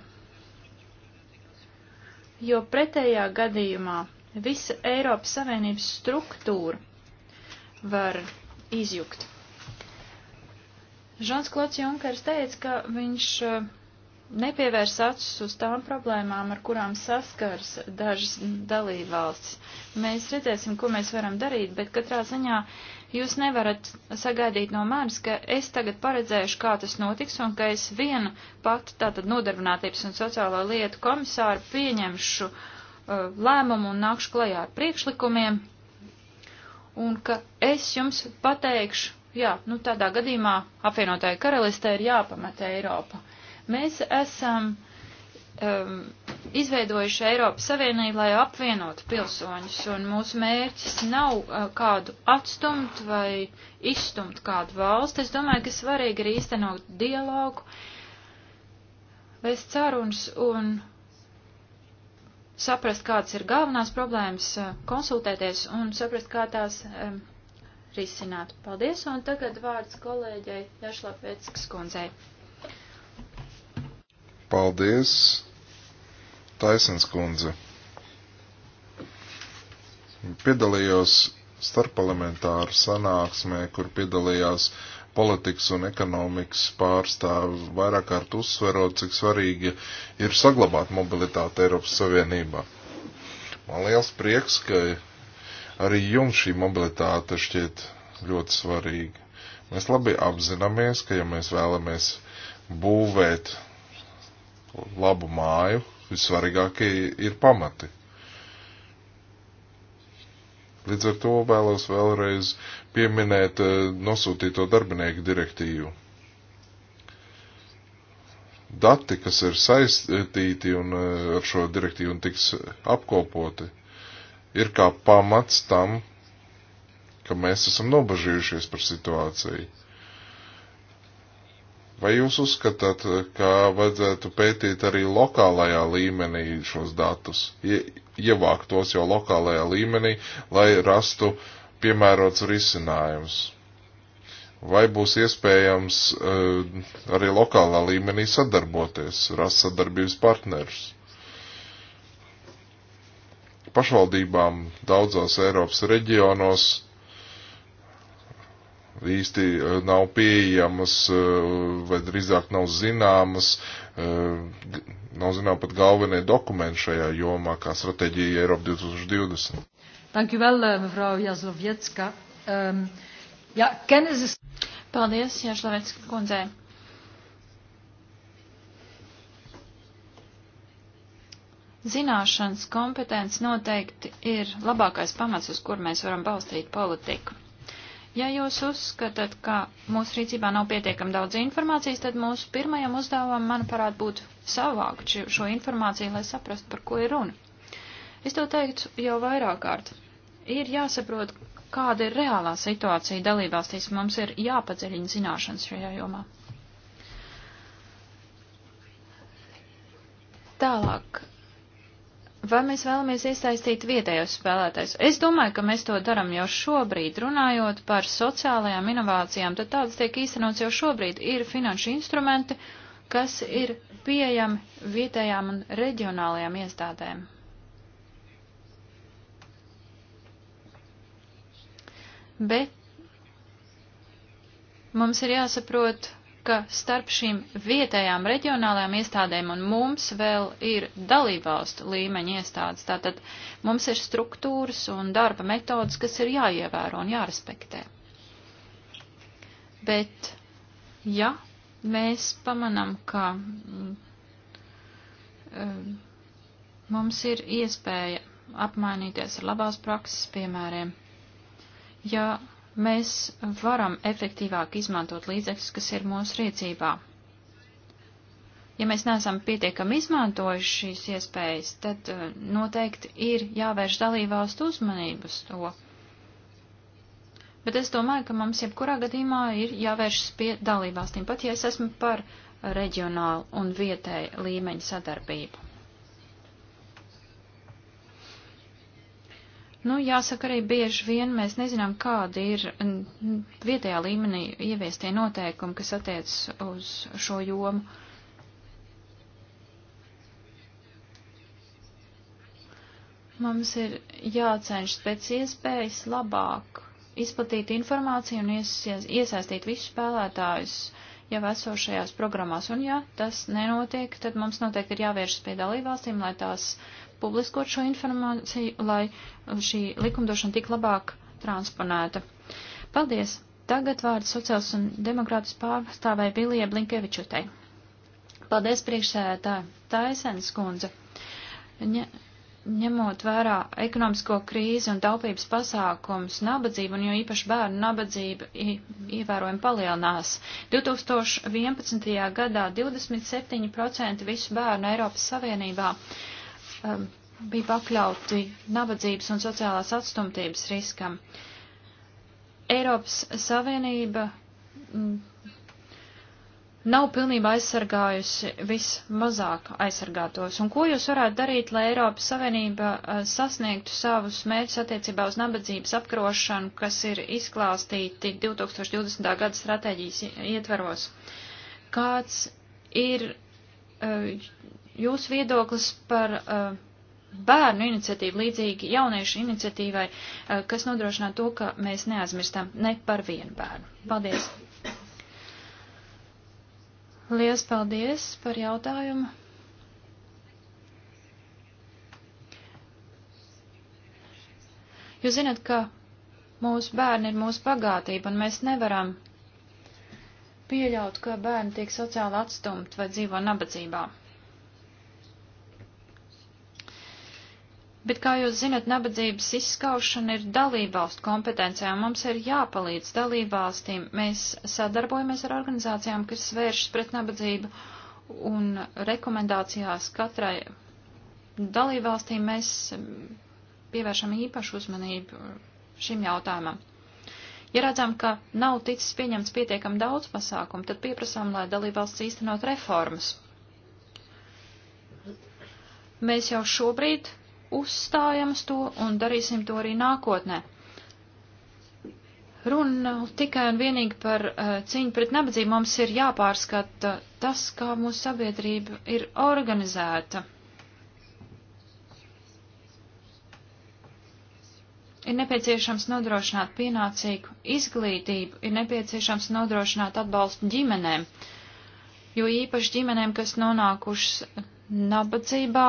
Jo pretējā gadījumā visa Eiropas Savienības struktūra var izjukt. Žans Klots Junkers teica, ka viņš eh, nepievērs acis uz tām problēmām, ar kurām saskars dažas dalībvalstis. Mēs redzēsim, ko mēs varam darīt, bet katrā ziņā jūs nevarat sagaidīt no manis, ka es tagad paredzēšu, kā tas notiks, un ka es vienu pat tātad nodarbinātības un sociālo lietu komisāru pieņemšu uh, Uh, lēmumu un nākšu klajā ar priekšlikumiem, un ka es jums pateikšu, jā, nu tādā gadījumā apvienotāja karalistē ir jāpamet Eiropa. Mēs esam um, izveidojuši Eiropas Savienību, lai apvienotu pilsoņus, un mūsu mērķis nav uh, kādu atstumt vai izstumt kādu valsti. Es domāju, ka svarīgi ir īstenot dialogu, vēst sarunas un saprast, kādas ir galvenās problēmas, eh, konsultēties un saprast, kā tās um, risināt. Paldies, un tagad vārds kolēģei Jašlapēckas kundzei. Paldies, Taisens kundze. Piedalījos starpelementāru sanāksmē, kur piedalījās uh, politikas un ekonomikas pārstāvi vairāk kārt uzsverot, cik svarīgi ir saglabāt mobilitāti Eiropas Savienībā. Man liels prieks, ka arī jums šī mobilitāte šķiet ļoti svarīga. Mēs labi apzināmies, ka ja mēs vēlamies būvēt labu māju, visvarīgākie ir pamati. Līdz ar to vēlos vēlreiz pieminēt eh, nosūtīto darbinieku direktīvu. Dati, kas ir saistīti un eh, ar šo direktīvu un tiks apkopoti, ir kā pamats tam, ka mēs esam nobažījušies par situāciju Vai jūs uzskatāt, ka vajadzētu pētīt arī lokālajā līmenī šos datus, ie, ievākt tos jau lokālajā līmenī, lai rastu piemērots risinājums? Vai būs iespējams uh, arī lokālā līmenī sadarboties, rast sadarbības partnerus? Pašvaldībām daudzos Eiropas reģionos īsti eh, nav pieejamas eh, vai drīzāk nav zināmas, eh, nav zinām pat galvenie dokumenti šajā jomā, kā stratēģija Eiropa 2020. Dankjewel, mevrouw Jaslovietska. Um, ehm, ja, kennis is... Paldies, Jaslovietska kundzei. Zināšanas kompetence noteikti ir labākais pamats, uz kur mēs varam balstīt politiku. Ja jūs uzskatāt, ka mūsu rīcībā nav pietiekami daudz informācijas, tad mūsu pirmajam uzdevumam, manuprāt, būtu savākt šo informāciju, lai saprastu, par ko ir runa. Es to teicu jau vairāk kārt. Ir jāsaprot, kāda ir reālā situācija dalībvalstīs, mums ir jāpadziļina zināšanas šajā jomā. Tālāk, Vai mēs vēlamies iesaistīt vietējos spēlētājus? Es domāju, ka mēs to darām jau šobrīd. Runājot par sociālajām inovācijām, tad tādas tiek īstenots jau šobrīd. Ir finanšu instrumenti, kas ir pieejami vietējām un reģionālajām iestādēm. Bet mums ir jāsaprot, ka starp šīm vietējām reģionālajām iestādēm un mums vēl ir dalībvalstu līmeņa iestādes. Tātad mums ir struktūras un darba metodas, kas ir jāievēro un jārespektē. Bet, ja mēs pamanam, ka um, mums ir iespēja apmainīties ar labās prakses piemēriem, ja mēs varam efektīvāk izmantot līdzekļus, kas ir mūsu rīcībā. Ja mēs neesam pietiekami izmantojuši šīs iespējas, tad eh, noteikti ir jāvērš dalībvalstu uzmanības to. Bet es domāju, ka mums jebkurā gadījumā ir jāvēršas pie dalībvalstīm, pat ja es esmu par reģionālu un vietēju līmeņu sadarbību. Nu, jāsaka, arī bieži vien mēs nezinām, kādi ir vietējā līmenī ieviestie noteikumi, kas attiecas uz šo jomu. Mums ir jācenšas pēc iespējas labāk izplatīt informāciju un iesaistīt visus spēlētājus jau esošajās programmās. Un ja tas nenotiek, tad mums noteikti ir jāvēršas pie dalībvalstīm, lai tās publiskot šo informāciju, lai šī likumdošana tik labāk transponēta. Paldies! Tagad vārds sociāls un demokrātas pārstāvēja Vilija Blinkevičutei. Paldies priekšsēdētāji Taisens kundze. Ņa, ņemot vērā ekonomisko krīzi un taupības pasākums, nabadzība un jo īpaši bērnu nabadzība ievērojami palielinās. 2011. gadā 27% visu bērnu Eiropas Savienībā um, bija pakļauti nabadzības un sociālās atstumtības riskam. Eiropas Savienība m, mm, nav pilnībā aizsargājusi vismazāk aizsargātos. Un ko jūs varētu darīt, lai Eiropas Savienība uh, sasniegtu savus mērķus attiecībā uz nabadzības apkrošanu, kas ir izklāstīti 2020. gada stratēģijas ietvaros? Kāds ir uh, jūsu viedoklis par uh, bērnu iniciatīvu līdzīgi jauniešu iniciatīvai, uh, kas nodrošinā to, ka mēs neaizmirstam ne par vienu bērnu. Paldies! Lielas paldies par jautājumu! Jūs zināt, ka mūsu bērni ir mūsu bagātība, un mēs nevaram pieļaut, ka bērni tiek sociāli atstumti vai dzīvo nabadzībā. Bet, kā jūs zinat, nabadzības izskaušana ir dalībvalstu kompetencijā, un mums ir jāpalīdz dalībvalstīm. Mēs sadarbojamies ar organizācijām, kas svēršas pret nabadzību, un rekomendācijās katrai dalībvalstīm mēs mm, pievēršam īpašu uzmanību šim jautājumam. Ja redzam, ka nav ticis pieņemts pietiekam daudz pasākumu, tad pieprasām, lai dalībvalsts īstenot reformas. Mēs jau šobrīd uzstājam uz to un darīsim to arī nākotnē. Runa tikai un vienīgi par uh, cīņu pret nabadzību mums ir jāpārskata tas, kā mūsu sabiedrība ir organizēta. Ir nepieciešams nodrošināt pienācīgu izglītību, ir nepieciešams nodrošināt atbalstu ģimenēm, jo īpaši ģimenēm, kas nonākušas nabadzībā,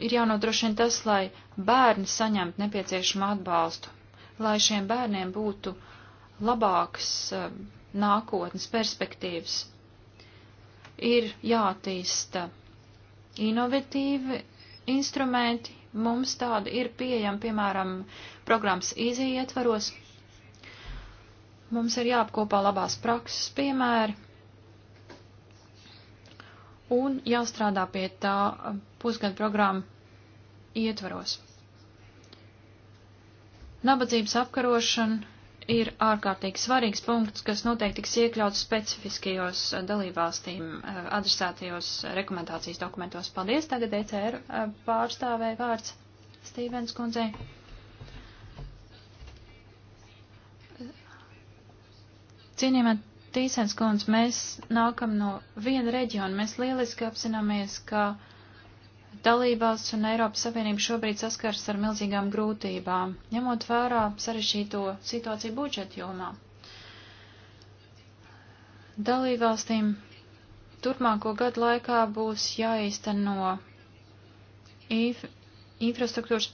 ir jānodrošina tas, lai bērni saņemtu nepieciešamu atbalstu, lai šiem bērniem būtu labākas eh, nākotnes perspektīvas. Ir jātīsta inovatīvi instrumenti, mums tādi ir pieejami, piemēram, programmas izīja ietvaros. Mums ir jāapkopā labās prakses piemēri un jāstrādā pie tā pusgada programma ietvaros. Nabadzības apkarošana ir ārkārtīgi svarīgs punkts, kas noteikti tiks iekļauts specifiskajos eh, dalībvalstīm eh, adresētajos rekomendācijas dokumentos. Paldies, tagad ECR eh, pārstāvē vārds Stīvens kundzei. Cienījamie Tīsens kundz, mēs nākam no viena reģiona. Mēs lieliski apzināmies, ka dalībās un Eiropas Savienība šobrīd saskars ar milzīgām grūtībām, ņemot vērā sarešķīto situāciju budžeta jomā. Dalībvalstīm turpmāko gadu laikā būs jāīsteno infrastruktūras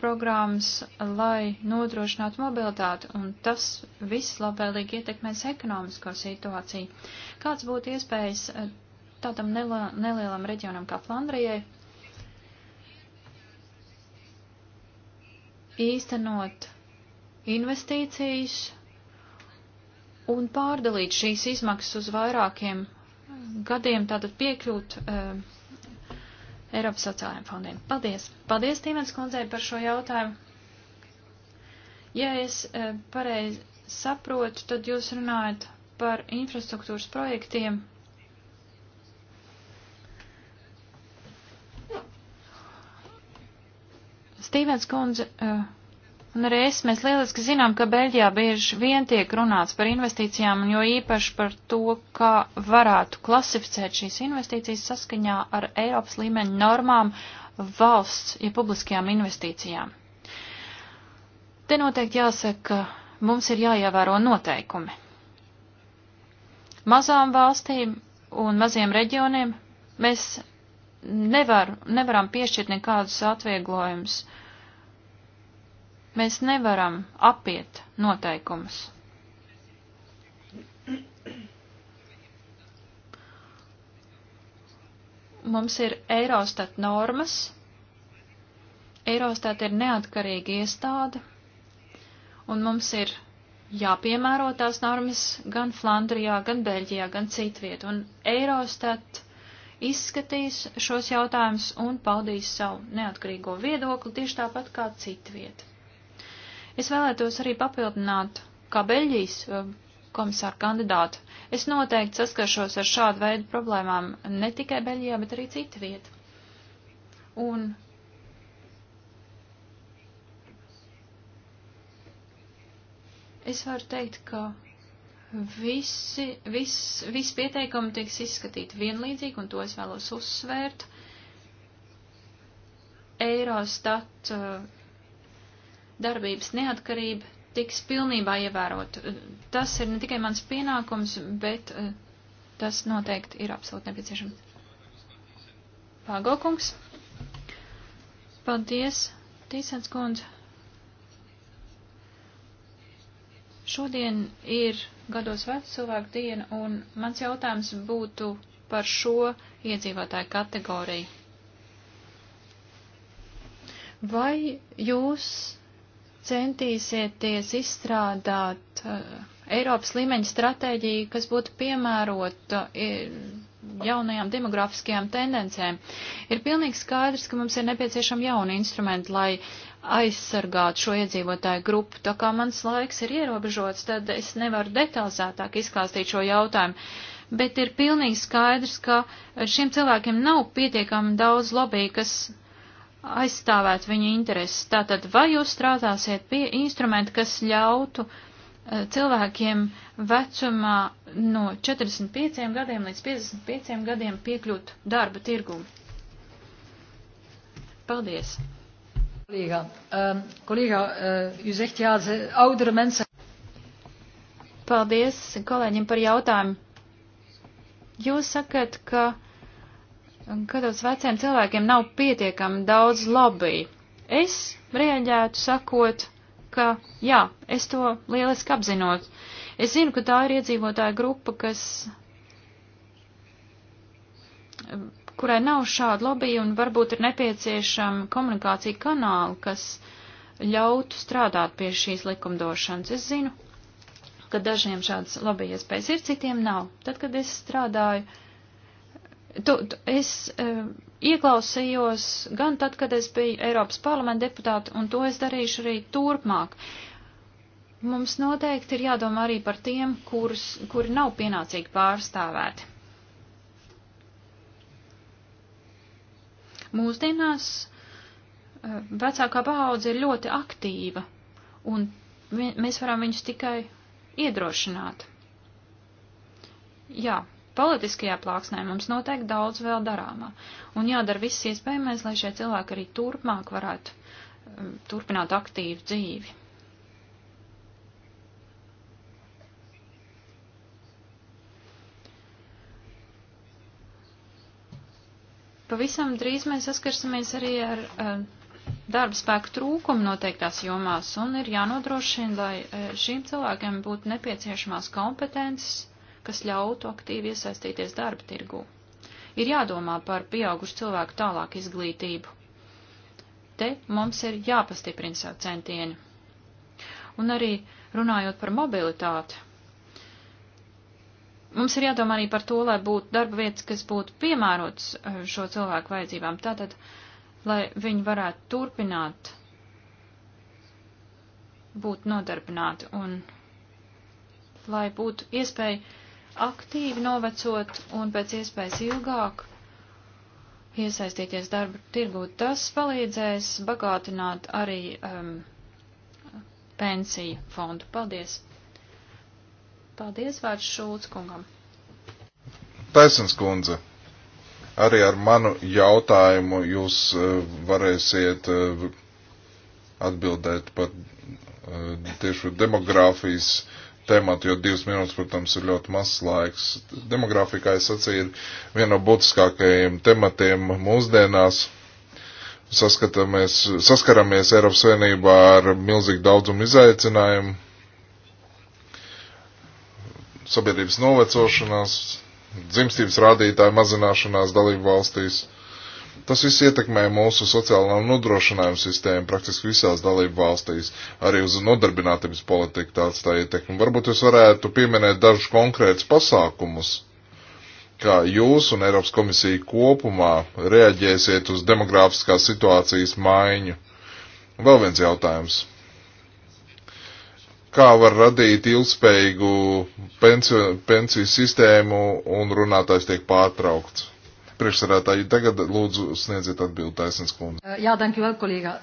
programmas, lai nodrošinātu mobilitāti, un tas viss labvēlīgi ietekmēs ekonomisko situāciju. Kāds būtu iespējas eh, tādam nelielam reģionam kā Flandrijai īstenot investīcijas un pārdalīt šīs izmaksas uz vairākiem gadiem, tātad piekļūt uh, Eiropas sociālajiem fondiem. Paldies! Paldies, Tīmens kundzei, par šo jautājumu. Ja es e, pareizi saprotu, tad jūs runājat par infrastruktūras projektiem. Stīvens kundze. Uh, e, Un arī es, mēs lieliski zinām, ka Beļģijā bieži vien tiek runāts par investīcijām, un jo īpaši par to, kā varētu klasificēt šīs investīcijas saskaņā ar Eiropas līmeņa normām valsts, ja publiskajām investīcijām. Te noteikti jāsaka, ka mums ir jāievēro noteikumi. Mazām valstīm un maziem reģioniem mēs nevar, nevaram piešķirt nekādus atvieglojumus Mēs nevaram apiet noteikumus. Mums ir Eirostat normas. Eirostat ir neatkarīga iestāde, un mums ir jāpiemēro tās normas gan Flandrijā, gan Beļģijā, gan citviet. Un Eirostat izskatīs šos jautājumus un paudīs savu neatkarīgo viedokli tieši tāpat kā citviet. Es vēlētos arī papildināt, kā Beļģijas eh, komisāra kandidāta. Es noteikti saskaršos ar šādu veidu problēmām ne tikai Beļģijā, bet arī cita vieta. Un es varu teikt, ka visi, vis, visi pieteikumi tiks izskatīti vienlīdzīgi, un to es vēlos uzsvērt. Eurostat eh, darbības neatkarība tiks pilnībā ievērot. Tas ir ne tikai mans pienākums, bet eh, tas noteikti ir absolūti nepieciešams. Pāgokungs. Paldies, Tīsens kundze. Šodien ir gados vecu cilvēku diena, un mans jautājums būtu par šo iedzīvotāju kategoriju. Vai jūs centīsieties izstrādāt uh, Eiropas līmeņa stratēģiju, kas būtu piemērota uh, jaunajām demografiskajām tendencēm. Ir pilnīgi skaidrs, ka mums ir nepieciešama jauna instrumenta, lai aizsargātu šo iedzīvotāju grupu. Tā kā mans laiks ir ierobežots, tad es nevaru detalizētāk izklāstīt šo jautājumu. Bet ir pilnīgi skaidrs, ka šiem cilvēkiem nav pietiekami daudz lobby, kas aizstāvēt viņu intereses. Tātad, vai jūs strādāsiet pie instrumenta, kas ļautu eh, cilvēkiem vecumā no 45 gadiem līdz 55 gadiem piekļūt darba tirgumu? Paldies! Collega, um, collega uh, u zegt ja, ze, oudere mensen. Paldies kolēģim par jautājumu. Jūs sakat, ka kādos veciem cilvēkiem nav pietiekami daudz lobby. Es rieģētu sakot, ka jā, es to lieliski apzinot. Es zinu, ka tā ir iedzīvotāja grupa, kas kurai nav šāda lobby un varbūt ir nepieciešama komunikācija kanāla, kas ļautu strādāt pie šīs likumdošanas. Es zinu, ka dažiem šādas lobby iespējas ir, citiem nav. Tad, kad es strādāju uh, tu, tu, es uh, ieklausījos gan tad, kad es biju Eiropas parlamenta deputāta, un to es darīšu arī turpmāk. Mums noteikti ir jādomā arī par tiem, kurus, kuri nav pienācīgi pārstāvēti. Mūsdienās uh, vecākā paudze ir ļoti aktīva, un vi, mēs varam viņus tikai iedrošināt. Jā, politiskajā plāksnē mums noteikti daudz vēl darāmā. Un jādara viss iespējamais, lai šie cilvēki arī turpmāk varētu um, turpināt aktīvu dzīvi. Pavisam drīz mēs saskarsimies arī ar um, darba spēku trūkumu noteiktās jomās un ir jānodrošina, lai uh, šīm cilvēkiem būtu nepieciešamās kompetences kas ļautu aktīvi iesaistīties darba tirgū. Ir jādomā par pieaugušu cilvēku tālāku izglītību. Te mums ir jāpastiprina savu centieni. Un arī runājot par mobilitāti, mums ir jādomā arī par to, lai būtu darba vietas, kas būtu piemērots eh, šo cilvēku vajadzībām. Tātad, lai viņi varētu turpināt būt nodarbināti un lai būtu iespēja aktīvi novecot un pēc iespējas ilgāk iesaistīties darba tirgū. Tas palīdzēs bagātināt arī um, pensiju fondu. Paldies! Paldies, vārds Šulc kungam! Taisens kundze! Arī ar manu jautājumu jūs uh, varēsiet uh, atbildēt par uh, tieši demogrāfijas uh, tematu, jo divas minūtes, protams, ir ļoti mazs laiks. Demogrāfija, kā es sacīju, ir viena no būtiskākajiem tematiem mūsdienās. Saskaramies Eiropas Savienībā ar milzīgu daudzumu izaicinājumu, sabiedrības novecošanās, dzimstības rādītāju mazināšanās dalību valstīs. Tas viss ietekmē mūsu sociālo nodrošinājumu sistēmu praktiski visās dalību valstīs, arī uz nodarbinātības politiku tāds tā ietekme. Varbūt jūs varētu pieminēt dažus konkrētus pasākumus, kā jūs un Eiropas komisija kopumā reaģēsiet uz demogrāfiskās situācijas maiņu. Vēl viens jautājums. Kā var radīt ilgspējīgu pensiju, pensiju sistēmu un runātājs tiek pārtraukts? priekšsarātāji. Tagad lūdzu sniedziet atbildi taisnes kundze. Uh, jā, danki vēl kolīgā.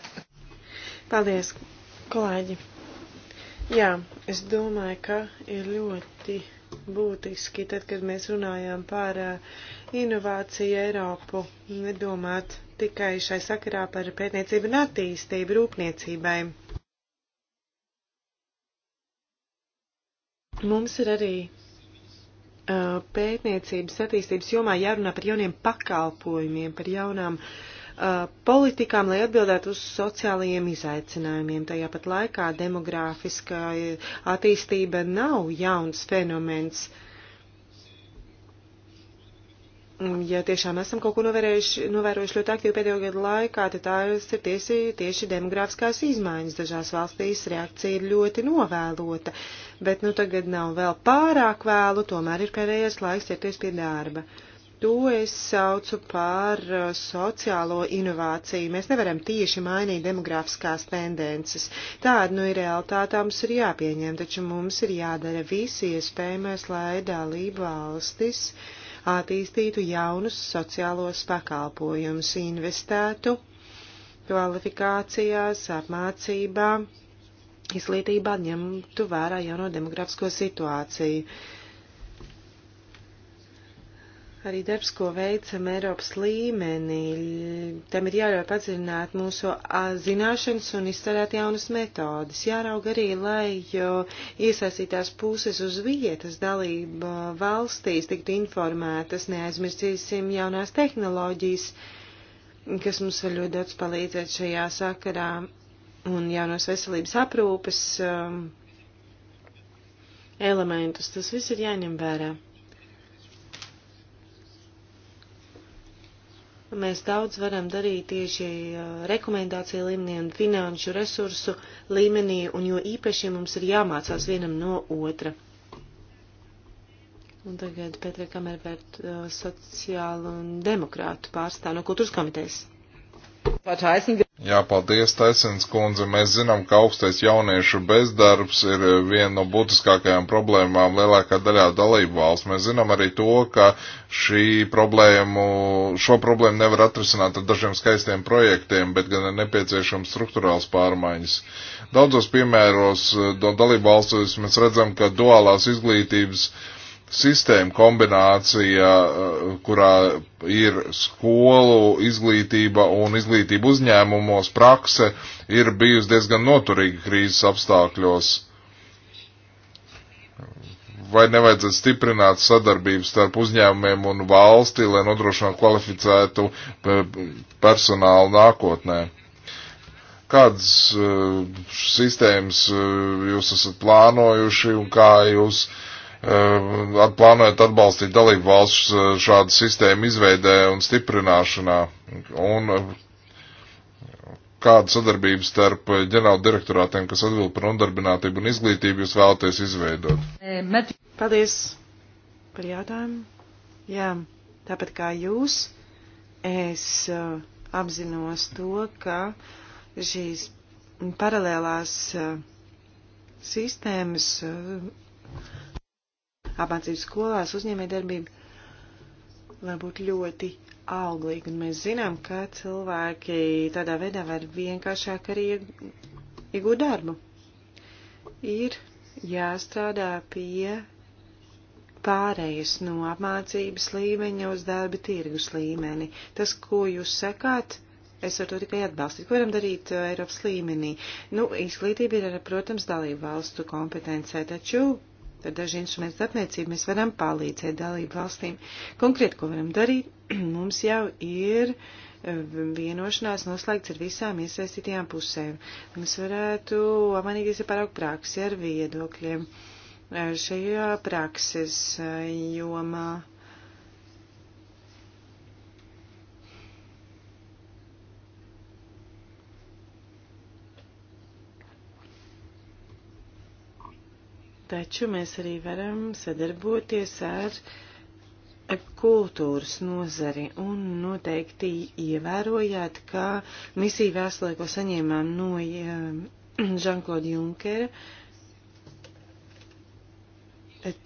Paldies, kolēģi. Jā, es domāju, ka ir ļoti būtiski, tad, kad mēs runājam par uh, inovāciju Eiropu, nedomāt tikai šai sakarā par pētniecību un attīstību rūpniecībai. Mums ir arī Uh, pētniecības attīstības jomā jārunā par jauniem pakalpojumiem, par jaunām uh, politikām, lai atbildētu uz sociālajiem izaicinājumiem. Tajā pat laikā demogrāfiskā attīstība nav jauns fenomens. Uh, ja tiešām esam kaut ko novērojuši, novērojuši ļoti aktīvi pēdējo gadu laikā, tad tās ir tiesi, tieši demogrāfiskās izmaiņas. Dažās valstīs reakcija ir ļoti novēlota, bet nu tagad nav vēl pārāk vēlu, tomēr ir pēdējais laiks ķerties pie darba. To es saucu par uh, sociālo inovāciju. Mēs nevaram tieši mainīt demogrāfiskās tendences. Tāda nu ir realitāte, mums ir jāpieņem, taču mums ir jādara visi iespējamais, lai dalība valstis. Uh, attīstītu jaunus sociālos pakalpojumus, investētu kvalifikācijās, apmācībā, izglītībā ņemtu vērā jauno demografisko situāciju. Uh, arī darbs, ko veicam Eiropas līmenī, tam ir jāļauj padziļināt mūsu zināšanas un izstrādāt jaunas metodas. Jāraug arī, lai iesaistītās puses uz vietas dalība valstīs tiktu informētas, neaizmirsīsim jaunās tehnoloģijas, kas mums var ļoti daudz palīdzēt šajā sakarā, un jaunos veselības aprūpes um, elementus. Tas viss ir jāņem vērā. Mēs daudz varam darīt tieši uh, rekomendāciju līmenī un finanšu resursu līmenī, un jo īpaši mums ir jāmācās vienam no otra. Un tagad Petra Kamervērt, uh, sociālu un demokrātu pārstāv no kultūras komitejas. Parteisen Jā, paldies, Taisens kundze. Mēs zinām, ka augstais jauniešu bezdarbs ir eh, viena no būtiskākajām problēmām lielākā daļā dalību valsts. Mēs zinām arī to, ka šī problēmu, šo problēmu nevar atrisināt ar dažiem skaistiem projektiem, bet gan ir nepieciešams struktūrāls pārmaiņas. Daudzos piemēros eh, no dalību valstos mēs redzam, ka duālās izglītības uh, sistēma kombinācija, eh, kurā ir skolu izglītība un izglītība uzņēmumos prakse, ir bijusi diezgan noturīga krīzes apstākļos. Vai nevajadzētu stiprināt sadarbību starp uzņēmumiem un valsti, lai nodrošinātu kvalificētu eh, personālu nākotnē? Kādas uh, sistēmas uh, jūs esat plānojuši un kā jūs uh, Ehm, plānojat atbalstīt dalību valsts eh, šādu sistēmu izveidē un stiprināšanā? Un eh, kādu sadarbību starp ģenerāla direktorātiem, kas atbild par nodarbinātību un izglītību, jūs vēlaties izveidot? E, Paldies par jautājumu. Jā, tāpat kā jūs, es uh, apzinos to, ka šīs paralēlās uh, sistēmas uh, apmācības skolās, uzņēmējdarbība, lai būtu ļoti auglīgi. Un mēs zinām, ka cilvēki tādā veidā var vienkāršāk arī iegūt darbu. Ir jāstrādā pie pārējas no apmācības līmeņa uz darba tirgus līmeni. Tas, ko jūs sakāt, es varu to tikai atbalstīt. Ko varam darīt uh, Eiropas līmenī? Nu, izglītība ir, protams, dalību valstu kompetencē, taču Tad daži instrumenti starpniecību mēs varam palīdzēt dalību valstīm. Konkrēti, ko varam darīt, mums jau ir ehm, vienošanās noslēgts ar visām iesaistītajām pusēm. Mēs varētu amanīties ar paraugu praksi, ar viedokļiem eh, šajā prakses eh, jomā. Uh, taču mēs arī varam sadarboties ar kultūras nozari un noteikti ievērojāt, ka misija vēstulē, ko saņēmām no Žanklauda Junkera,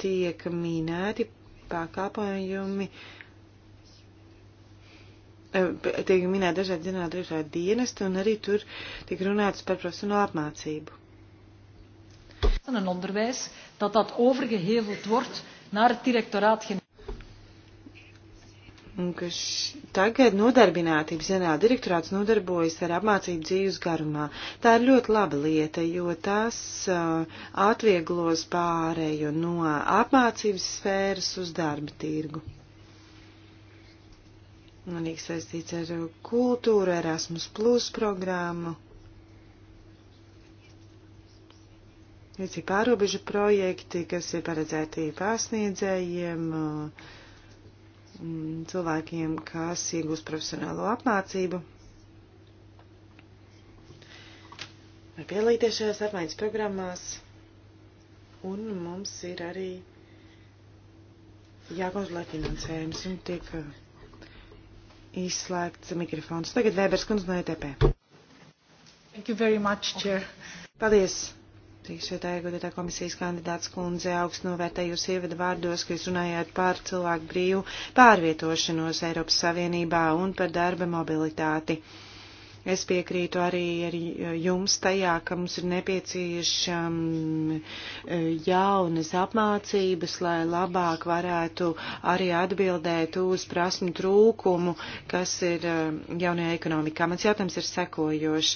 tiek minēti pakāpojumi, tiek minēti dažādi zinātnieki, dažādi dienesti, un arī tur tiek runāts par profesionālu apmācību en onderwijs, dat dat overgeheveld wordt naar het directoraat generaal. Un ka š... tagad nodarbinātības zenā direktorāts nodarbojas ar apmācību dzīves garumā. Tā ir ļoti laba lieta, jo tas uh, atvieglos pārēju no apmācības sfēras uz darba tirgu. Manīgi saistīts ar kultūru, Erasmus Plus programmu. Līdzīgi pārobežu projekti, kas ir paredzēti pārsniedzējiem, cilvēkiem, kas iegūst profesionālo apmācību. Var pielīties šajās apmaiņas programmās, un mums ir arī jākontrolē finansējums, un tiek uh, izslēgts mikrofons. Tagad Vēbers kundze no ETP. Thank you very much, Chair. Paldies. Priekšsēdētāja, godētā komisijas kandidāts kundze, augstu novērtēju jūs ievada vārdos, ka jūs runājāt par cilvēku brīvu pārvietošanos Eiropas Savienībā un par darba mobilitāti. Es piekrītu arī ar jums tajā, ka mums ir nepieciešama e, jaunas apmācības, lai labāk varētu arī atbildēt uz prasmu trūkumu, kas ir e, jaunajā ekonomikā. Mans jautājums ir sekojošs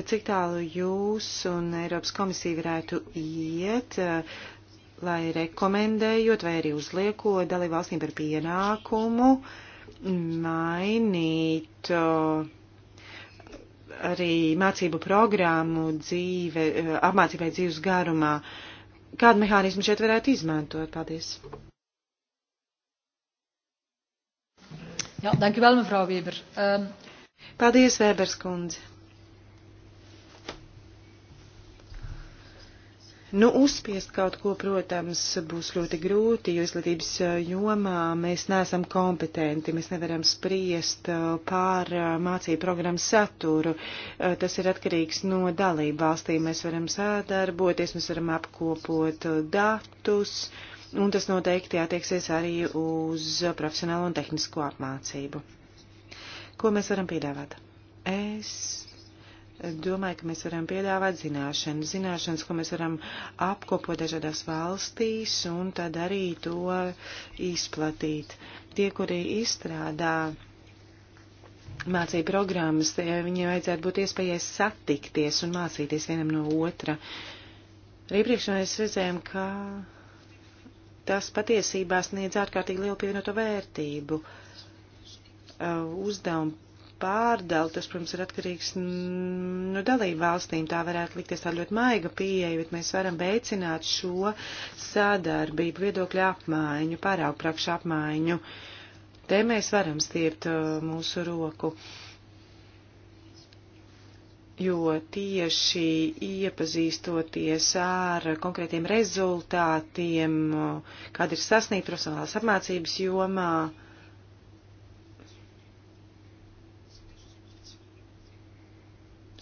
cik tālu jūs un Eiropas komisija varētu iet, eh, lai rekomendējot vai arī uzliekot dalībvalstīm par pienākumu mainīt eh, arī mācību programmu dzīve, eh, apmācībai dzīves garumā. Kādu mehānismu šeit varētu izmantot? Paldies! Jā, danki vēl, mevrouw Weber. Um... Paldies, Vēbers kundze. Nu, uzspiest kaut ko, protams, būs ļoti grūti, jo izglītības jomā mēs neesam kompetenti, mēs nevaram spriest pār mācību programmu saturu. Tas ir atkarīgs no dalību valstīm. Mēs varam sadarboties, mēs varam apkopot datus, un tas noteikti attieksies arī uz profesionālo un tehnisko apmācību. Ko mēs varam piedāvāt? Es domāju, ka mēs varam piedāvāt zināšanas, zināšanas, ko mēs varam apkopot dažādās valstīs un tad arī to izplatīt. Tie, kuri izstrādā mācību programmas, viņiem vajadzētu būt iespējai satikties un mācīties vienam no otra. Arī priekšā mēs redzējām, ka tas patiesībā sniedz ārkārtīgi lielu pievienoto vērtību. Uh, uzdevumu pārdala, tas, protams, ir atkarīgs no dalību valstīm. Tā varētu likties tā ļoti maiga pieeja, bet mēs varam veicināt šo sadarbību, viedokļu apmaiņu, pāraugprakšu apmaiņu. Te mēs varam stiept uh, mūsu roku jo tieši iepazīstoties ar konkrētiem rezultātiem, uh, kāda ir sasniegta profesionālās apmācības jomā, uh,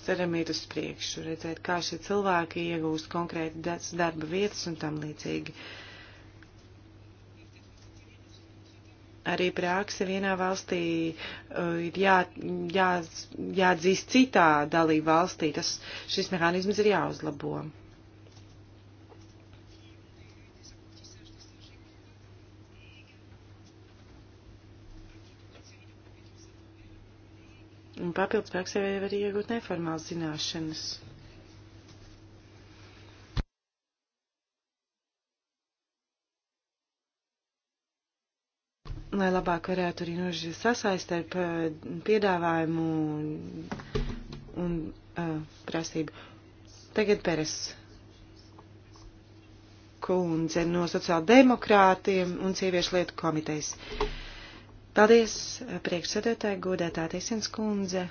ceram iet uz priekšu, redzēt, kā šie cilvēki iegūst konkrēti darba vietas un tam līdzīgi. Arī prākse vienā valstī uh, ir jā, jā, jāatzīst citā dalība valstī. Tas, šis mehānisms ir jāuzlabo. Un papildus praksē var iegūt neformāls zināšanas. Lai labāk varētu arī nožīt sasaistē ar piedāvājumu un, un uh, prasību. Tagad Peres kundze no sociāldemokrātiem un sieviešu lietu komitejas. Uh, Paldies, priekšsēdētāji, godētā Tiesins kundze.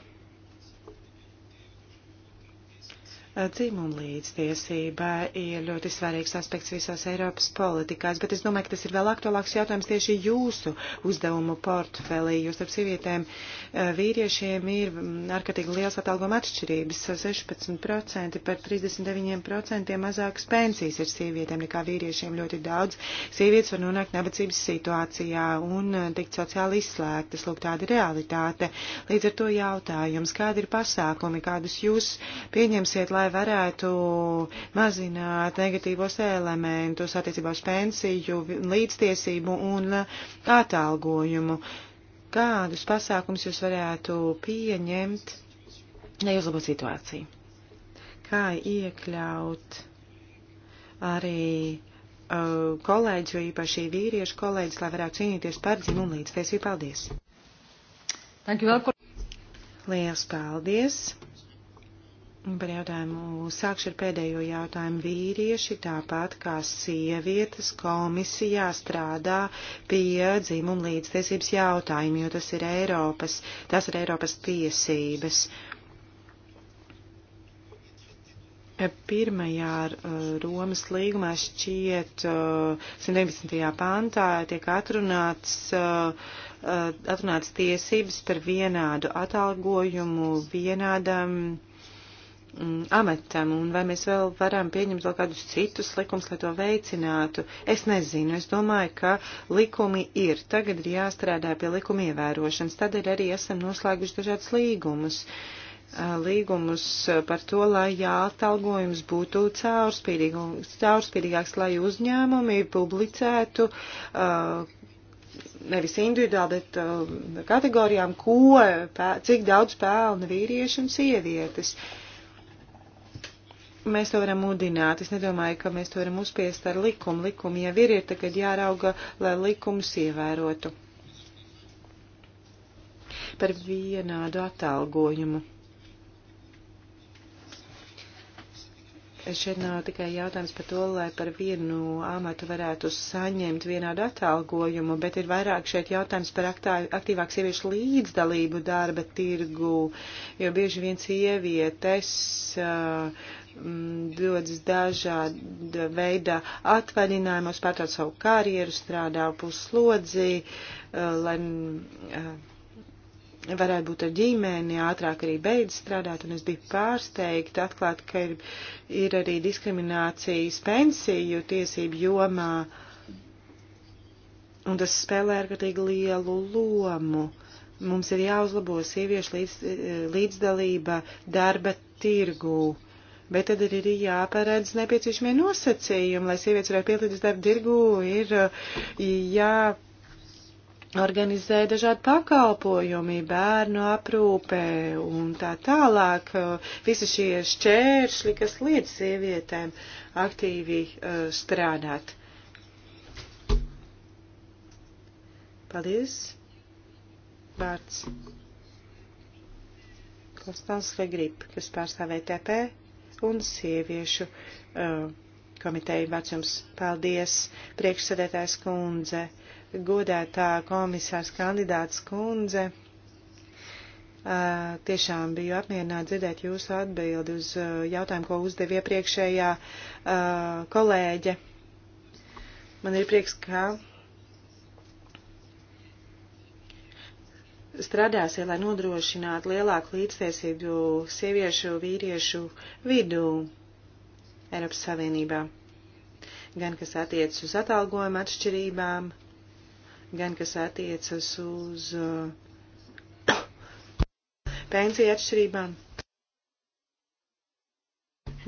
Dzimuma līdztiesība ir ļoti svarīgs aspekts visās Eiropas politikās, bet es domāju, ka tas ir vēl aktuālāks jautājums tieši jūsu uzdevumu portfelī. Jūs starp sievietēm eh, vīriešiem ir mm, ārkārtīgi liels atalgojuma atšķirības - 16% par 39% mazākas pensijas ir sievietēm nekā vīriešiem. Ļoti daudz sievietes var nonākt nabadzības situācijā un eh, tikt sociāli izslēgtas. Lūk, tāda ir realitāte. Līdz ar to jautājums, kādi ir pasākumi, kādus jūs pieņemsiet, lai lai varētu mazināt negatīvos elementus attiecībā uz pensiju, līdztiesību un atalgojumu. Kādus pasākums jūs varētu pieņemt, lai uzlabotu situāciju? Kā iekļaut arī uh, kolēģi, jo īpaši vīriešu kolēģis, lai varētu cīnīties par dzimumu līdztiesību? Paldies! Thank you, Liels paldies! Par jautājumu sākšu ar pēdējo jautājumu. Vīrieši, tāpat kā sievietes, komisijā strādā pie dzimuma līdztiesības jautājumu, jo tas ir Eiropas, tas ir Eiropas tiesības. Pirmajā uh, Romas līgumā šķiet 119. Uh, pantā tiek atrunāts uh, atrunāts tiesības par vienādu atalgojumu vienādam Mm, amatam, un vai mēs vēl varam pieņemt vēl kādus citus likumus, lai to veicinātu. Es nezinu, es domāju, ka likumi ir. Tagad ir jāstrādā pie likuma ievērošanas, tādēļ arī esam noslēguši dažādas līgumus. Līgumus par to, lai jāatalgojums būtu caurspīdīgāks, lai uzņēmumi publicētu uh, nevis individuāli, bet uh, kategorijām, ko, pēr, cik daudz pelna vīrieši un sievietes. Uh, mēs to varam mudināt. Es nedomāju, ka mēs to varam uzspiest ar likumu. Likumi jau ir, ir tagad jārauga, lai likumus ievērotu. Par vienādu atalgojumu. Šeit nav tikai jautājums par to, lai par vienu amatu varētu saņemt vienādu atalgojumu, bet ir vairāk šeit jautājums par aktīvāku sieviešu līdzdalību darba tirgu, jo bieži vien sievietes uh, Mm, dodas dažāda veida atvaļinājumos, pārtrauc savu karjeru, strādā puslodzī, eh, lai eh, varētu būt ar ģimeni, ātrāk arī beidz strādāt, un es biju pārsteigta atklāt, ka ir, ir arī diskriminācijas pensiju tiesību jomā, un tas spēlē ārkārtīgi lielu lomu. Mums ir jāuzlabo sieviešu līdz, eh, līdzdalība darba tirgū Bet tad ir arī jāparedz nepieciešamie nosacījumi, lai sievietes varētu pielīdzes darba dirgu, ir uh, jāorganizē dažādi pakalpojumi, bērnu aprūpē un tā tālāk. Uh, visi šie šķēršļi, kas liedz sievietēm aktīvi uh, strādāt. Paldies. Vārds. Konstants Legrip, kas pārstāvē e TP un sieviešu uh, komiteju vecums. Paldies, priekšsēdētājs kundze, godētā komisārs kandidāts kundze. Uh, tiešām biju apmierināta dzirdēt jūsu atbildi uz uh, jautājumu, ko uzdev iepriekšējā uh, kolēģe. Man ir prieks, ka strādāsiet, lai nodrošinātu lielāku līdztiesību sieviešu, vīriešu vidū Eiropas Savienībā. Gan kas attiecas uz atalgojuma atšķirībām, gan kas attiecas uz uh, pensiju atšķirībām.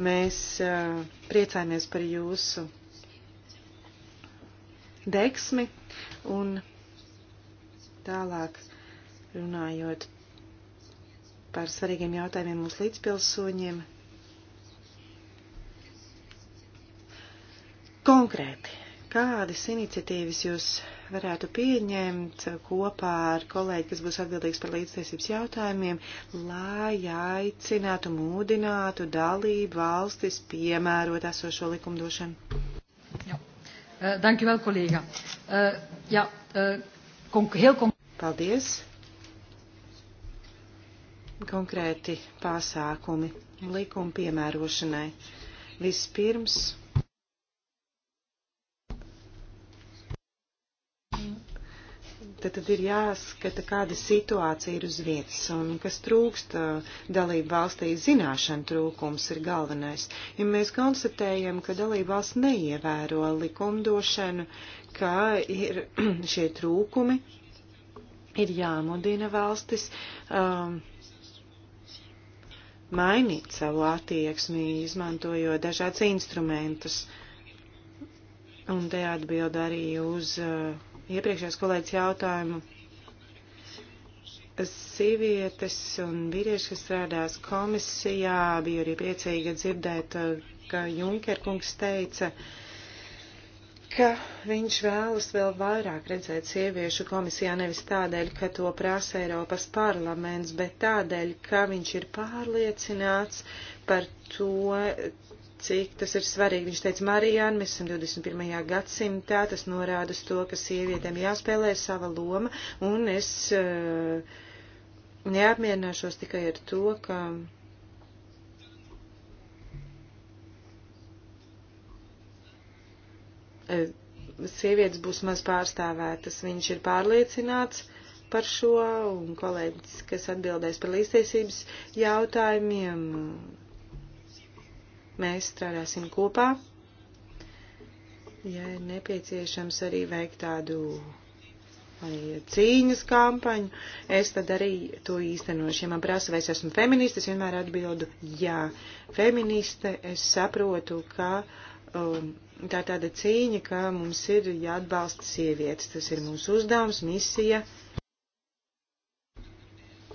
Mēs uh, priecājamies par jūsu deksmi un tālāk runājot par svarīgiem jautājumiem mūsu līdzpilsoņiem. Konkrēti, kādas iniciatīvas jūs varētu pieņemt kopā ar kolēģi, kas būs atbildīgs par līdztiesības jautājumiem, lai aicinātu, mūdinātu dalību valstis piemērot esošo likumdošanu? Jā, danki vēl, kolēģa. Jā, heel konkrēti. Paldies konkrēti pasākumi likuma piemērošanai. Vispirms tad, tad ir jāskata, kāda situācija ir uz vietas un kas trūkst dalību valstī. Zināšana trūkums ir galvenais. Ja mēs konstatējam, ka dalību valsts neievēro likumdošanu, ka ir šie trūkumi, ir jāmudina valstis. Um, mainīt savu attieksmi, izmantojot dažādas instrumentus. Un te atbild arī uz uh, iepriekšējās kolēģis jautājumu. Sievietes un vīrieši, kas strādās komisijā, bija arī priecīgi dzirdēt, uh, ka Junker kungs teica, uh, ka viņš vēlas vēl vairāk redzēt sieviešu komisijā nevis tādēļ, ka to prasa Eiropas parlaments, bet tādēļ, ka viņš ir pārliecināts par to, cik tas ir svarīgi. Viņš teica, Marijāna, mēs esam 21. gadsimtā, tas norāda uz to, ka sievietēm jāspēlē sava loma, un es uh, neapmierināšos tikai ar to, ka Eh, sievietes būs maz pārstāvētas. Viņš ir pārliecināts par šo, un kolēģis, kas atbildēs par līdztiesības jautājumiem, mēs strādāsim kopā. Ja ir nepieciešams arī veikt tādu vai cīņas kampaņu, es tad arī to īstenošu. Ja man prasa, vai es esmu feministe, es vienmēr atbildu, jā, feministe, es saprotu, ka. Um, tā tāda cīņa, ka mums ir jāatbalsta sievietes. Tas ir mūsu uzdevums, misija.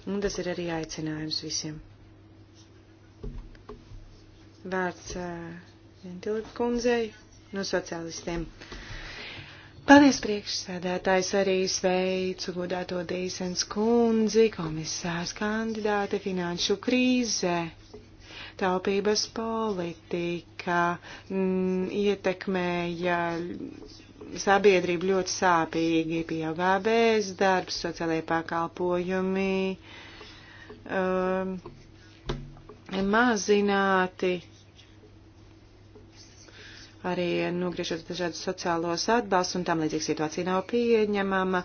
Un tas ir arī aicinājums visiem. Vārds Ventilika eh, uh, kundzei no sociālistiem. Paldies priekšsēdētājs arī sveicu godāto Dīsens kundzi, komisārs kandidāte finanšu krīzē. Taupības politika mm, ietekmēja sabiedrību ļoti sāpīgi, pieaugā bezdarbs, sociālajie pakalpojumi um, mazināti. Arī nogriežot dažādus sociālos atbalstus un tam līdzīga situācija nav pieņemama.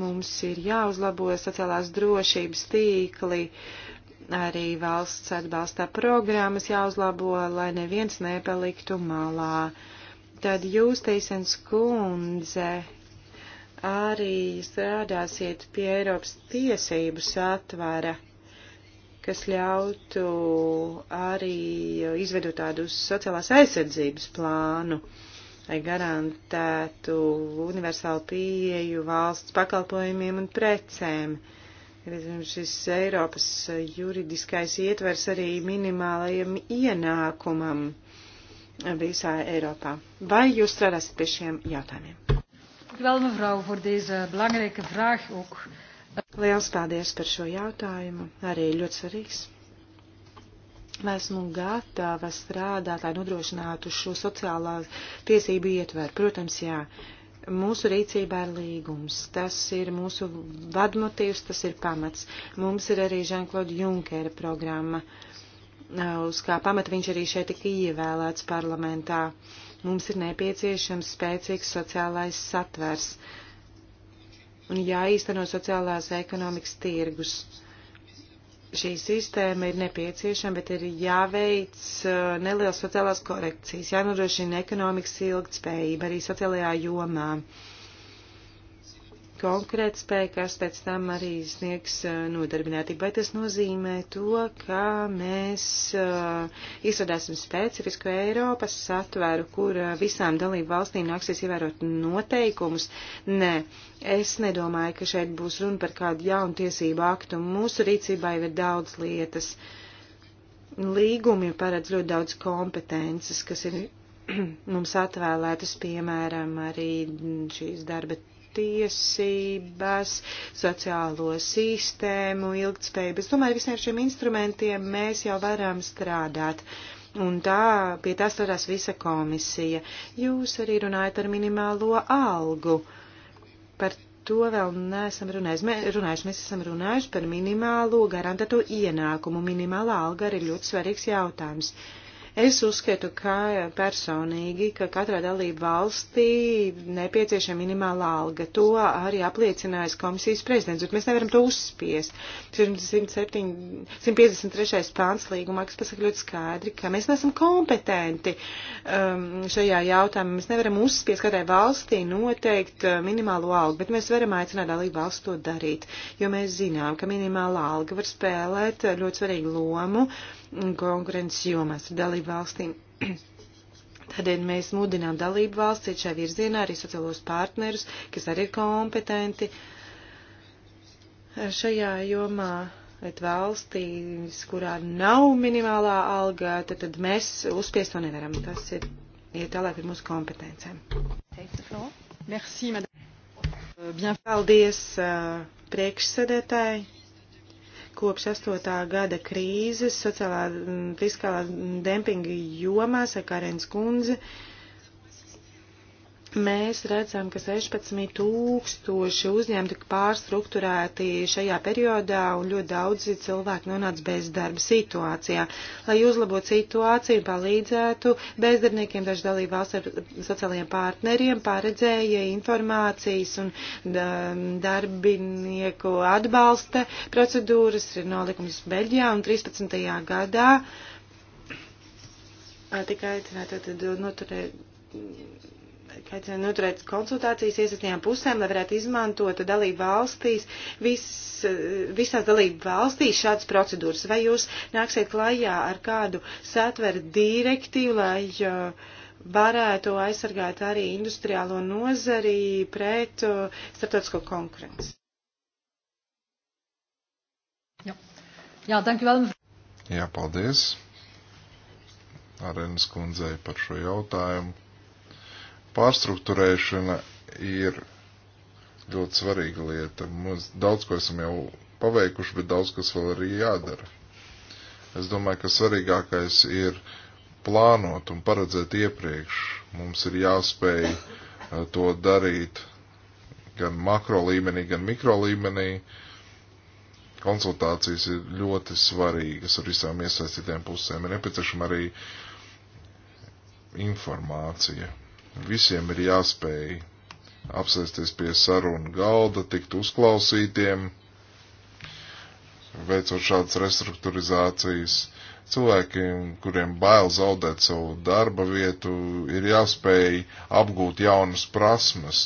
Mums ir jāuzlabo sociālās drošības tīkli. Uh, Arī valsts atbalsta programmas jāuzlabo, lai neviens nepaliktu malā. Tad jūs, Teisens kundze, arī strādāsiet pie Eiropas tiesību satvara, kas ļautu arī izvedot tādu sociālās aizsardzības plānu lai garantētu universālu pieeju valsts pakalpojumiem un precēm. Uh, Šis Eiropas juridiskais ietvers arī minimālajam ienākumam visā Eiropā. Vai jūs strādāsiet pie šiem jautājumiem? Wel, mevrouw, voor deze belangrijke vraag ook. Liels paldies par šo jautājumu. Arī ļoti svarīgs. Esmu gatava strādāt, lai nodrošinātu šo sociālā tiesību ietveru. Protams, jā. Uh, Mūsu rīcībā ir līgums, tas ir mūsu vadmotīvs, tas ir pamats. Mums ir arī Žanklauda Junkera programma, uz kā pamata viņš arī šeit tika ievēlēts parlamentā. Mums ir nepieciešams spēcīgs sociālais satvers un jāīsteno sociālās ekonomikas tirgus šī sistēma ir nepieciešama, bet ir jāveic uh, nelielas sociālās korekcijas, jānodrošina ekonomikas ilgtspējība arī sociālajā jomā. Uh, konkrēta spēja, kas pēc tam arī sniegs nodarbinātību. Vai tas nozīmē to, ka mēs izstrādāsim specifisku Eiropas satveru, kur visām dalību valstīm nāksies ievērot noteikumus? Nē, es nedomāju, ka šeit būs runa par kādu jaunu tiesību aktu. Mūsu rīcībā jau ir daudz lietas. Līgumi paredz ļoti daudz kompetences, kas ir mums atvēlētas, piemēram, arī šīs darba tiesības, sociālo sistēmu, ilgtspēju. Es domāju, visiem šiem instrumentiem mēs jau varam strādāt. Un tā, pie tā strādās visa komisija. Jūs arī runājat ar minimālo algu. Par to vēl neesam runājuši. Mē, runājuši. Mēs esam runājuši par minimālo garantēto ienākumu. Minimālā alga arī ļoti svarīgs jautājums. Uh, Es uzskatu, ka personīgi, ka katrā dalība valstī nepieciešama minimālā alga. To arī apliecinājis komisijas prezidents, bet mēs nevaram to uzspiest. 107, 153. pāns līgumā, kas pasaka ļoti skaidri, ka mēs neesam kompetenti um, šajā jautājumā. Mēs nevaram uzspiest katrai valstī noteikt uh, minimālo algu, bet mēs varam aicināt dalību valsts to darīt, jo mēs zinām, ka minimālā alga var spēlēt uh, ļoti svarīgu lomu. Uh, konkurences jomās ar dalību valstīm. Tādēļ mēs mudinām dalību valsts iet šajā virzienā, arī sociālos partnerus, kas arī ir kompetenti šajā jomā, bet valstīs, kurā nav minimālā alga, tad, tad mēs uzspiest to nevaram. Tas ir iet ja tālāk ar mūsu kompetencēm. Merci, Bien. Paldies, uh, priekšsēdētāji! Kopš 8. gada krīzes sociālā fiskālā dempinga jomā, saka Arēns Kunze, uh, Mēs redzam, ka 16 tūkstoši uzņēmumi tika pārstruktūrēti šajā periodā un ļoti daudzi cilvēki nonāca bezdarba situācijā. Lai uzlabotu situāciju, palīdzētu bezdarbniekiem, daži dalība valsts ar sociālajiem partneriem paredzēja informācijas un darbinieku atbalsta procedūras, ir nolikums Beļģijā un 13. gadā. Tikai, tā, tā, tā, noturē, Aicinām noturēt konsultācijas iesaistījām pusēm, lai varētu izmantot dalību valstīs, vis, visās dalību valstīs šādas procedūras. Vai jūs nāksiet klajā ar kādu satveru direktīvu, lai uh, varētu aizsargāt arī industriālo nozari pret uh, starptautisko konkurenci? Jā, Jā danki vēl. Jā, paldies. Arenas kundzei par šo jautājumu pārstruktūrēšana ir ļoti svarīga lieta. Mums daudz ko esam jau paveikuši, bet daudz kas vēl arī jādara. Es domāju, ka svarīgākais ir plānot un paredzēt iepriekš. Mums ir jāspēj to darīt gan makro līmenī, gan mikro līmenī. Konsultācijas ir ļoti svarīgas ar visām iesaistītiem pusēm. Ir nepieciešama arī informācija. Visiem ir jāspēj apsēsties pie sarunu galda, tikt uzklausītiem, veicot šādas restruktūrizācijas. Cilvēkiem, kuriem bail zaudēt savu darba vietu, ir jāspēj apgūt jaunas prasmes,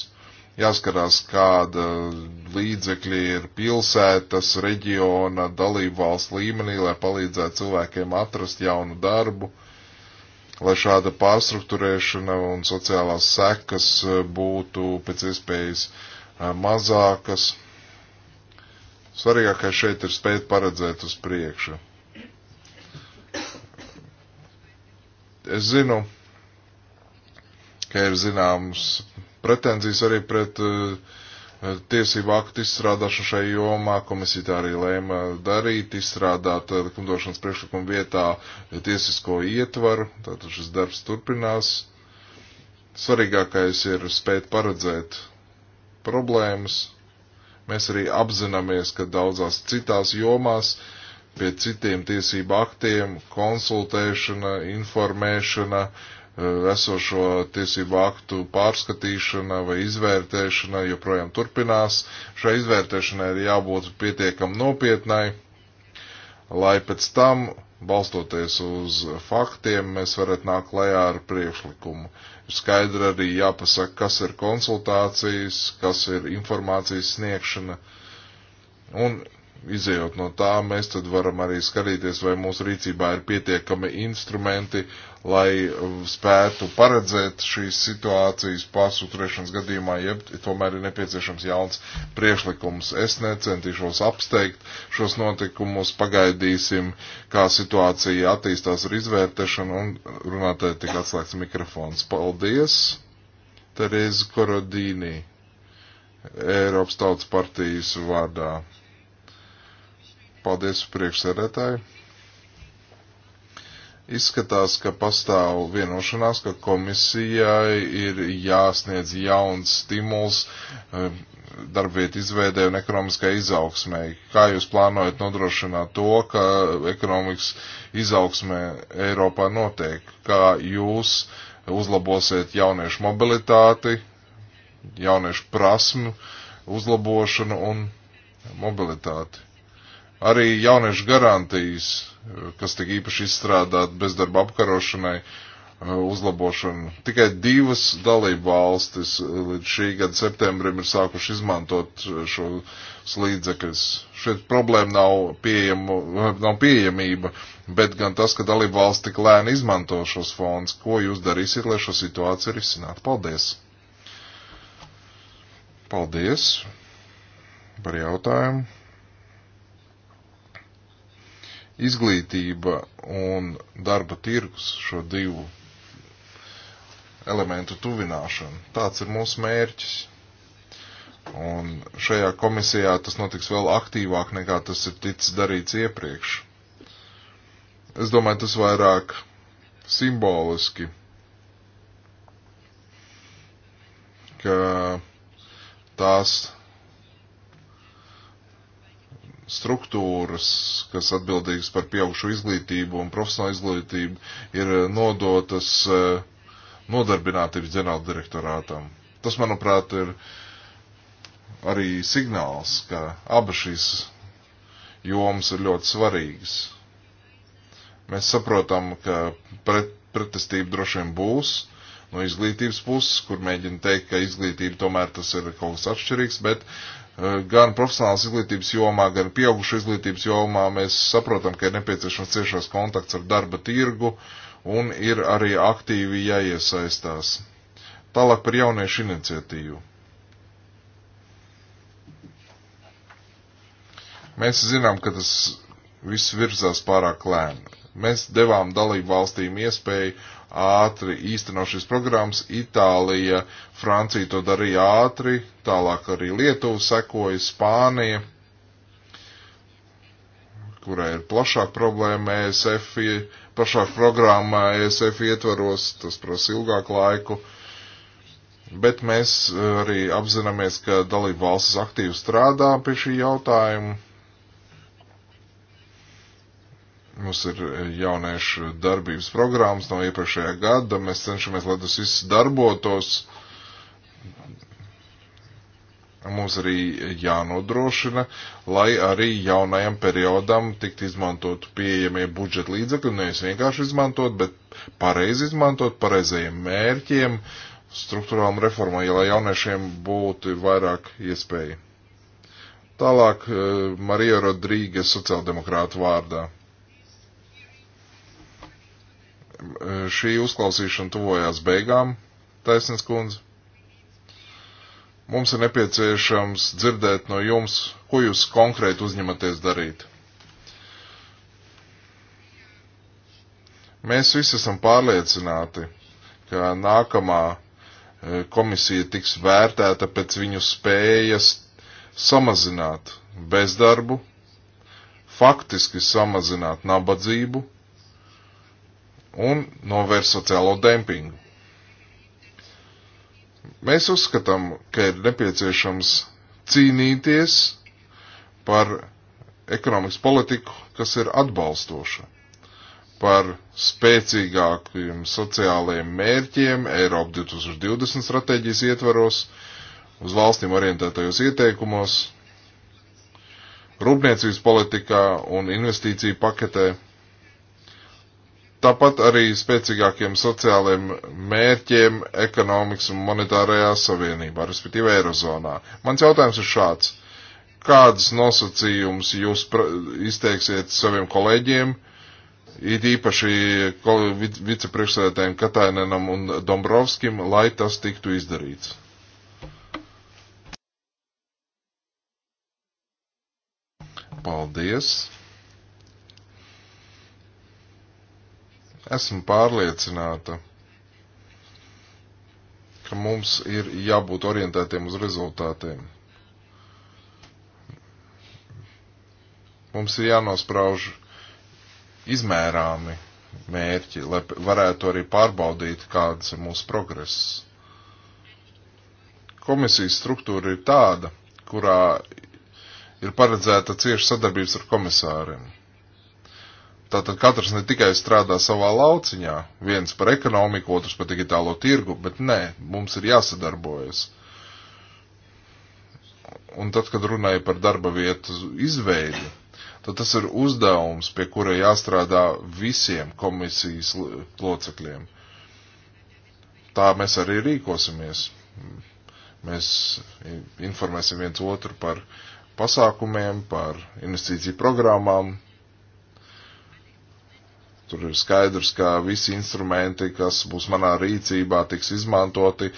jāskarās, kāda līdzekļi ir pilsētas, reģiona, dalību valsts līmenī, lai palīdzētu cilvēkiem atrast jaunu darbu lai šāda pārstruktūrēšana un sociālās sekas eh, būtu pēc iespējas eh, mazākas. Svarīgākais šeit ir spēt paredzēt uz priekšu. Es zinu, ka ir zināmas pretenzijas arī pret uh, tiesību aktu izstrādāšanu šai jomā. Komisija tā arī lēma darīt, izstrādāt eh, likumdošanas priekšlikumu vietā tiesisko ietvaru. Tātad šis darbs turpinās. Svarīgākais ir spēt paredzēt problēmas. Mēs arī apzināmies, ka daudzās citās jomās pie citiem tiesību aktiem konsultēšana, informēšana, uh, Eh, esošo tiesību aktu pārskatīšana vai izvērtēšana joprojām turpinās. Šai izvērtēšanai ir jābūt pietiekam nopietnai, lai pēc tam, balstoties uz faktiem, mēs varētu nākt klajā ar priekšlikumu. Ir skaidri arī jāpasaka, kas ir konsultācijas, kas ir informācijas sniegšana. Un izējot no tā, mēs tad varam arī skatīties, vai mūsu rīcībā ir pietiekami instrumenti, lai um, spētu paredzēt šīs situācijas pārsūtrešanas gadījumā, jeb tomēr ir nepieciešams jauns priekšlikums. Es necentīšos apsteigt šos notikumus, pagaidīsim, kā situācija attīstās ar izvērtešanu un runātē tik atslēgts mikrofons. Paldies! Tereza Korodīni, Eiropas Tautas partijas vārdā. Paldies priekšsēdētāji. Izskatās, ka pastāv vienošanās, ka komisijai ir jāsniedz jauns stimuls eh, darbvietu izveidē un ekonomiskai izaugsmai. Kā jūs plānojat nodrošināt to, ka ekonomikas izaugsmē Eiropā notiek? Kā jūs uzlabosiet jauniešu mobilitāti, jauniešu prasmu uzlabošanu un mobilitāti? Arī jauniešu garantijas, kas tika īpaši izstrādāt bezdarba apkarošanai, uh, uzlabošanu. Tikai divas dalību valstis līdz šī gada septembrim ir sākuši izmantot uh, šo līdzekļus. Šeit problēma nav, pieejamu, uh, nav pieejamība, bet gan tas, ka dalību valsts tik lēni izmanto šos fondus. Ko jūs darīsiet, lai šo situāciju risinātu? Paldies! Paldies par jautājumu. Izglītība un darba tirgus šo divu elementu tuvināšana. Tāds ir mūsu mērķis. Un šajā komisijā tas notiks vēl aktīvāk nekā tas ir ticis darīts iepriekš. Es domāju, tas vairāk simboliski, ka tās struktūras, kas atbildīgas par pieaugušu izglītību un profesionālu izglītību, ir eh, nodotas eh, nodarbinātības ģenerāla direktorātam. Tas, manuprāt, ir arī signāls, ka abas šīs jomas ir ļoti svarīgas. Mēs saprotam, ka pret, pretestība droši vien būs no izglītības puses, kur mēģina teikt, ka izglītība tomēr tas ir kaut kas atšķirīgs, bet uh, Eh, gan profesionālas izglītības jomā, gan pieaugušu izglītības jomā mēs saprotam, ka ir nepieciešams ciešos kontakts ar darba tirgu un ir arī aktīvi jāiesaistās. Tālāk par jauniešu iniciatīvu. Mēs zinām, ka tas viss virzās pārāk lēni. Mēs devām dalību valstīm iespēju ātri īstenot šīs programmas. Itālija, Francija to darīja ātri, tālāk arī Lietuva sekoja, Spānija, kurai ir plašāk problēma ESF, plašāk programma ESF ietvaros, tas prasa ilgāku laiku. Bet mēs eh, arī apzināmies, ka dalību valstis aktīvi strādā pie šī jautājuma Mums ir e, jauniešu darbības programmas no iepriekšējā gada. Mēs cenšamies, lai tas viss darbotos. Mums arī jānodrošina, lai arī jaunajam periodam tikt izmantot pieejamie budžeta līdzekļi, nevis vienkārši izmantot, bet pareizi izmantot, pareizajiem mērķiem, struktūrālam reformai, lai jauniešiem būtu vairāk iespēju. Tālāk e, Marija Rodrīgas sociāldemokrāta vārdā šī uzklausīšana tuvojās beigām, taisnīgs kundze. Mums ir nepieciešams dzirdēt no jums, ko jūs konkrēti uzņematies darīt. Mēs visi esam pārliecināti, ka nākamā e, komisija tiks vērtēta pēc viņu spējas samazināt bezdarbu, faktiski samazināt nabadzību un novērst sociālo dempingu. Mēs uzskatām, ka ir nepieciešams cīnīties par ekonomikas politiku, kas ir atbalstoša, par spēcīgākiem sociālajiem mērķiem Eiropa 2020 stratēģijas ietvaros, uz valstīm orientētajos ieteikumos, rūpniecības politikā un investīciju paketē Tāpat arī spēcīgākiem sociāliem mērķiem ekonomikas un monetārajā savienībā, respektīvi Eirozonā. Mans jautājums ir šāds. Kādas nosacījumus jūs izteiksiet saviem kolēģiem, it īpaši kol vicepriekšsēdētājiem Katainenam un Dombrovskim, lai tas tiktu izdarīts? Paldies! Esmu pārliecināta, ka mums ir jābūt orientētiem uz rezultātiem. Mums ir jānosprauž izmērāmi mērķi, lai varētu arī pārbaudīt, kāds ir mūsu progress. Komisijas struktūra ir tāda, kurā ir paredzēta cieša sadarbības ar komisāriem. Tātad katrs ne tikai strādā savā lauciņā, viens par ekonomiku, otrs par digitālo tirgu, bet nē, mums ir jāsadarbojas. Un tad, kad runāja par darba vietu izveidi, tad tas ir uzdevums, pie kura jāstrādā visiem komisijas locekļiem. Tā mēs arī rīkosimies. Mēs informēsim viens otru par pasākumiem, par investīciju programmām, Tur ir skaidrs, ka visi instrumenti, kas būs manā rīcībā, tiks izmantoti,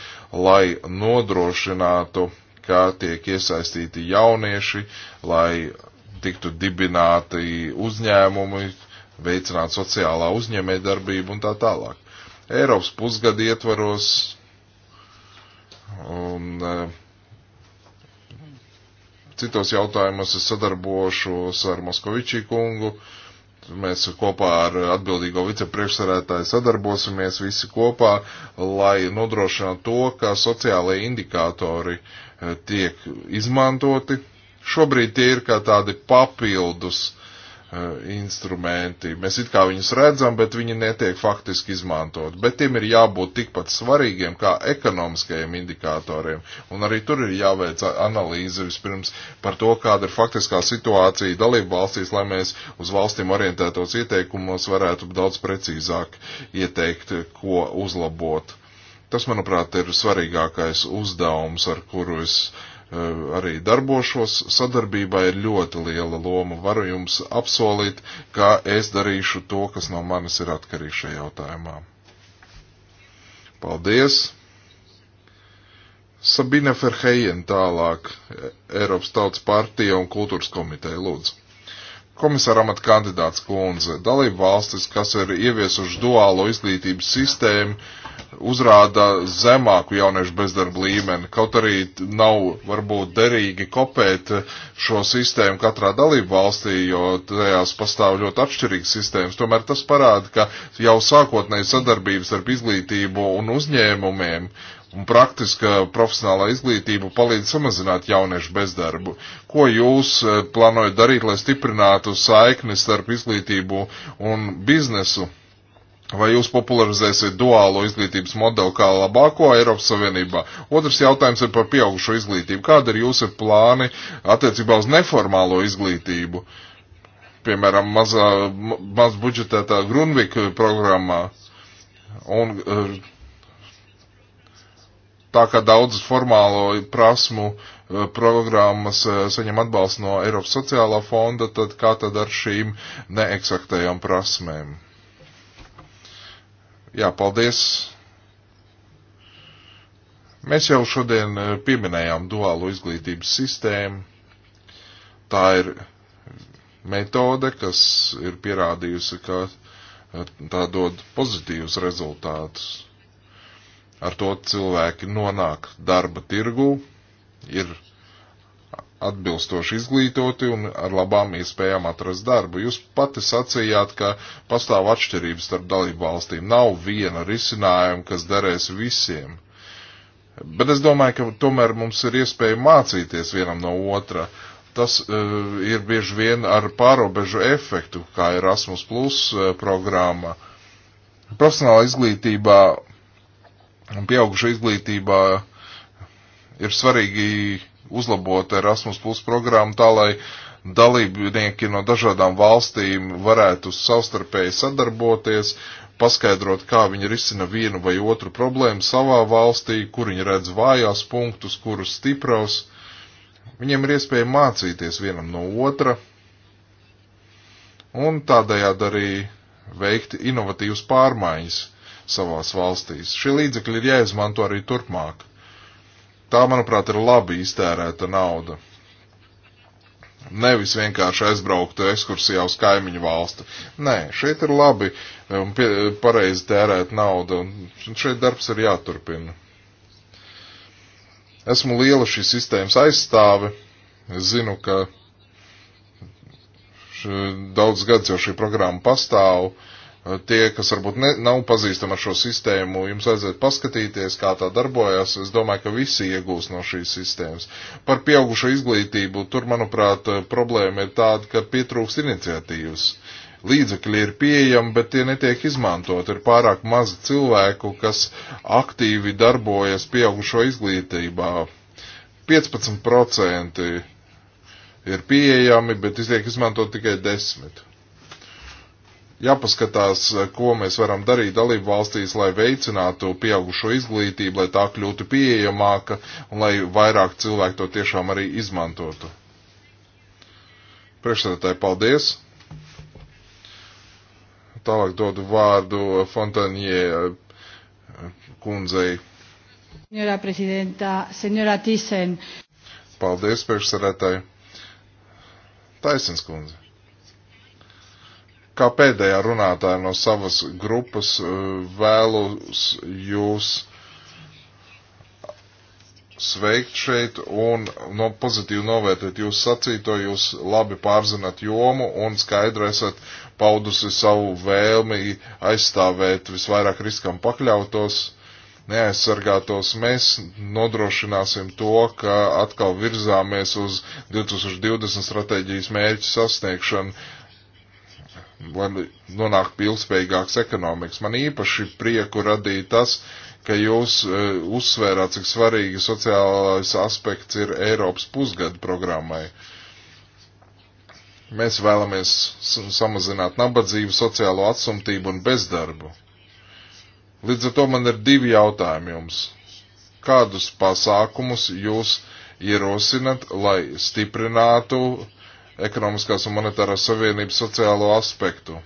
lai nodrošinātu, kā tiek iesaistīti jaunieši, lai tiktu dibināti uzņēmumi, veicināt sociālā uzņēmējdarbība un tā tālāk. Eiropas pusgada ietvaros un eh, citos jautājumos es sadarbošos ar Moskovičī kungu. Uh, mēs kopā ar atbildīgo vicepriekšsarētāju sadarbosimies visi kopā, lai nodrošinātu to, ka sociālai indikātori eh, tiek izmantoti. Šobrīd tie ir kā tādi papildus Eh, instrumenti. Mēs it kā viņus redzam, bet viņi netiek faktiski izmantot. Bet tiem ir jābūt tikpat svarīgiem kā ekonomiskajiem indikatoriem. Un arī tur ir jāveic analīze vispirms par to, kāda ir faktiskā situācija dalību valstīs, lai mēs uz valstīm orientētos ieteikumos varētu daudz precīzāk ieteikt, ko uzlabot. Tas, manuprāt, ir svarīgākais uzdevums, ar kuru es uh, Eh, arī darbošos. Sadarbībā ir ļoti liela loma. Varu jums apsolīt, ka es darīšu to, kas no manis ir atkarīgs šajā jautājumā. Paldies! Sabina Ferhejen tālāk, Eiropas Tautas partija un kultūras komiteja, lūdzu. Komisāra amata kandidāts kundze, dalību valstis, kas ir ieviesuši duālo izglītības sistēmu, uh, uzrāda zemāku jauniešu bezdarba līmeni. Kaut arī nav varbūt derīgi kopēt šo sistēmu katrā dalību valstī, jo tajās pastāv ļoti atšķirīgas sistēmas. Tomēr tas parāda, ka jau sākotnēji sadarbības ar izglītību un uzņēmumiem un praktiska profesionālā izglītība palīdz samazināt jauniešu bezdarbu. Ko jūs eh, plānojat darīt, lai stiprinātu saikni starp izglītību un biznesu? Vai jūs popularizēsiet duālo izglītības modeli kā labāko Eiropas Savienībā? Otrs jautājums ir par pieaugušo izglītību. Kāda ir jūsu plāni attiecībā uz neformālo izglītību? Piemēram, mazā, maz budžetētā Grunvika programmā. Un eh, tā kā daudzas formālo prasmu eh, programmas eh, saņem atbalstu no Eiropas sociālā fonda, tad kā tad ar šīm neeksaktējām prasmēm? Jā, paldies. Mēs jau šodien eh, pieminējām duālu izglītības sistēmu. Tā ir metode, kas ir pierādījusi, ka eh, tā dod pozitīvus rezultātus. Ar to cilvēki nonāk darba tirgu, ir atbilstoši izglītoti un ar labām iespējām atrast darbu. Jūs pati sacījāt, ka pastāv atšķirības starp dalību valstīm. Nav viena risinājuma, kas derēs visiem. Bet es domāju, ka tomēr mums ir iespēja mācīties vienam no otra. Tas uh, ir bieži vien ar pārobežu efektu, kā Erasmus Plus eh, programma. Profesionāla izglītībā un pieauguša izglītībā ir svarīgi uh, uzlabot Erasmus Plus programmu tā, lai dalībnieki no dažādām valstīm varētu savstarpēji sadarboties, paskaidrot, kā viņi risina vienu vai otru problēmu savā valstī, kur viņi redz vājās punktus, kurus stipros. Viņiem ir iespēja mācīties vienam no otra un tādējādi arī veikt inovatīvas pārmaiņas savās valstīs. Šie līdzekļi ir jāizmanto arī turpmāk Tā, manuprāt, ir labi iztērēta nauda. Nevis vienkārši aizbraukt ekskursijā uz kaimiņu valsti. Nē, šeit ir labi un um, pie, pareizi tērēt naudu, un šeit darbs ir jāturpina. Esmu liela šīs sistēmas aizstāve. Es zinu, ka daudz gads jau šī programma pastāv. Uh, Tie, kas varbūt ne, nav pazīstami ar šo sistēmu, jums vajadzētu paskatīties, kā tā darbojas. Es domāju, ka visi iegūs no šīs sistēmas. Par pieaugušo izglītību tur, manuprāt, problēma ir tāda, ka pietrūks iniciatīvas. Līdzekļi ir pieejami, bet tie netiek izmantot. Ir pārāk maz cilvēku, kas aktīvi darbojas pieaugušo izglītībā. 15% ir pieejami, bet tiek izmantot tikai 10 jāpaskatās, ko mēs varam darīt dalību valstīs, lai veicinātu pieaugušo izglītību, lai tā kļūtu pieejamāka un lai vairāk cilvēku to tiešām arī izmantotu. Priekšsēdētāji, paldies! Tālāk dodu vārdu Fontanie kundzei. Senora prezidenta, senora Tisen. Paldies, priekšsēdētāji. Taisins kundze kā pēdējā runātāja no savas grupas eh, vēlos jūs sveikt šeit un no pozitīvi novērtēt jūs sacīto, jūs labi pārzināt jomu un skaidri esat paudusi savu vēlmi aizstāvēt visvairāk riskam pakļautos, neaizsargātos. Mēs nodrošināsim to, ka atkal virzāmies uz 2020 stratēģijas mērķu sasniegšanu lai nonāktu pie ilgspējīgākas ekonomikas. Man īpaši prieku radīja tas, ka jūs e, uzsvērāt, cik svarīgi sociālais aspekts ir Eiropas pusgada programmai. Mēs vēlamies samazināt nabadzību, sociālo atsumtību un bezdarbu. Līdz ar to man ir divi jautājumi jums. Kādus pasākumus jūs ierosinat, lai stiprinātu ekonomiskās un monetārās savienības sociālo aspektu.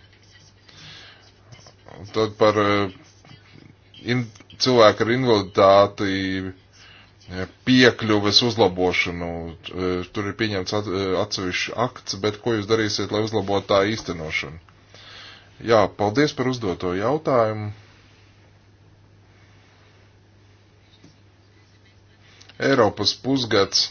Tad par eh, in, cilvēku ar invaliditāti eh, piekļuves uzlabošanu. Eh, tur ir pieņemts atsevišķs akts, bet ko jūs darīsiet, lai uzlabotu tā īstenošanu? Jā, paldies par uzdoto jautājumu. Eiropas pusgads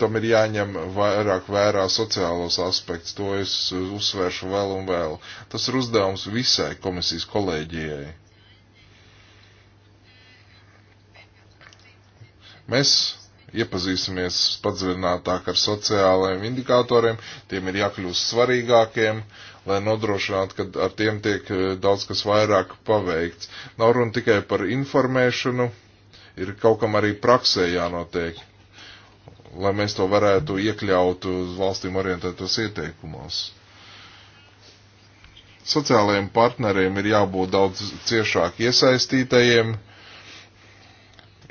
tam ir jāņem vairāk vērā sociālos aspekts. To es uzsvēršu vēl un vēl. Tas ir uzdevums visai komisijas kolēģijai. Mēs iepazīsimies padziļinātāk ar sociālajiem indikatoriem, tiem ir jākļūst svarīgākiem, lai nodrošinātu, ka ar tiem tiek eh, daudz kas vairāk paveikts. Nav runa tikai par informēšanu, ir kaut kam arī praksē jānotiek lai mēs to varētu iekļaut uz valstīm orientētos ieteikumos. Sociālajiem partneriem ir jābūt daudz ciešāk iesaistītajiem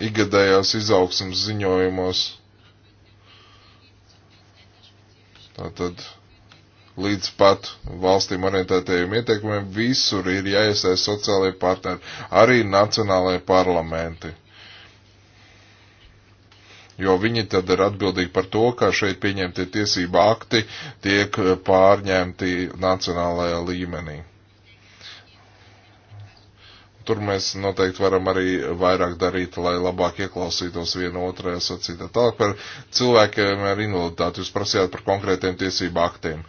igadējās izaugsmas ziņojumos. Tātad līdz pat valstīm orientētajiem ieteikumiem visur ir jāiesaist sociālajie partneri, arī nacionālajie parlamenti jo viņi tad ir atbildīgi par to, kā šeit pieņemtie tiesība akti tiek eh, pārņemti nacionālajā līmenī. Tur mēs noteikti varam arī vairāk darīt, lai labāk ieklausītos vienu otrajā sacītā. Tālāk par cilvēkiem ar invaliditāti. Jūs prasījāt par konkrētiem tiesību aktiem.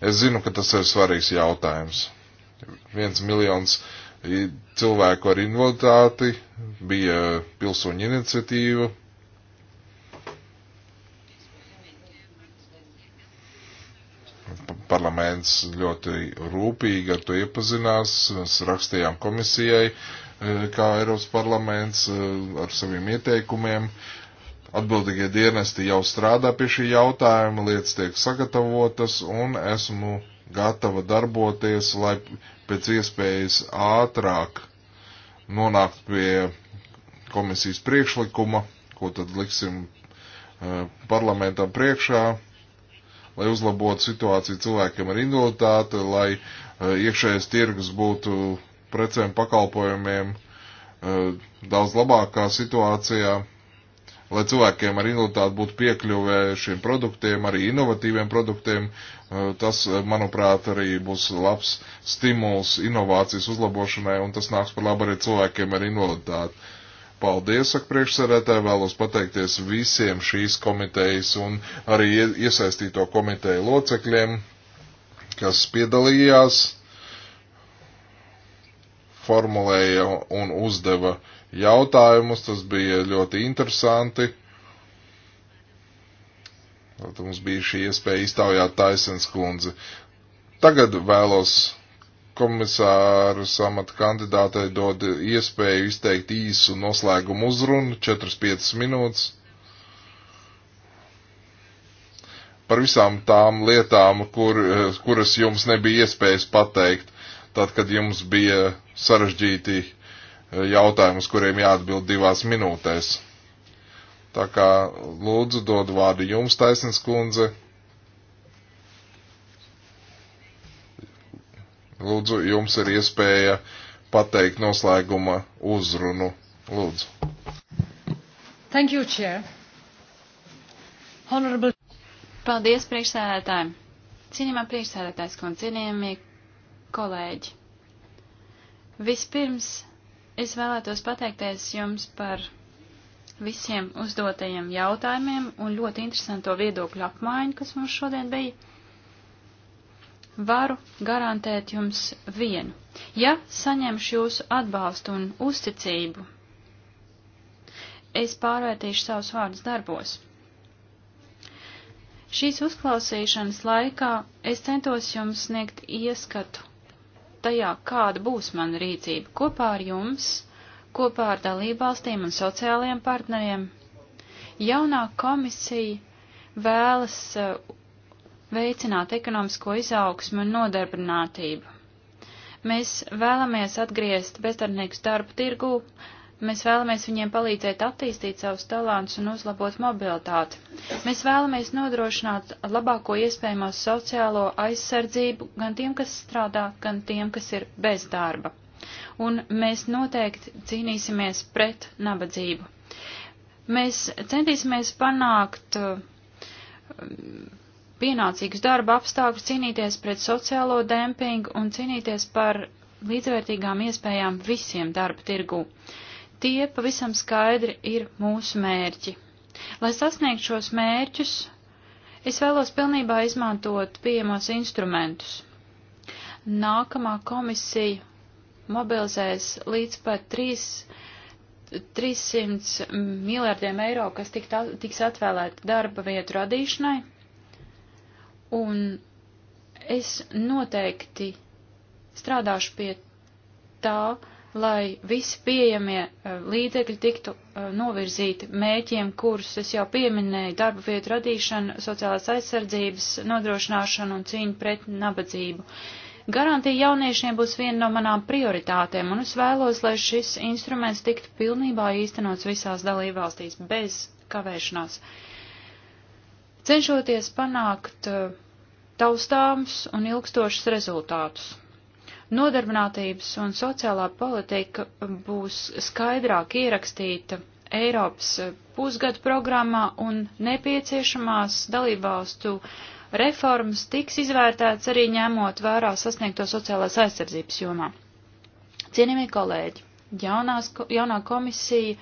Es zinu, ka tas ir svarīgs jautājums. Viens miljons cilvēku ar invaliditāti bija pilsoņu iniciatīva, parlaments ļoti rūpīgi ar to iepazinās, mēs rakstījām komisijai, e, kā Eiropas parlaments e, ar saviem ieteikumiem. Atbildīgie dienesti jau strādā pie šī jautājuma, lietas tiek sagatavotas un esmu gatava darboties, lai pēc iespējas ātrāk nonākt pie komisijas priekšlikuma, ko tad liksim e, parlamentam priekšā, lai uzlabotu situāciju cilvēkiem ar invaliditāti, lai eh, iekšējais tirgus būtu precēm pakalpojumiem eh, daudz labākā situācijā, lai cilvēkiem ar invaliditāti būtu piekļuvē šiem produktiem, arī inovatīviem produktiem. Eh, tas, manuprāt, arī būs labs stimuls inovācijas uzlabošanai, un tas nāks par labu arī cilvēkiem ar invaliditāti. Paldies, saka priekšsarētāji, vēlos pateikties visiem šīs komitejas un arī iesaistīto komiteju locekļiem, kas piedalījās, formulēja un uzdeva jautājumus. Tas bija ļoti interesanti. Tad mums bija šī iespēja iztaujāt Taisens kundzi. Tagad vēlos komisāru samata kandidātai dod iespēju izteikt īsu noslēgumu uzrunu, 4-5 minūtes. Par visām tām lietām, kur, kuras jums nebija iespējas pateikt, tad, kad jums bija sarežģīti jautājumi, uz kuriem jāatbild divās minūtēs. Tā kā lūdzu dod vārdu jums, taisnes kundze. Lūdzu, jums ir iespēja pateikt noslēguma uzrunu. Lūdzu. Thank you, Chair. Honorable. Paldies priekšsēdētājiem. Cienījumā priekšsēdētājs un cienījamie kolēģi. Vispirms es vēlētos pateikties jums par visiem uzdotajiem jautājumiem un ļoti interesanto viedokļu apmaiņu, kas mums šodien bija varu garantēt jums vienu. Ja saņemšu jūsu atbalstu un uzticību, es pārvērtīšu savus vārdus darbos. Šīs uzklausīšanas laikā es centos jums sniegt ieskatu tajā, kāda būs mana rīcība kopā ar jums, kopā ar dalībvalstīm un sociālajiem partneriem. Jaunā komisija vēlas uh, veicināt ekonomisko izaugsmu un nodarbinātību. Mēs vēlamies atgriezt bezdarbniekus darba tirgū, mēs vēlamies viņiem palīdzēt attīstīt savus talantus un uzlabot mobilitāti. Mēs vēlamies nodrošināt labāko iespējamo sociālo aizsardzību gan tiem, kas strādā, gan tiem, kas ir bez darba. Un mēs noteikti cīnīsimies pret nabadzību. Mēs centīsimies panākt uh, pienācīgus darba apstākļus, cīnīties pret sociālo dempingu un cīnīties par līdzvērtīgām iespējām visiem darba tirgū. Tie pavisam skaidri ir mūsu mērķi. Lai sasniegtu šos mērķus, es vēlos pilnībā izmantot pieejamos instrumentus. Nākamā komisija mobilizēs līdz pat 3, 300 miljardiem eiro, kas tiks atvēlēti darba vietu radīšanai Un es noteikti strādāšu pie tā, lai visi pieejamie eh, līdzekļi tiktu eh, novirzīti mēķiem, kurus es jau pieminēju - darba vietu radīšana, sociālās aizsardzības nodrošināšana un cīņa pret nabadzību. Garantija jauniešiem būs viena no manām prioritātēm, un es vēlos, lai šis instruments tiktu pilnībā īstenots visās dalībvalstīs bez kavēšanās. Uh, cenšoties panākt eh, taustāms un ilgstošs rezultātus. Nodarbinātības un sociālā politika eh, būs skaidrāk ierakstīta Eiropas eh, pusgadu programmā un nepieciešamās dalībvalstu reformas tiks izvērtēts arī ņemot vērā sasniegto sociālās aizsardzības jomā. Cienījamie kolēģi, jaunās, jaunā komisija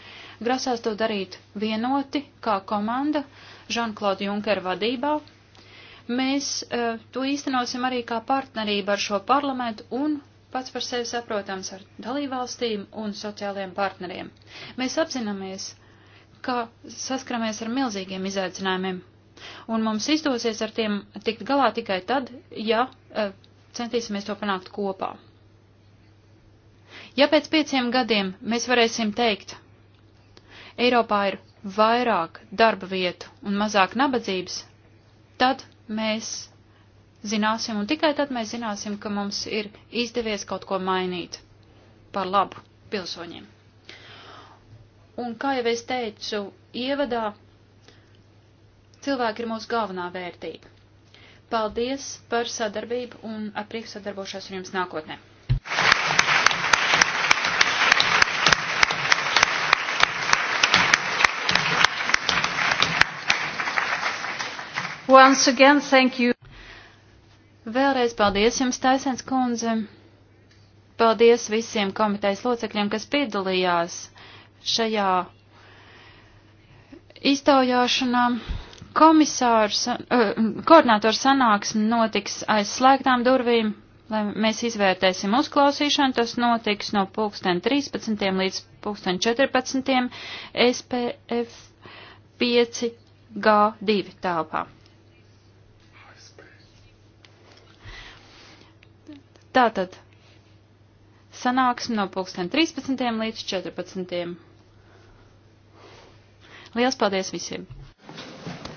grasās to darīt vienoti kā komanda, uh, Žanklaudu Junkeru vadībā. Mēs uh, to īstenosim arī kā partnerību ar šo parlamentu un pats par sevi saprotams ar dalībvalstīm un sociālajiem partneriem. Mēs apzināmies, ka saskaramies ar milzīgiem izaicinājumiem, un mums izdosies ar tiem tikt galā tikai tad, ja uh, centīsimies to panākt kopā. Ja pēc pieciem gadiem mēs varēsim teikt, Eiropā ir vairāk darba vietu un mazāk nabadzības, tad mēs zināsim, un tikai tad mēs zināsim, ka mums ir izdevies kaut ko mainīt par labu pilsoņiem. Un kā jau es teicu, ievadā cilvēki ir mūsu galvenā vērtība. Paldies par sadarbību un ar prieku sadarbošos ar jums nākotnē. Once again, thank you. Vēlreiz paldies jums, Taisens kundze. Paldies visiem komitejas locekļiem, kas piedalījās šajā iztaujāšanā. Komisārs, uh, koordinātors sanāksme notiks aiz slēgtām durvīm, lai mēs izvērtēsim uzklausīšanu. Tas notiks no pulksten 13. līdz pulksten 14. SPF 5G2 telpā. Tātad sanāksim no pulksten 13. līdz 14. Liels paldies visiem!